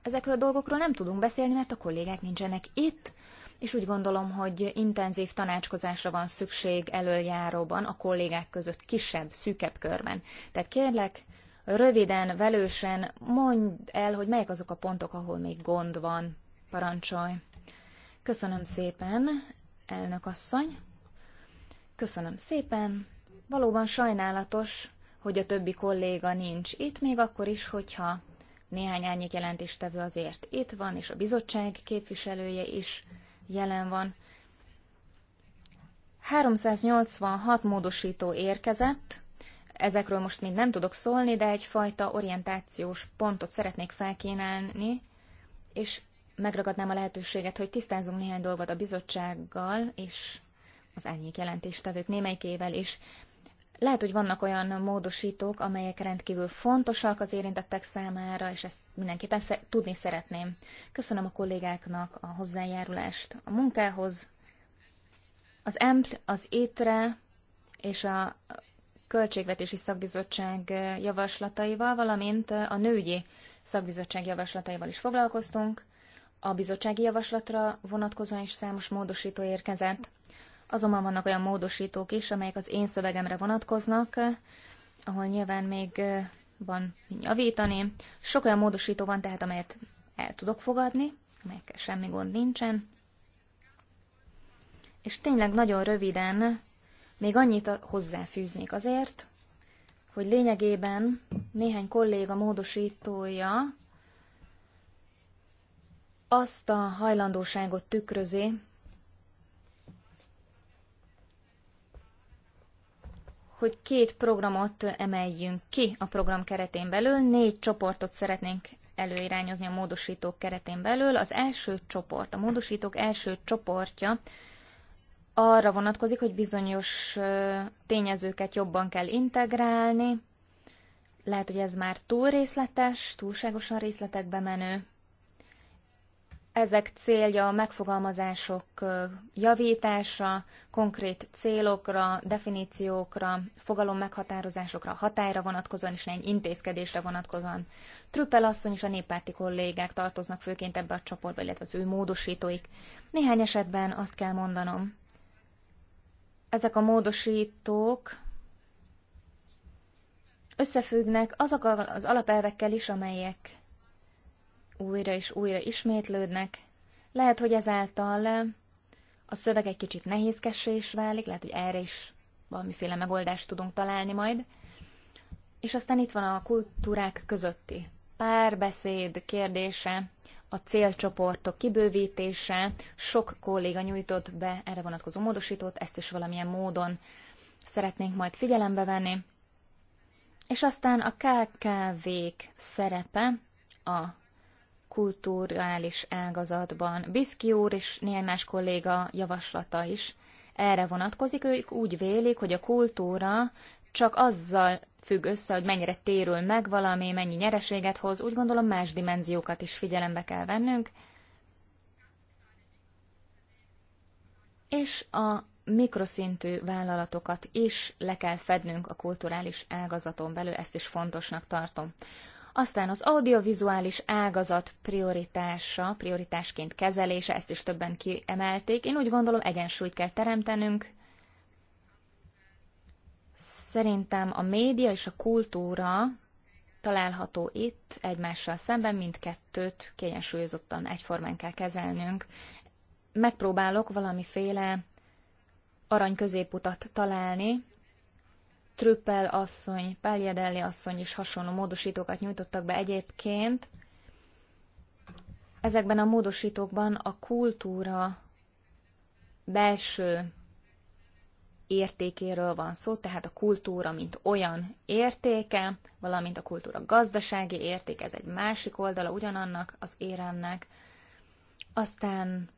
ezekről a dolgokról nem tudunk beszélni, mert a kollégák nincsenek itt, és úgy gondolom, hogy intenzív tanácskozásra van szükség elöljáróban a kollégák között kisebb, szűkebb körben. Tehát kérlek, röviden, velősen mondd el, hogy melyek azok a pontok, ahol még gond van. Parancsolj. Köszönöm szépen, elnök asszony. Köszönöm szépen. Valóban sajnálatos, hogy a többi kolléga nincs itt, még akkor is, hogyha néhány árnyék jelentéstevő azért itt van, és a bizottság képviselője is jelen van. 386 módosító érkezett, ezekről most még nem tudok szólni, de egyfajta orientációs pontot szeretnék felkínálni, és megragadnám a lehetőséget, hogy tisztázunk néhány dolgot a bizottsággal és az árnyék jelentéstevők némelyikével is. Lehet, hogy vannak olyan módosítók, amelyek rendkívül fontosak az érintettek számára, és ezt mindenképpen sze- tudni szeretném. Köszönöm a kollégáknak a hozzájárulást a munkához. Az EMPL, az étre és a Költségvetési Szakbizottság javaslataival, valamint a Nőgyi Szakbizottság javaslataival is foglalkoztunk. A bizottsági javaslatra vonatkozóan is számos módosító érkezett. Azonban vannak olyan módosítók is, amelyek az én szövegemre vonatkoznak, ahol nyilván még van javítani. Sok olyan módosító van tehát, amelyet el tudok fogadni, amelyekkel semmi gond nincsen. És tényleg nagyon röviden még annyit hozzáfűznék azért, hogy lényegében néhány kolléga módosítója azt a hajlandóságot tükrözi, hogy két programot emeljünk ki a program keretén belül, négy csoportot szeretnénk előirányozni a módosítók keretén belül. Az első csoport, a módosítók első csoportja arra vonatkozik, hogy bizonyos tényezőket jobban kell integrálni. Lehet, hogy ez már túl részletes, túlságosan részletekbe menő. Ezek célja a megfogalmazások javítása, konkrét célokra, definíciókra, fogalom meghatározásokra, hatályra vonatkozóan és néhány intézkedésre vonatkozóan. Trüppel asszony és a néppárti kollégák tartoznak főként ebbe a csoportba, illetve az ő módosítóik. Néhány esetben azt kell mondanom, ezek a módosítók összefüggnek azok az alapelvekkel is, amelyek újra és újra ismétlődnek. Lehet, hogy ezáltal a szöveg egy kicsit nehézkessé is válik, lehet, hogy erre is valamiféle megoldást tudunk találni majd. És aztán itt van a kultúrák közötti párbeszéd kérdése, a célcsoportok kibővítése, sok kolléga nyújtott be erre vonatkozó módosítót, ezt is valamilyen módon szeretnénk majd figyelembe venni. És aztán a KKV-k szerepe a kulturális ágazatban. Biszki úr és néhány más kolléga javaslata is erre vonatkozik. Ők úgy vélik, hogy a kultúra csak azzal függ össze, hogy mennyire térül meg valami, mennyi nyereséget hoz. Úgy gondolom más dimenziókat is figyelembe kell vennünk. És a mikroszintű vállalatokat is le kell fednünk a kulturális ágazaton belül, ezt is fontosnak tartom. Aztán az audiovizuális ágazat prioritása, prioritásként kezelése, ezt is többen kiemelték. Én úgy gondolom, egyensúlyt kell teremtenünk. Szerintem a média és a kultúra található itt egymással szemben, mindkettőt kiegyensúlyozottan egyformán kell kezelnünk. Megpróbálok valamiféle arany középutat találni, Trüppel asszony, Pelliadelli asszony is hasonló módosítókat nyújtottak be egyébként. Ezekben a módosítókban a kultúra belső értékéről van szó, tehát a kultúra, mint olyan értéke, valamint a kultúra gazdasági értéke ez egy másik oldala ugyanannak az éremnek. Aztán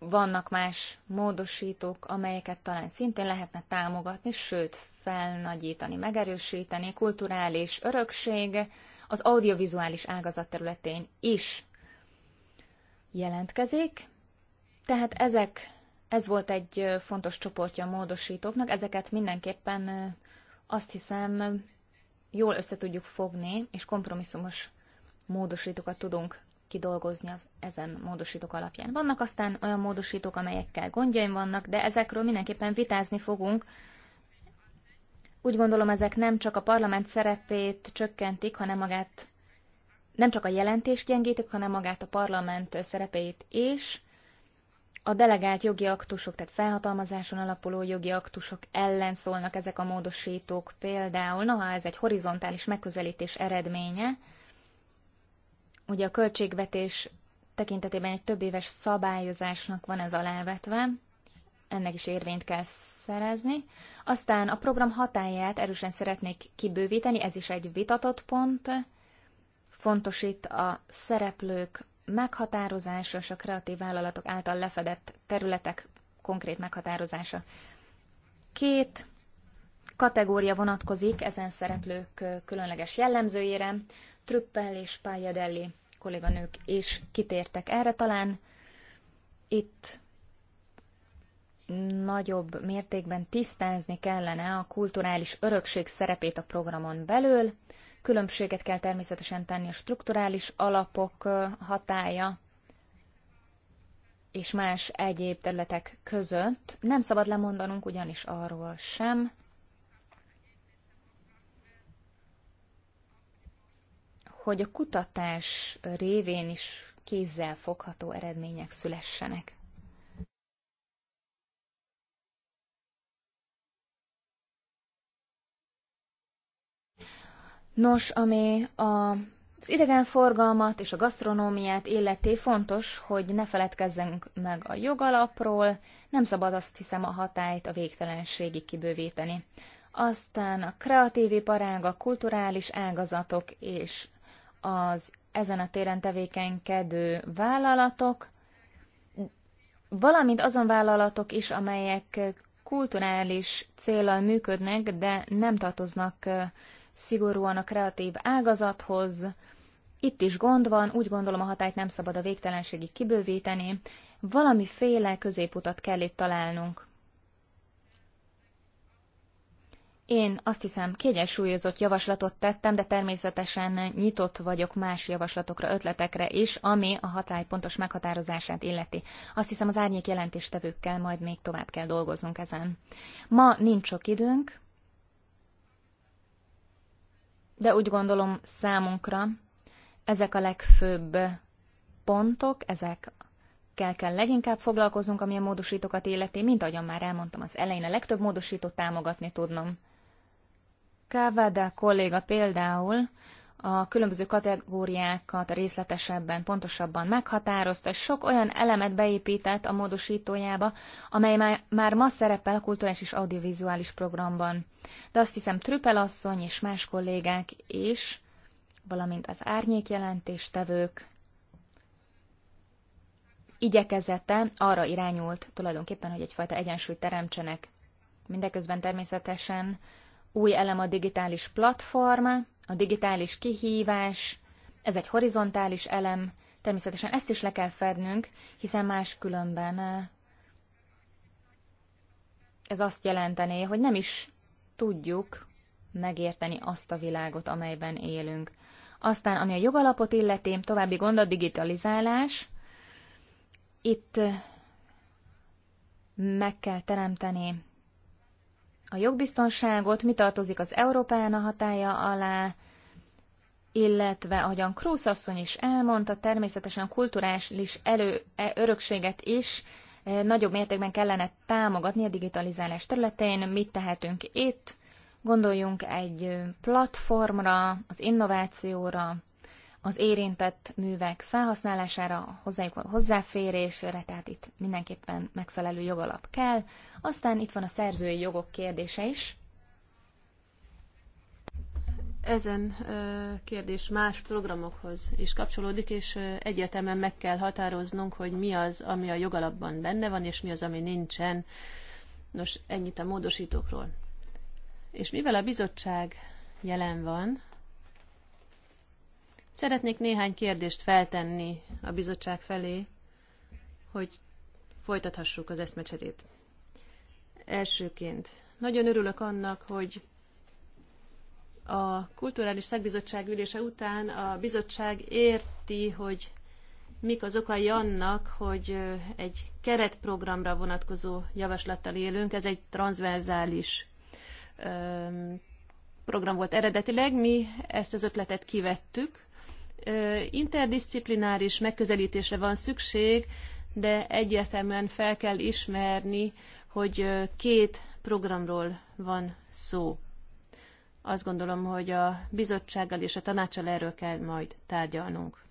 Vannak más módosítók, amelyeket talán szintén lehetne támogatni, sőt, felnagyítani, megerősíteni, kulturális örökség az audiovizuális ágazat területén is jelentkezik. Tehát ezek, ez volt egy fontos csoportja a módosítóknak, ezeket mindenképpen azt hiszem jól össze tudjuk fogni, és kompromisszumos módosítókat tudunk kidolgozni az, ezen módosítók alapján. Vannak aztán olyan módosítók, amelyekkel gondjaim vannak, de ezekről mindenképpen vitázni fogunk. Úgy gondolom, ezek nem csak a parlament szerepét csökkentik, hanem magát, nem csak a jelentést gyengítik, hanem magát a parlament szerepét is. A delegált jogi aktusok, tehát felhatalmazáson alapuló jogi aktusok ellen szólnak ezek a módosítók például, noha ez egy horizontális megközelítés eredménye, Ugye a költségvetés tekintetében egy több éves szabályozásnak van ez alávetve, ennek is érvényt kell szerezni. Aztán a program hatáját erősen szeretnék kibővíteni, ez is egy vitatott pont. Fontos itt a szereplők meghatározása és a kreatív vállalatok által lefedett területek konkrét meghatározása. Két kategória vonatkozik ezen szereplők különleges jellemzőjére. Trüppel és Pájadelli kolléganők is kitértek erre talán. Itt nagyobb mértékben tisztázni kellene a kulturális örökség szerepét a programon belül. Különbséget kell természetesen tenni a strukturális alapok hatája és más egyéb területek között. Nem szabad lemondanunk ugyanis arról sem, hogy a kutatás révén is kézzel fogható eredmények szülessenek. Nos, ami a az idegenforgalmat és a gasztronómiát életé fontos, hogy ne feledkezzünk meg a jogalapról, nem szabad azt hiszem a hatályt a végtelenségig kibővíteni. Aztán a kreatív iparág, a kulturális ágazatok és az ezen a téren tevékenykedő vállalatok, valamint azon vállalatok is, amelyek kulturális célral működnek, de nem tartoznak szigorúan a kreatív ágazathoz. Itt is gond van, úgy gondolom a hatályt nem szabad a végtelenségig kibővíteni, valamiféle középutat kell itt találnunk. Én azt hiszem, kiegyensúlyozott javaslatot tettem, de természetesen nyitott vagyok más javaslatokra, ötletekre is, ami a hatály pontos meghatározását illeti. Azt hiszem, az árnyék jelentéstevőkkel majd még tovább kell dolgoznunk ezen. Ma nincs sok időnk, de úgy gondolom számunkra ezek a legfőbb pontok, ezek kell kell leginkább foglalkoznunk, ami a módosítókat illeti, mint ahogyan már elmondtam az elején, a legtöbb módosítót támogatni tudnom. Kávada kolléga például a különböző kategóriákat részletesebben, pontosabban meghatározta, és sok olyan elemet beépített a módosítójába, amely már, már ma szerepel a kulturális és audiovizuális programban. De azt hiszem Trüpel asszony és más kollégák is, valamint az árnyékjelentéstevők igyekezete arra irányult tulajdonképpen, hogy egyfajta egyensúlyt teremtsenek. Mindeközben természetesen új elem a digitális platforma, a digitális kihívás, ez egy horizontális elem, természetesen ezt is le kell fednünk, hiszen máskülönben ez azt jelentené, hogy nem is tudjuk megérteni azt a világot, amelyben élünk. Aztán, ami a jogalapot illeti, további gond a digitalizálás. Itt meg kell teremteni a jogbiztonságot, mi tartozik az Európán a hatája alá, illetve ahogyan Krúz asszony is elmondta, természetesen a kulturális elő, e, örökséget is e, nagyobb mértékben kellene támogatni a digitalizálás területén. Mit tehetünk itt? Gondoljunk egy platformra, az innovációra, az érintett művek felhasználására, hozzájuk hozzáférésre, tehát itt mindenképpen megfelelő jogalap kell. Aztán itt van a szerzői jogok kérdése is. Ezen kérdés más programokhoz is kapcsolódik, és egyértelműen meg kell határoznunk, hogy mi az, ami a jogalapban benne van, és mi az, ami nincsen. Nos, ennyit a módosítókról. És mivel a bizottság jelen van, Szeretnék néhány kérdést feltenni a bizottság felé, hogy folytathassuk az eszmecserét. Elsőként, nagyon örülök annak, hogy a Kulturális Szakbizottság ülése után a bizottság érti, hogy mik az okai annak, hogy egy keretprogramra vonatkozó javaslattal élünk. Ez egy transzverzális program volt eredetileg. Mi ezt az ötletet kivettük, interdisziplináris megközelítésre van szükség, de egyértelműen fel kell ismerni, hogy két programról van szó. Azt gondolom, hogy a bizottsággal és a tanácsal erről kell majd tárgyalnunk.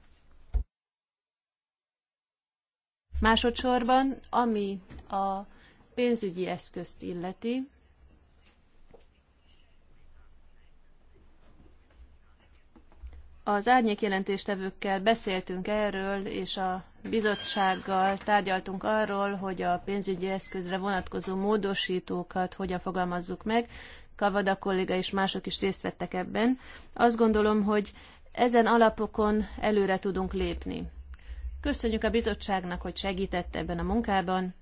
Másodszorban, ami a pénzügyi eszközt illeti, Az árnyék jelentéstevőkkel beszéltünk erről, és a bizottsággal tárgyaltunk arról, hogy a pénzügyi eszközre vonatkozó módosítókat hogyan fogalmazzuk meg. Kavada kolléga és mások is részt vettek ebben. Azt gondolom, hogy ezen alapokon előre tudunk lépni. Köszönjük a bizottságnak, hogy segített ebben a munkában,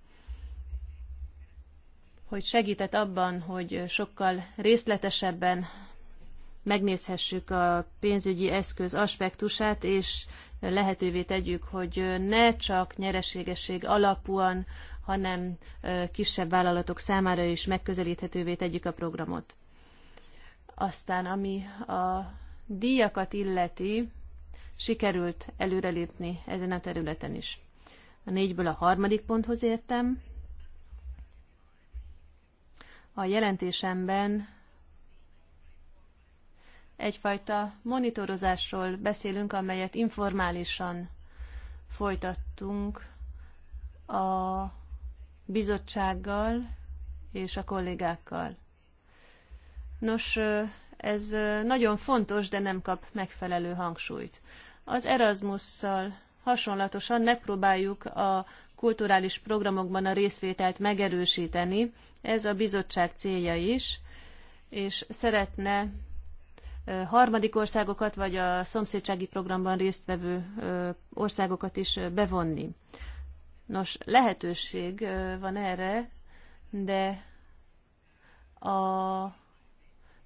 hogy segített abban, hogy sokkal részletesebben megnézhessük a pénzügyi eszköz aspektusát, és lehetővé tegyük, hogy ne csak nyereségesség alapúan, hanem kisebb vállalatok számára is megközelíthetővé tegyük a programot. Aztán, ami a díjakat illeti, sikerült előrelépni ezen a területen is. A négyből a harmadik ponthoz értem. A jelentésemben egyfajta monitorozásról beszélünk, amelyet informálisan folytattunk a bizottsággal és a kollégákkal. Nos, ez nagyon fontos, de nem kap megfelelő hangsúlyt. Az Erasmusszal hasonlatosan megpróbáljuk a kulturális programokban a részvételt megerősíteni. Ez a bizottság célja is, és szeretne harmadik országokat, vagy a szomszédsági programban résztvevő országokat is bevonni. Nos, lehetőség van erre, de a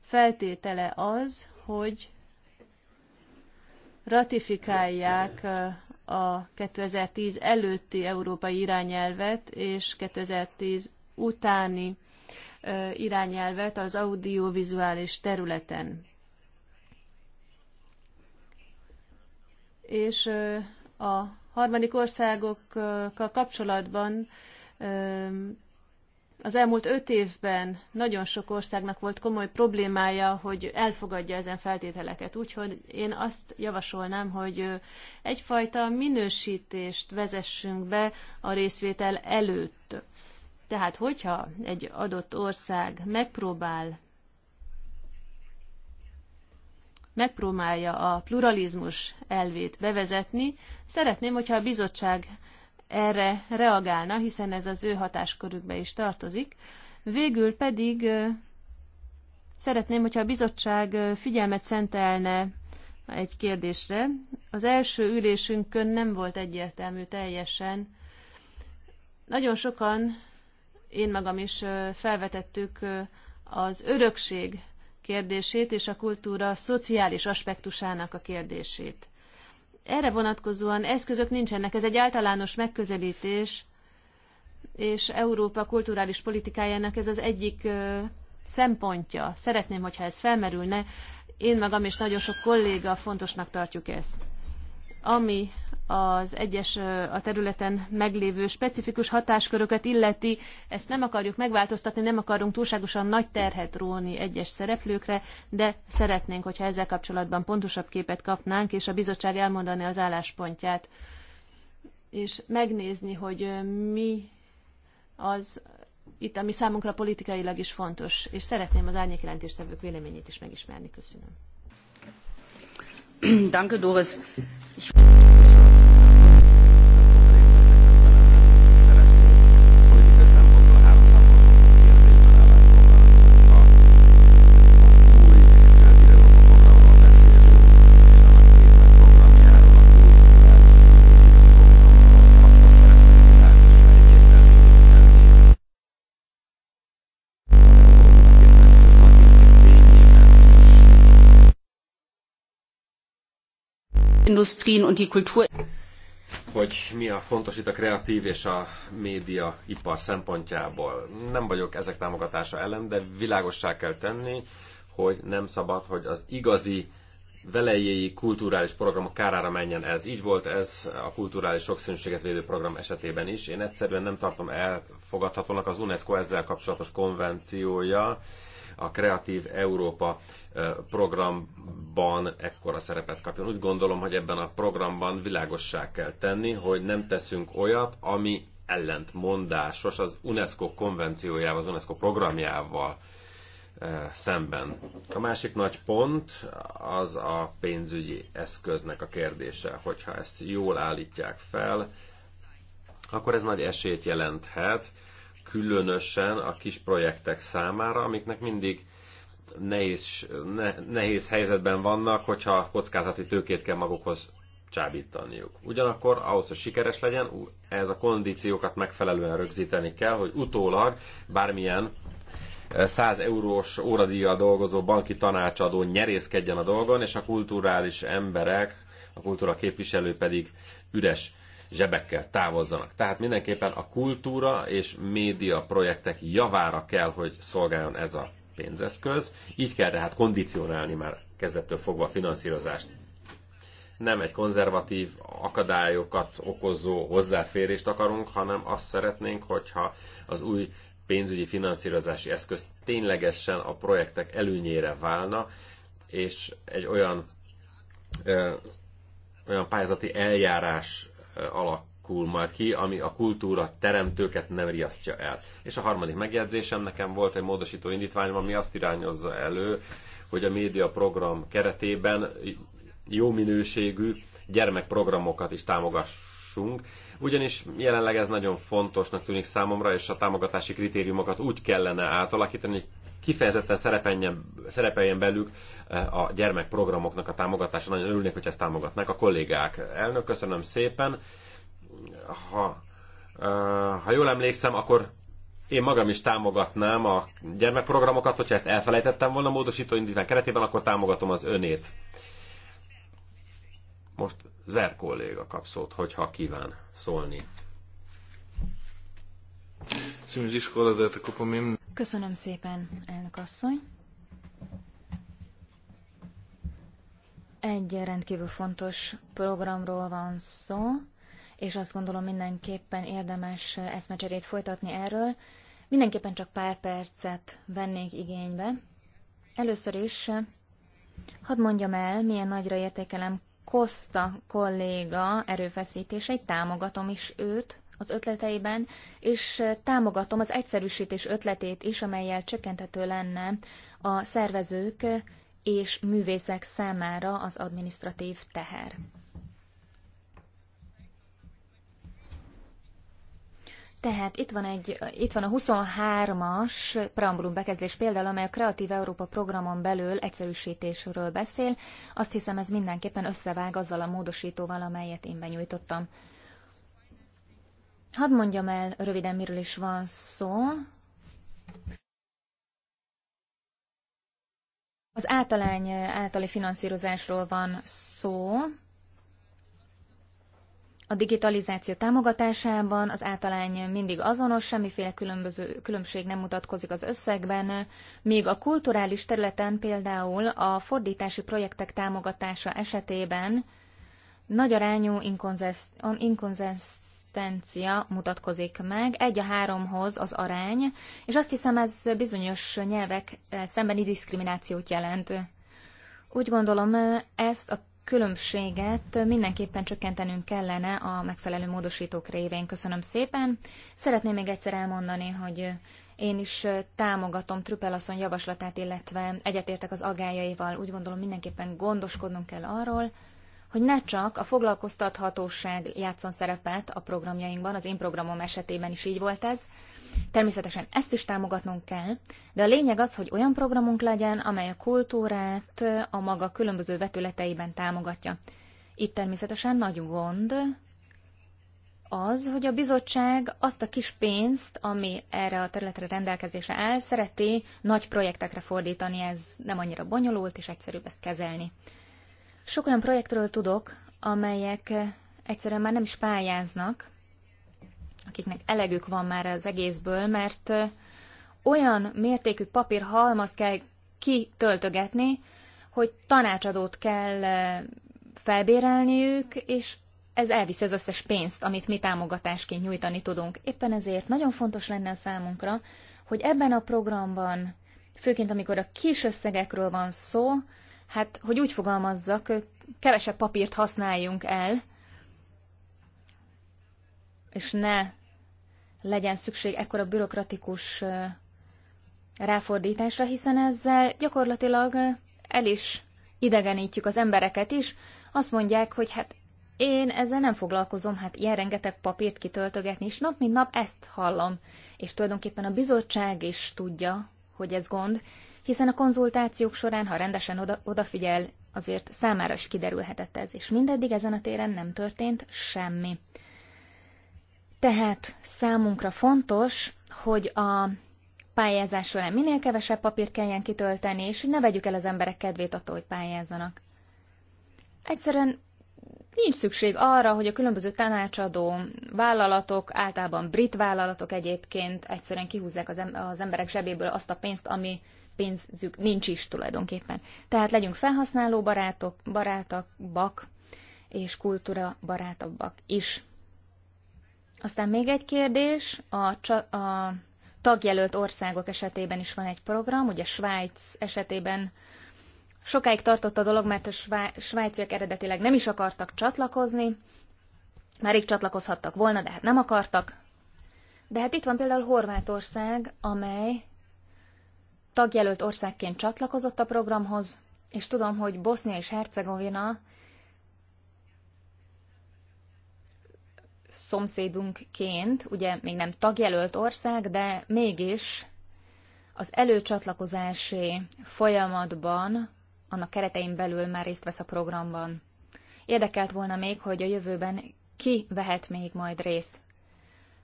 feltétele az, hogy ratifikálják a 2010 előtti európai irányelvet és 2010 utáni irányelvet az audiovizuális területen. és a harmadik országokkal kapcsolatban az elmúlt öt évben nagyon sok országnak volt komoly problémája, hogy elfogadja ezen feltételeket. Úgyhogy én azt javasolnám, hogy egyfajta minősítést vezessünk be a részvétel előtt. Tehát, hogyha egy adott ország megpróbál megpróbálja a pluralizmus elvét bevezetni. Szeretném, hogyha a bizottság erre reagálna, hiszen ez az ő hatáskörükbe is tartozik. Végül pedig szeretném, hogyha a bizottság figyelmet szentelne egy kérdésre. Az első ülésünkön nem volt egyértelmű teljesen. Nagyon sokan, én magam is felvetettük az örökség kérdését és a kultúra szociális aspektusának a kérdését. Erre vonatkozóan eszközök nincsenek, ez egy általános megközelítés, és Európa kulturális politikájának ez az egyik szempontja. Szeretném, hogyha ez felmerülne, én magam és nagyon sok kolléga fontosnak tartjuk ezt ami az egyes a területen meglévő specifikus hatásköröket illeti, ezt nem akarjuk megváltoztatni, nem akarunk túlságosan nagy terhet róni egyes szereplőkre, de szeretnénk, hogyha ezzel kapcsolatban pontosabb képet kapnánk, és a bizottság elmondani az álláspontját, és megnézni, hogy mi az itt, ami számunkra politikailag is fontos, és szeretném az árnyék jelentéstevők véleményét is megismerni. Köszönöm. Danke, Doris. Ich Industrien und die Kultur hogy mi a fontos itt a kreatív és a média ipar szempontjából. Nem vagyok ezek támogatása ellen, de világosság kell tenni, hogy nem szabad, hogy az igazi velejéi kulturális programok kárára menjen ez. Így volt ez a kulturális sokszínűséget védő program esetében is. Én egyszerűen nem tartom elfogadhatónak az UNESCO ezzel kapcsolatos konvenciója, a Kreatív Európa programban ekkora szerepet kapjon. Úgy gondolom, hogy ebben a programban világossá kell tenni, hogy nem teszünk olyat, ami ellentmondásos az UNESCO konvenciójával, az UNESCO programjával szemben. A másik nagy pont az a pénzügyi eszköznek a kérdése. Hogyha ezt jól állítják fel, akkor ez nagy esélyt jelenthet különösen a kis projektek számára, amiknek mindig nehéz, ne, nehéz helyzetben vannak, hogyha kockázati tőkét kell magukhoz csábítaniuk. Ugyanakkor ahhoz, hogy sikeres legyen, ez a kondíciókat megfelelően rögzíteni kell, hogy utólag bármilyen 100 eh, eurós óradíjjal dolgozó banki tanácsadó nyerészkedjen a dolgon, és a kulturális emberek, a kultúra képviselő pedig üres zsebekkel távozzanak. Tehát mindenképpen a kultúra és média projektek javára kell, hogy szolgáljon ez a pénzeszköz. Így kell tehát kondicionálni már kezdettől fogva a finanszírozást. Nem egy konzervatív, akadályokat okozó hozzáférést akarunk, hanem azt szeretnénk, hogyha az új pénzügyi finanszírozási eszköz ténylegesen a projektek előnyére válna, és egy olyan ö, olyan pályázati eljárás alakul majd ki, ami a kultúra teremtőket nem riasztja el. És a harmadik megjegyzésem, nekem volt egy módosító indítványom, ami azt irányozza elő, hogy a média program keretében jó minőségű gyermekprogramokat is támogassunk, ugyanis jelenleg ez nagyon fontosnak tűnik számomra, és a támogatási kritériumokat úgy kellene átalakítani, hogy kifejezetten szerepeljen, szerepeljen belük eh, a gyermekprogramoknak a támogatása. Nagyon örülnék, hogy ezt támogatnák a kollégák. Elnök, köszönöm szépen. Ha, eh, ha jól emlékszem, akkor én magam is támogatnám a gyermekprogramokat, hogyha ezt elfelejtettem volna módosító indítvány keretében, akkor támogatom az önét. Most Zer kolléga kap szót, hogyha kíván szólni. Sim, de Data hát Copa Köszönöm szépen, elnök asszony. Egy rendkívül fontos programról van szó, és azt gondolom mindenképpen érdemes eszmecserét folytatni erről. Mindenképpen csak pár percet vennék igénybe. Először is hadd mondjam el, milyen nagyra értékelem Costa kolléga erőfeszítéseit, támogatom is őt, az ötleteiben, és támogatom az egyszerűsítés ötletét is, amelyel csökkentető lenne a szervezők és művészek számára az administratív teher. Tehát itt van, egy, itt van a 23-as preambulum bekezdés például, amely a Kreatív Európa programon belül egyszerűsítésről beszél. Azt hiszem, ez mindenképpen összevág azzal a módosítóval, amelyet én benyújtottam. Hadd mondjam el röviden, miről is van szó. Az általány általi finanszírozásról van szó. A digitalizáció támogatásában az általány mindig azonos, semmiféle különböző, különbség nem mutatkozik az összegben, míg a kulturális területen például a fordítási projektek támogatása esetében nagy arányú inkonzesz, inkonzesz, konzisztencia mutatkozik meg. Egy a háromhoz az arány, és azt hiszem ez bizonyos nyelvek eh, szembeni diszkriminációt jelent. Úgy gondolom, eh, ezt a különbséget mindenképpen csökkentenünk kellene a megfelelő módosítók révén. Köszönöm szépen. Szeretném még egyszer elmondani, hogy én is eh, támogatom Trüppelasszony javaslatát, illetve egyetértek az agájaival. Úgy gondolom, mindenképpen gondoskodnunk kell arról, hogy ne csak a foglalkoztathatóság játszon szerepet a programjainkban, az én programom esetében is így volt ez. Természetesen ezt is támogatnunk kell, de a lényeg az, hogy olyan programunk legyen, amely a kultúrát a maga különböző vetületeiben támogatja. Itt természetesen nagy gond az, hogy a bizottság azt a kis pénzt, ami erre a területre rendelkezésre áll, szereti nagy projektekre fordítani, ez nem annyira bonyolult, és egyszerűbb ezt kezelni. Sok olyan projektről tudok, amelyek egyszerűen már nem is pályáznak, akiknek elegük van már az egészből, mert olyan mértékű papírhalmaz kell kitöltögetni, hogy tanácsadót kell felbérelniük, és ez elviszi az összes pénzt, amit mi támogatásként nyújtani tudunk. Éppen ezért nagyon fontos lenne a számunkra, hogy ebben a programban, főként amikor a kis összegekről van szó, hát, hogy úgy fogalmazzak, kevesebb papírt használjunk el, és ne legyen szükség ekkora bürokratikus ráfordításra, hiszen ezzel gyakorlatilag el is idegenítjük az embereket is. Azt mondják, hogy hát én ezzel nem foglalkozom, hát ilyen rengeteg papírt kitöltögetni, és nap mint nap ezt hallom. És tulajdonképpen a bizottság is tudja, hogy ez gond, hiszen a konzultációk során, ha rendesen oda, odafigyel, azért számára is kiderülhetett ez, és mindeddig ezen a téren nem történt semmi. Tehát számunkra fontos, hogy a pályázás során minél kevesebb papírt kelljen kitölteni, és hogy ne vegyük el az emberek kedvét attól, hogy pályázzanak. Egyszerűen nincs szükség arra, hogy a különböző tanácsadó vállalatok, általában brit vállalatok egyébként egyszerűen kihúzzák az emberek zsebéből azt a pénzt, ami pénzük nincs is tulajdonképpen. Tehát legyünk felhasználó barátok, bak és kultúra barátabbak is. Aztán még egy kérdés, a, a tagjelölt országok esetében is van egy program, ugye Svájc esetében sokáig tartott a dolog, mert a svá- svájciak eredetileg nem is akartak csatlakozni, már rég csatlakozhattak volna, de hát nem akartak. De hát itt van például Horvátország, amely tagjelölt országként csatlakozott a programhoz, és tudom, hogy Bosznia és Hercegovina szomszédunkként, ugye még nem tagjelölt ország, de mégis az előcsatlakozási folyamatban, annak keretein belül már részt vesz a programban. Érdekelt volna még, hogy a jövőben ki vehet még majd részt.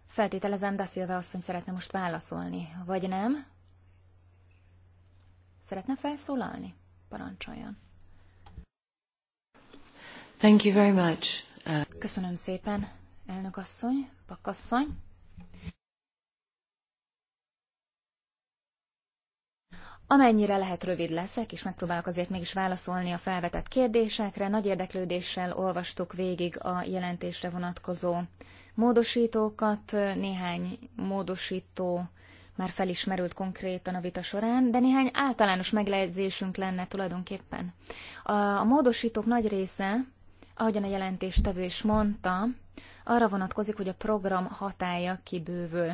Feltételezem, de Szilve asszony szeretne most válaszolni, vagy nem? Szeretne felszólalni? Parancsoljon. Thank you very much. Köszönöm szépen, elnök asszony, pakasszony. Amennyire lehet rövid leszek, és megpróbálok azért mégis válaszolni a felvetett kérdésekre, nagy érdeklődéssel olvastuk végig a jelentésre vonatkozó módosítókat, néhány módosító már felismerült konkrétan a vita során, de néhány általános megjegyzésünk lenne tulajdonképpen. A, a módosítók nagy része, ahogyan a jelentéstevő is mondta, arra vonatkozik, hogy a program hatája kibővül.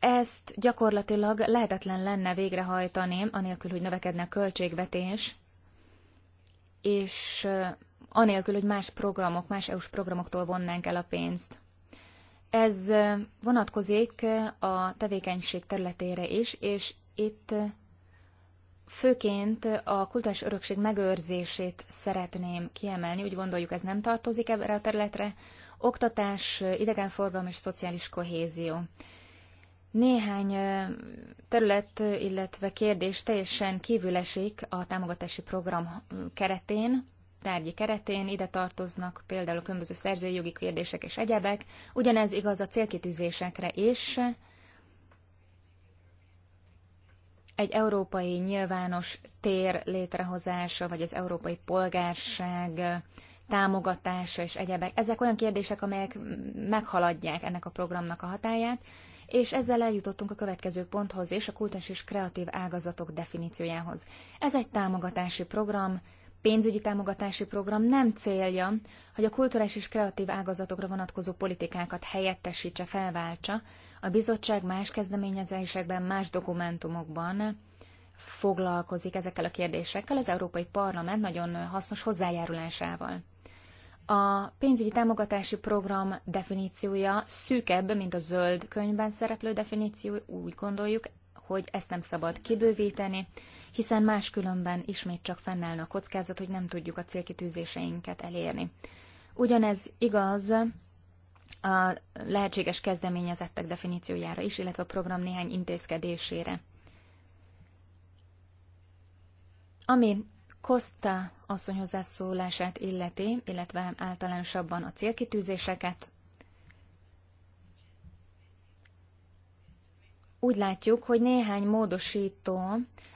Ezt gyakorlatilag lehetetlen lenne végrehajtani, anélkül, hogy növekedne a költségvetés, és anélkül, hogy más programok, más EU-s programoktól vonnánk el a pénzt. Ez vonatkozik a tevékenység területére is, és itt főként a kultúrás örökség megőrzését szeretném kiemelni, úgy gondoljuk ez nem tartozik erre a területre, oktatás, idegenforgalom és szociális kohézió. Néhány terület, illetve kérdés teljesen kívül esik a támogatási program keretén, tárgyi keretén, ide tartoznak például a különböző szerzői jogi kérdések és egyebek, ugyanez igaz a célkitűzésekre is. Egy európai nyilvános tér létrehozása, vagy az európai polgárság támogatása és egyebek. Ezek olyan kérdések, amelyek meghaladják ennek a programnak a hatáját, és ezzel eljutottunk a következő ponthoz és a kultúrás és kreatív ágazatok definíciójához. Ez egy támogatási program, pénzügyi támogatási program nem célja, hogy a kulturális és kreatív ágazatokra vonatkozó politikákat helyettesítse, felváltsa. A bizottság más kezdeményezésekben, más dokumentumokban foglalkozik ezekkel a kérdésekkel, az Európai Parlament nagyon hasznos hozzájárulásával. A pénzügyi támogatási program definíciója szűkebb, mint a zöld könyvben szereplő definíció, úgy gondoljuk, hogy ezt nem szabad kibővíteni, hiszen máskülönben ismét csak fennállna a kockázat, hogy nem tudjuk a célkitűzéseinket elérni. Ugyanez igaz a lehetséges kezdeményezettek definíciójára is, illetve a program néhány intézkedésére. Ami Costa asszony hozzászólását illeti, illetve általánosabban a célkitűzéseket, úgy látjuk, hogy néhány módosító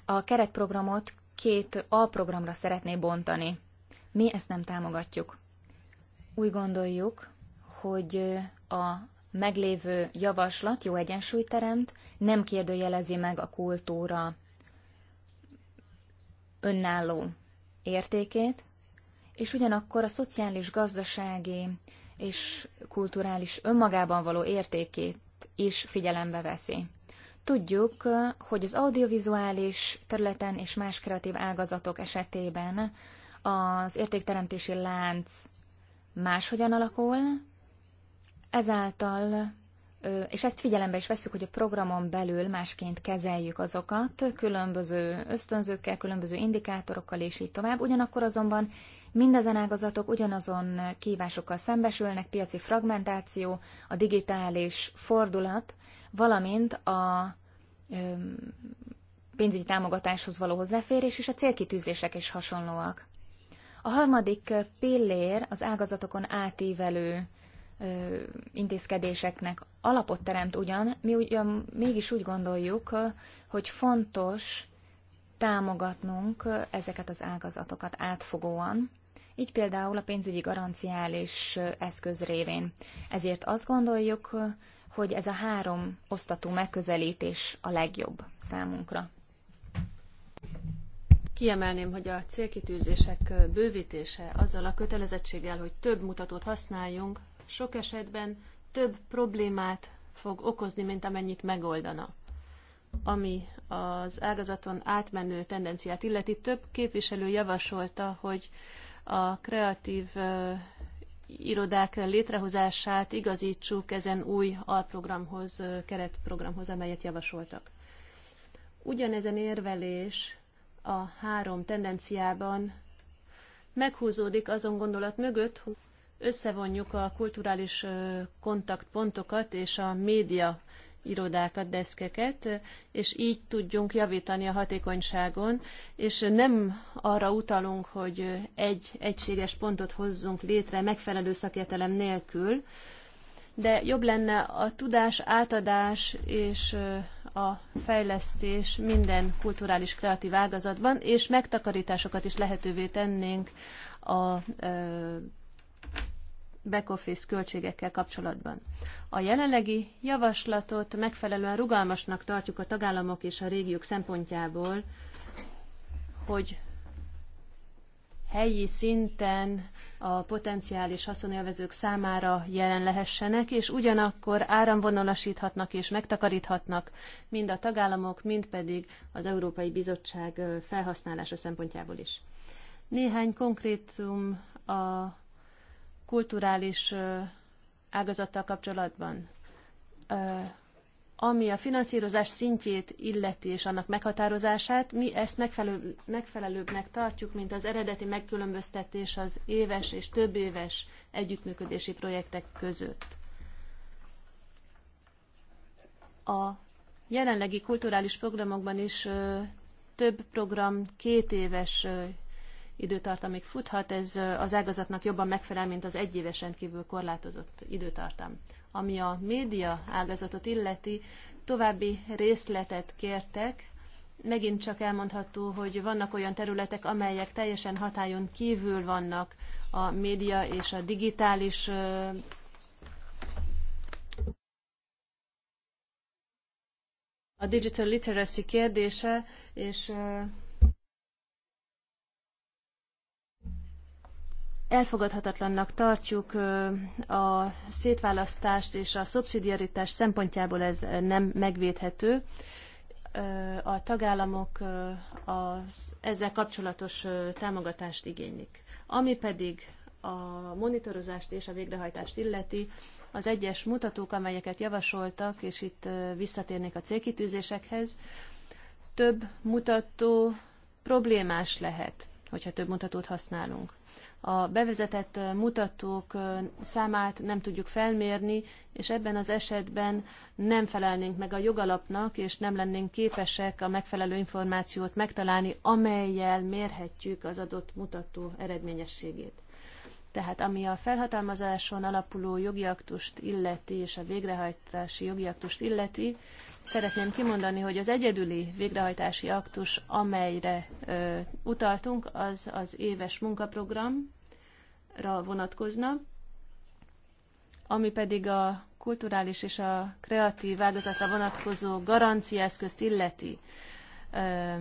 a keretprogramot két alprogramra szeretné bontani. Mi ezt nem támogatjuk. Úgy gondoljuk, hogy a meglévő javaslat jó egyensúlyt teremt, nem kérdőjelezi meg a kultúra önálló értékét, és ugyanakkor a szociális, gazdasági és kulturális önmagában való értékét is figyelembe veszi. Tudjuk, hogy az audiovizuális területen és más kreatív ágazatok esetében az értékteremtési lánc máshogyan alakul, ezáltal, és ezt figyelembe is veszük, hogy a programon belül másként kezeljük azokat, különböző ösztönzőkkel, különböző indikátorokkal és így tovább, ugyanakkor azonban Mindezen ágazatok ugyanazon kívásokkal szembesülnek, piaci fragmentáció, a digitális fordulat, valamint a pénzügyi támogatáshoz való hozzáférés és a célkitűzések is hasonlóak. A harmadik pillér az ágazatokon átívelő intézkedéseknek alapot teremt ugyan, mi ugyan mégis úgy gondoljuk, hogy fontos támogatnunk ezeket az ágazatokat átfogóan, így például a pénzügyi garanciális eszköz révén. Ezért azt gondoljuk, hogy ez a három osztatú megközelítés a legjobb számunkra. Kiemelném, hogy a célkitűzések bővítése azzal a kötelezettséggel, hogy több mutatót használjunk, sok esetben több problémát fog okozni, mint amennyit megoldana. Ami az ágazaton átmenő tendenciát illeti, több képviselő javasolta, hogy a kreatív irodák létrehozását igazítsuk ezen új alprogramhoz, keretprogramhoz, amelyet javasoltak. Ugyanezen érvelés a három tendenciában meghúzódik azon gondolat mögött, hogy összevonjuk a kulturális kontaktpontokat és a média irodákat, deszkeket, és így tudjunk javítani a hatékonyságon, és nem arra utalunk, hogy egy egységes pontot hozzunk létre megfelelő szakértelem nélkül, de jobb lenne a tudás átadás és a fejlesztés minden kulturális kreatív ágazatban, és megtakarításokat is lehetővé tennénk a back-office költségekkel kapcsolatban. A jelenlegi javaslatot megfelelően rugalmasnak tartjuk a tagállamok és a régiók szempontjából, hogy helyi szinten a potenciális haszonélvezők számára jelen lehessenek, és ugyanakkor áramvonalasíthatnak és megtakaríthatnak mind a tagállamok, mind pedig az Európai Bizottság felhasználása szempontjából is. Néhány konkrétum a kulturális ágazattal kapcsolatban. Ami a finanszírozás szintjét illeti és annak meghatározását, mi ezt megfelelő, megfelelőbbnek tartjuk, mint az eredeti megkülönböztetés az éves és több éves együttműködési projektek között. A jelenlegi kulturális programokban is több program két éves időtartamig futhat, ez az ágazatnak jobban megfelel, mint az egyévesen rendkívül korlátozott időtartam. Ami a média ágazatot illeti, további részletet kértek, megint csak elmondható, hogy vannak olyan területek, amelyek teljesen hatályon kívül vannak a média és a digitális a digital literacy kérdése, és elfogadhatatlannak tartjuk a szétválasztást és a szubszidiaritás szempontjából ez nem megvédhető. A tagállamok az ezzel kapcsolatos támogatást igénylik. Ami pedig a monitorozást és a végrehajtást illeti, az egyes mutatók, amelyeket javasoltak, és itt visszatérnék a célkitűzésekhez, több mutató problémás lehet, hogyha több mutatót használunk a bevezetett mutatók számát nem tudjuk felmérni, és ebben az esetben nem felelnénk meg a jogalapnak, és nem lennénk képesek a megfelelő információt megtalálni, amelyel mérhetjük az adott mutató eredményességét. Tehát ami a felhatalmazáson alapuló jogi aktust illeti, és a végrehajtási jogi aktust illeti, szeretném kimondani, hogy az egyedüli végrehajtási aktus, amelyre ö, utaltunk, az az éves munkaprogramra vonatkozna, ami pedig a kulturális és a kreatív ágazatra vonatkozó garanciaeszközt illeti. Ö,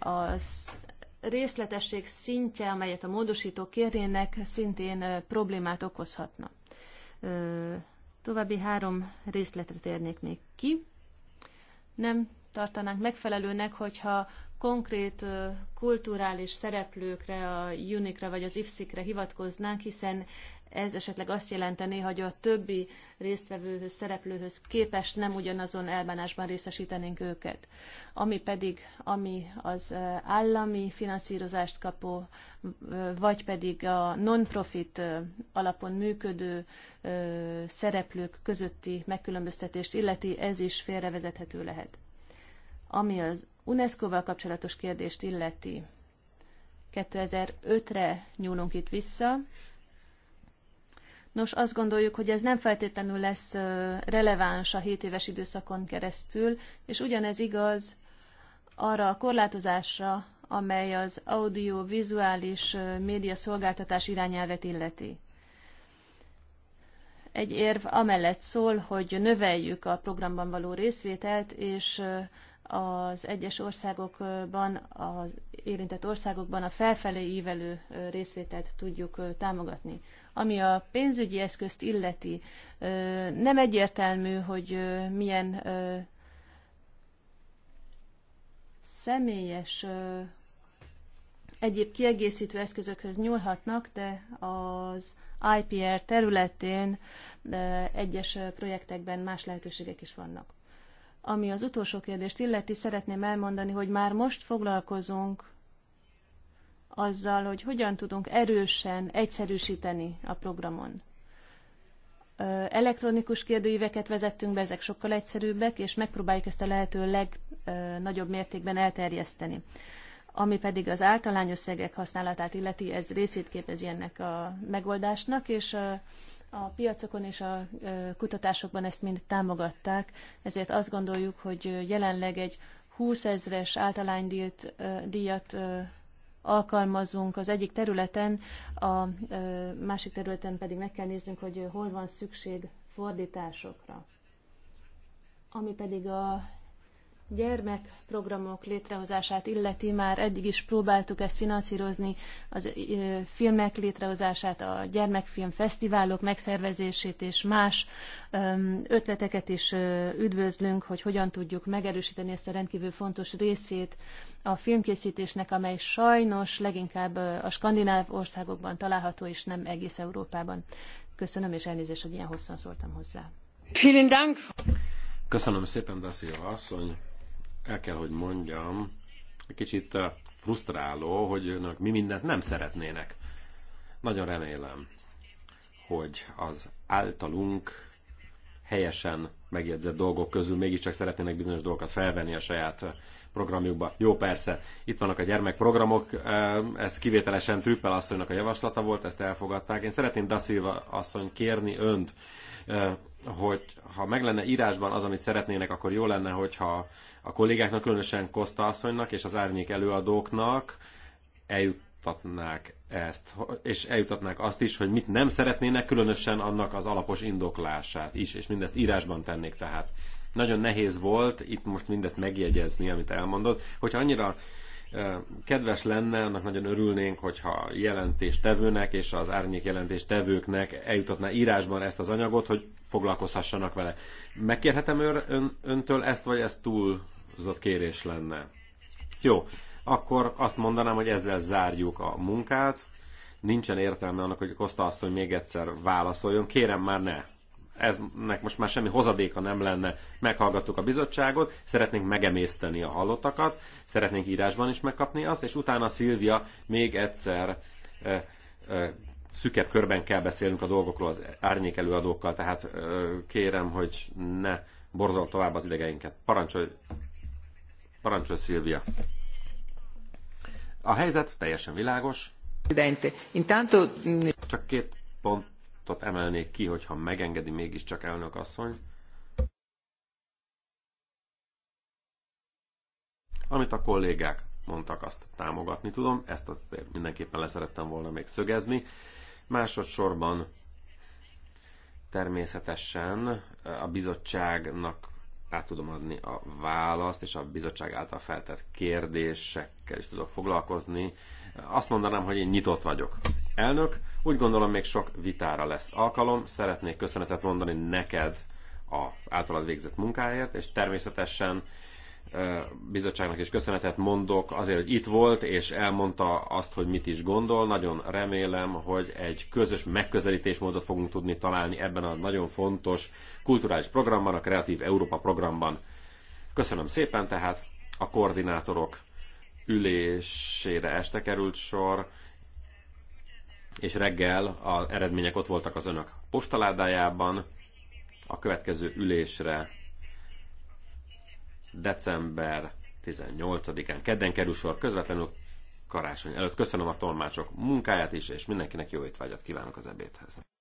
az részletesség szintje, amelyet a módosítók kérjének, szintén problémát okozhatna. További három részletre térnék még ki nem tartanánk megfelelőnek, hogyha konkrét kulturális szereplőkre, a unikre vagy az IFSZIKre hivatkoznánk, hiszen ez esetleg azt jelenteni, hogy a többi résztvevőhöz, szereplőhöz képest nem ugyanazon elbánásban részesítenénk őket. Ami pedig, ami az állami finanszírozást kapó, vagy pedig a non-profit alapon működő szereplők közötti megkülönböztetést illeti, ez is félrevezethető lehet. Ami az UNESCO-val kapcsolatos kérdést illeti, 2005-re nyúlunk itt vissza, Nos, azt gondoljuk, hogy ez nem feltétlenül lesz releváns a 7 éves időszakon keresztül, és ugyanez igaz arra a korlátozásra, amely az audio-vizuális média szolgáltatás irányelvet illeti. Egy érv amellett szól, hogy növeljük a programban való részvételt, és az egyes országokban, az érintett országokban a felfelé ívelő részvételt tudjuk támogatni. Ami a pénzügyi eszközt illeti, nem egyértelmű, hogy milyen személyes egyéb kiegészítő eszközökhöz nyúlhatnak, de az IPR területén egyes projektekben más lehetőségek is vannak. Ami az utolsó kérdést illeti, szeretném elmondani, hogy már most foglalkozunk azzal, hogy hogyan tudunk erősen egyszerűsíteni a programon. Elektronikus kérdőíveket vezettünk be, ezek sokkal egyszerűbbek, és megpróbáljuk ezt a lehető legnagyobb mértékben elterjeszteni. Ami pedig az általányos szegek használatát illeti, ez részét képezi ennek a megoldásnak, és a piacokon és a kutatásokban ezt mind támogatták, ezért azt gondoljuk, hogy jelenleg egy 20 ezres általánydíjat alkalmazunk az egyik területen, a másik területen pedig meg kell néznünk, hogy hol van szükség fordításokra. Ami pedig a gyermekprogramok létrehozását illeti, már eddig is próbáltuk ezt finanszírozni, az filmek létrehozását, a gyermekfilmfesztiválok megszervezését és más ötleteket is üdvözlünk, hogy hogyan tudjuk megerősíteni ezt a rendkívül fontos részét a filmkészítésnek, amely sajnos leginkább a skandináv országokban található, és nem egész Európában. Köszönöm, és elnézést, hogy ilyen hosszan szóltam hozzá. Vielen Dank! Köszönöm szépen, Dacia asszony! el kell, hogy mondjam, egy kicsit eh, frusztráló, hogy önök mi mindent nem szeretnének. Nagyon remélem, hogy az általunk helyesen megjegyzett dolgok közül mégiscsak szeretnének bizonyos dolgokat felvenni a saját eh, programjukba. Jó, persze, itt vannak a gyermekprogramok, eh, ez kivételesen Trüppel asszonynak a javaslata volt, ezt elfogadták. Én szeretném Da Silva asszony kérni önt, hogy ha meg lenne írásban az, amit szeretnének, akkor jó lenne, hogyha a kollégáknak, különösen Kosta asszonynak és az árnyék előadóknak eljutatnák ezt, és eljutatnák azt is, hogy mit nem szeretnének, különösen annak az alapos indoklását is, és mindezt írásban tennék tehát. Nagyon nehéz volt itt most mindezt megjegyezni, amit elmondott, hogyha annyira kedves lenne, annak nagyon örülnénk, hogyha jelentéstevőnek és az árnyék jelentéstevőknek eljutatná írásban ezt az anyagot, hogy foglalkozhassanak vele. Megkérhetem ön, öntől ezt, vagy ez túlzott kérés lenne? Jó, akkor azt mondanám, hogy ezzel zárjuk a munkát. Nincsen értelme annak, hogy Koszta asszony még egyszer válaszoljon. Kérem már ne! eznek most már semmi hozadéka nem lenne. Meghallgattuk a bizottságot, szeretnénk megemészteni a hallottakat, szeretnénk írásban is megkapni azt, és utána Szilvia még egyszer e, e, szükebb körben kell beszélnünk a dolgokról az árnyék előadókkal, tehát e, kérem, hogy ne borzol tovább az idegeinket. Parancsolj, parancsolj Szilvia. A helyzet teljesen világos. Csak két pont pontot emelnék ki, hogyha megengedi mégiscsak elnök asszony. Amit a kollégák mondtak, azt támogatni tudom, ezt azért mindenképpen leszerettem volna még szögezni. Másodszorban természetesen a bizottságnak át tudom adni a választ, és a bizottság által feltett kérdésekkel is tudok foglalkozni. Azt mondanám, hogy én nyitott vagyok. Elnök, úgy gondolom, még sok vitára lesz alkalom. Szeretnék köszönetet mondani neked a általad végzett munkáért, és természetesen bizottságnak is köszönetet mondok azért, hogy itt volt, és elmondta azt, hogy mit is gondol. Nagyon remélem, hogy egy közös megközelítésmódot fogunk tudni találni ebben a nagyon fontos kulturális programban, a Kreatív Európa programban. Köszönöm szépen tehát, a koordinátorok ülésére este került sor és reggel az eredmények ott voltak az önök postaládájában, a következő ülésre december 18-án kedden kerül sor közvetlenül karácsony előtt. Köszönöm a tolmácsok munkáját is, és mindenkinek jó étvágyat kívánok az ebédhez.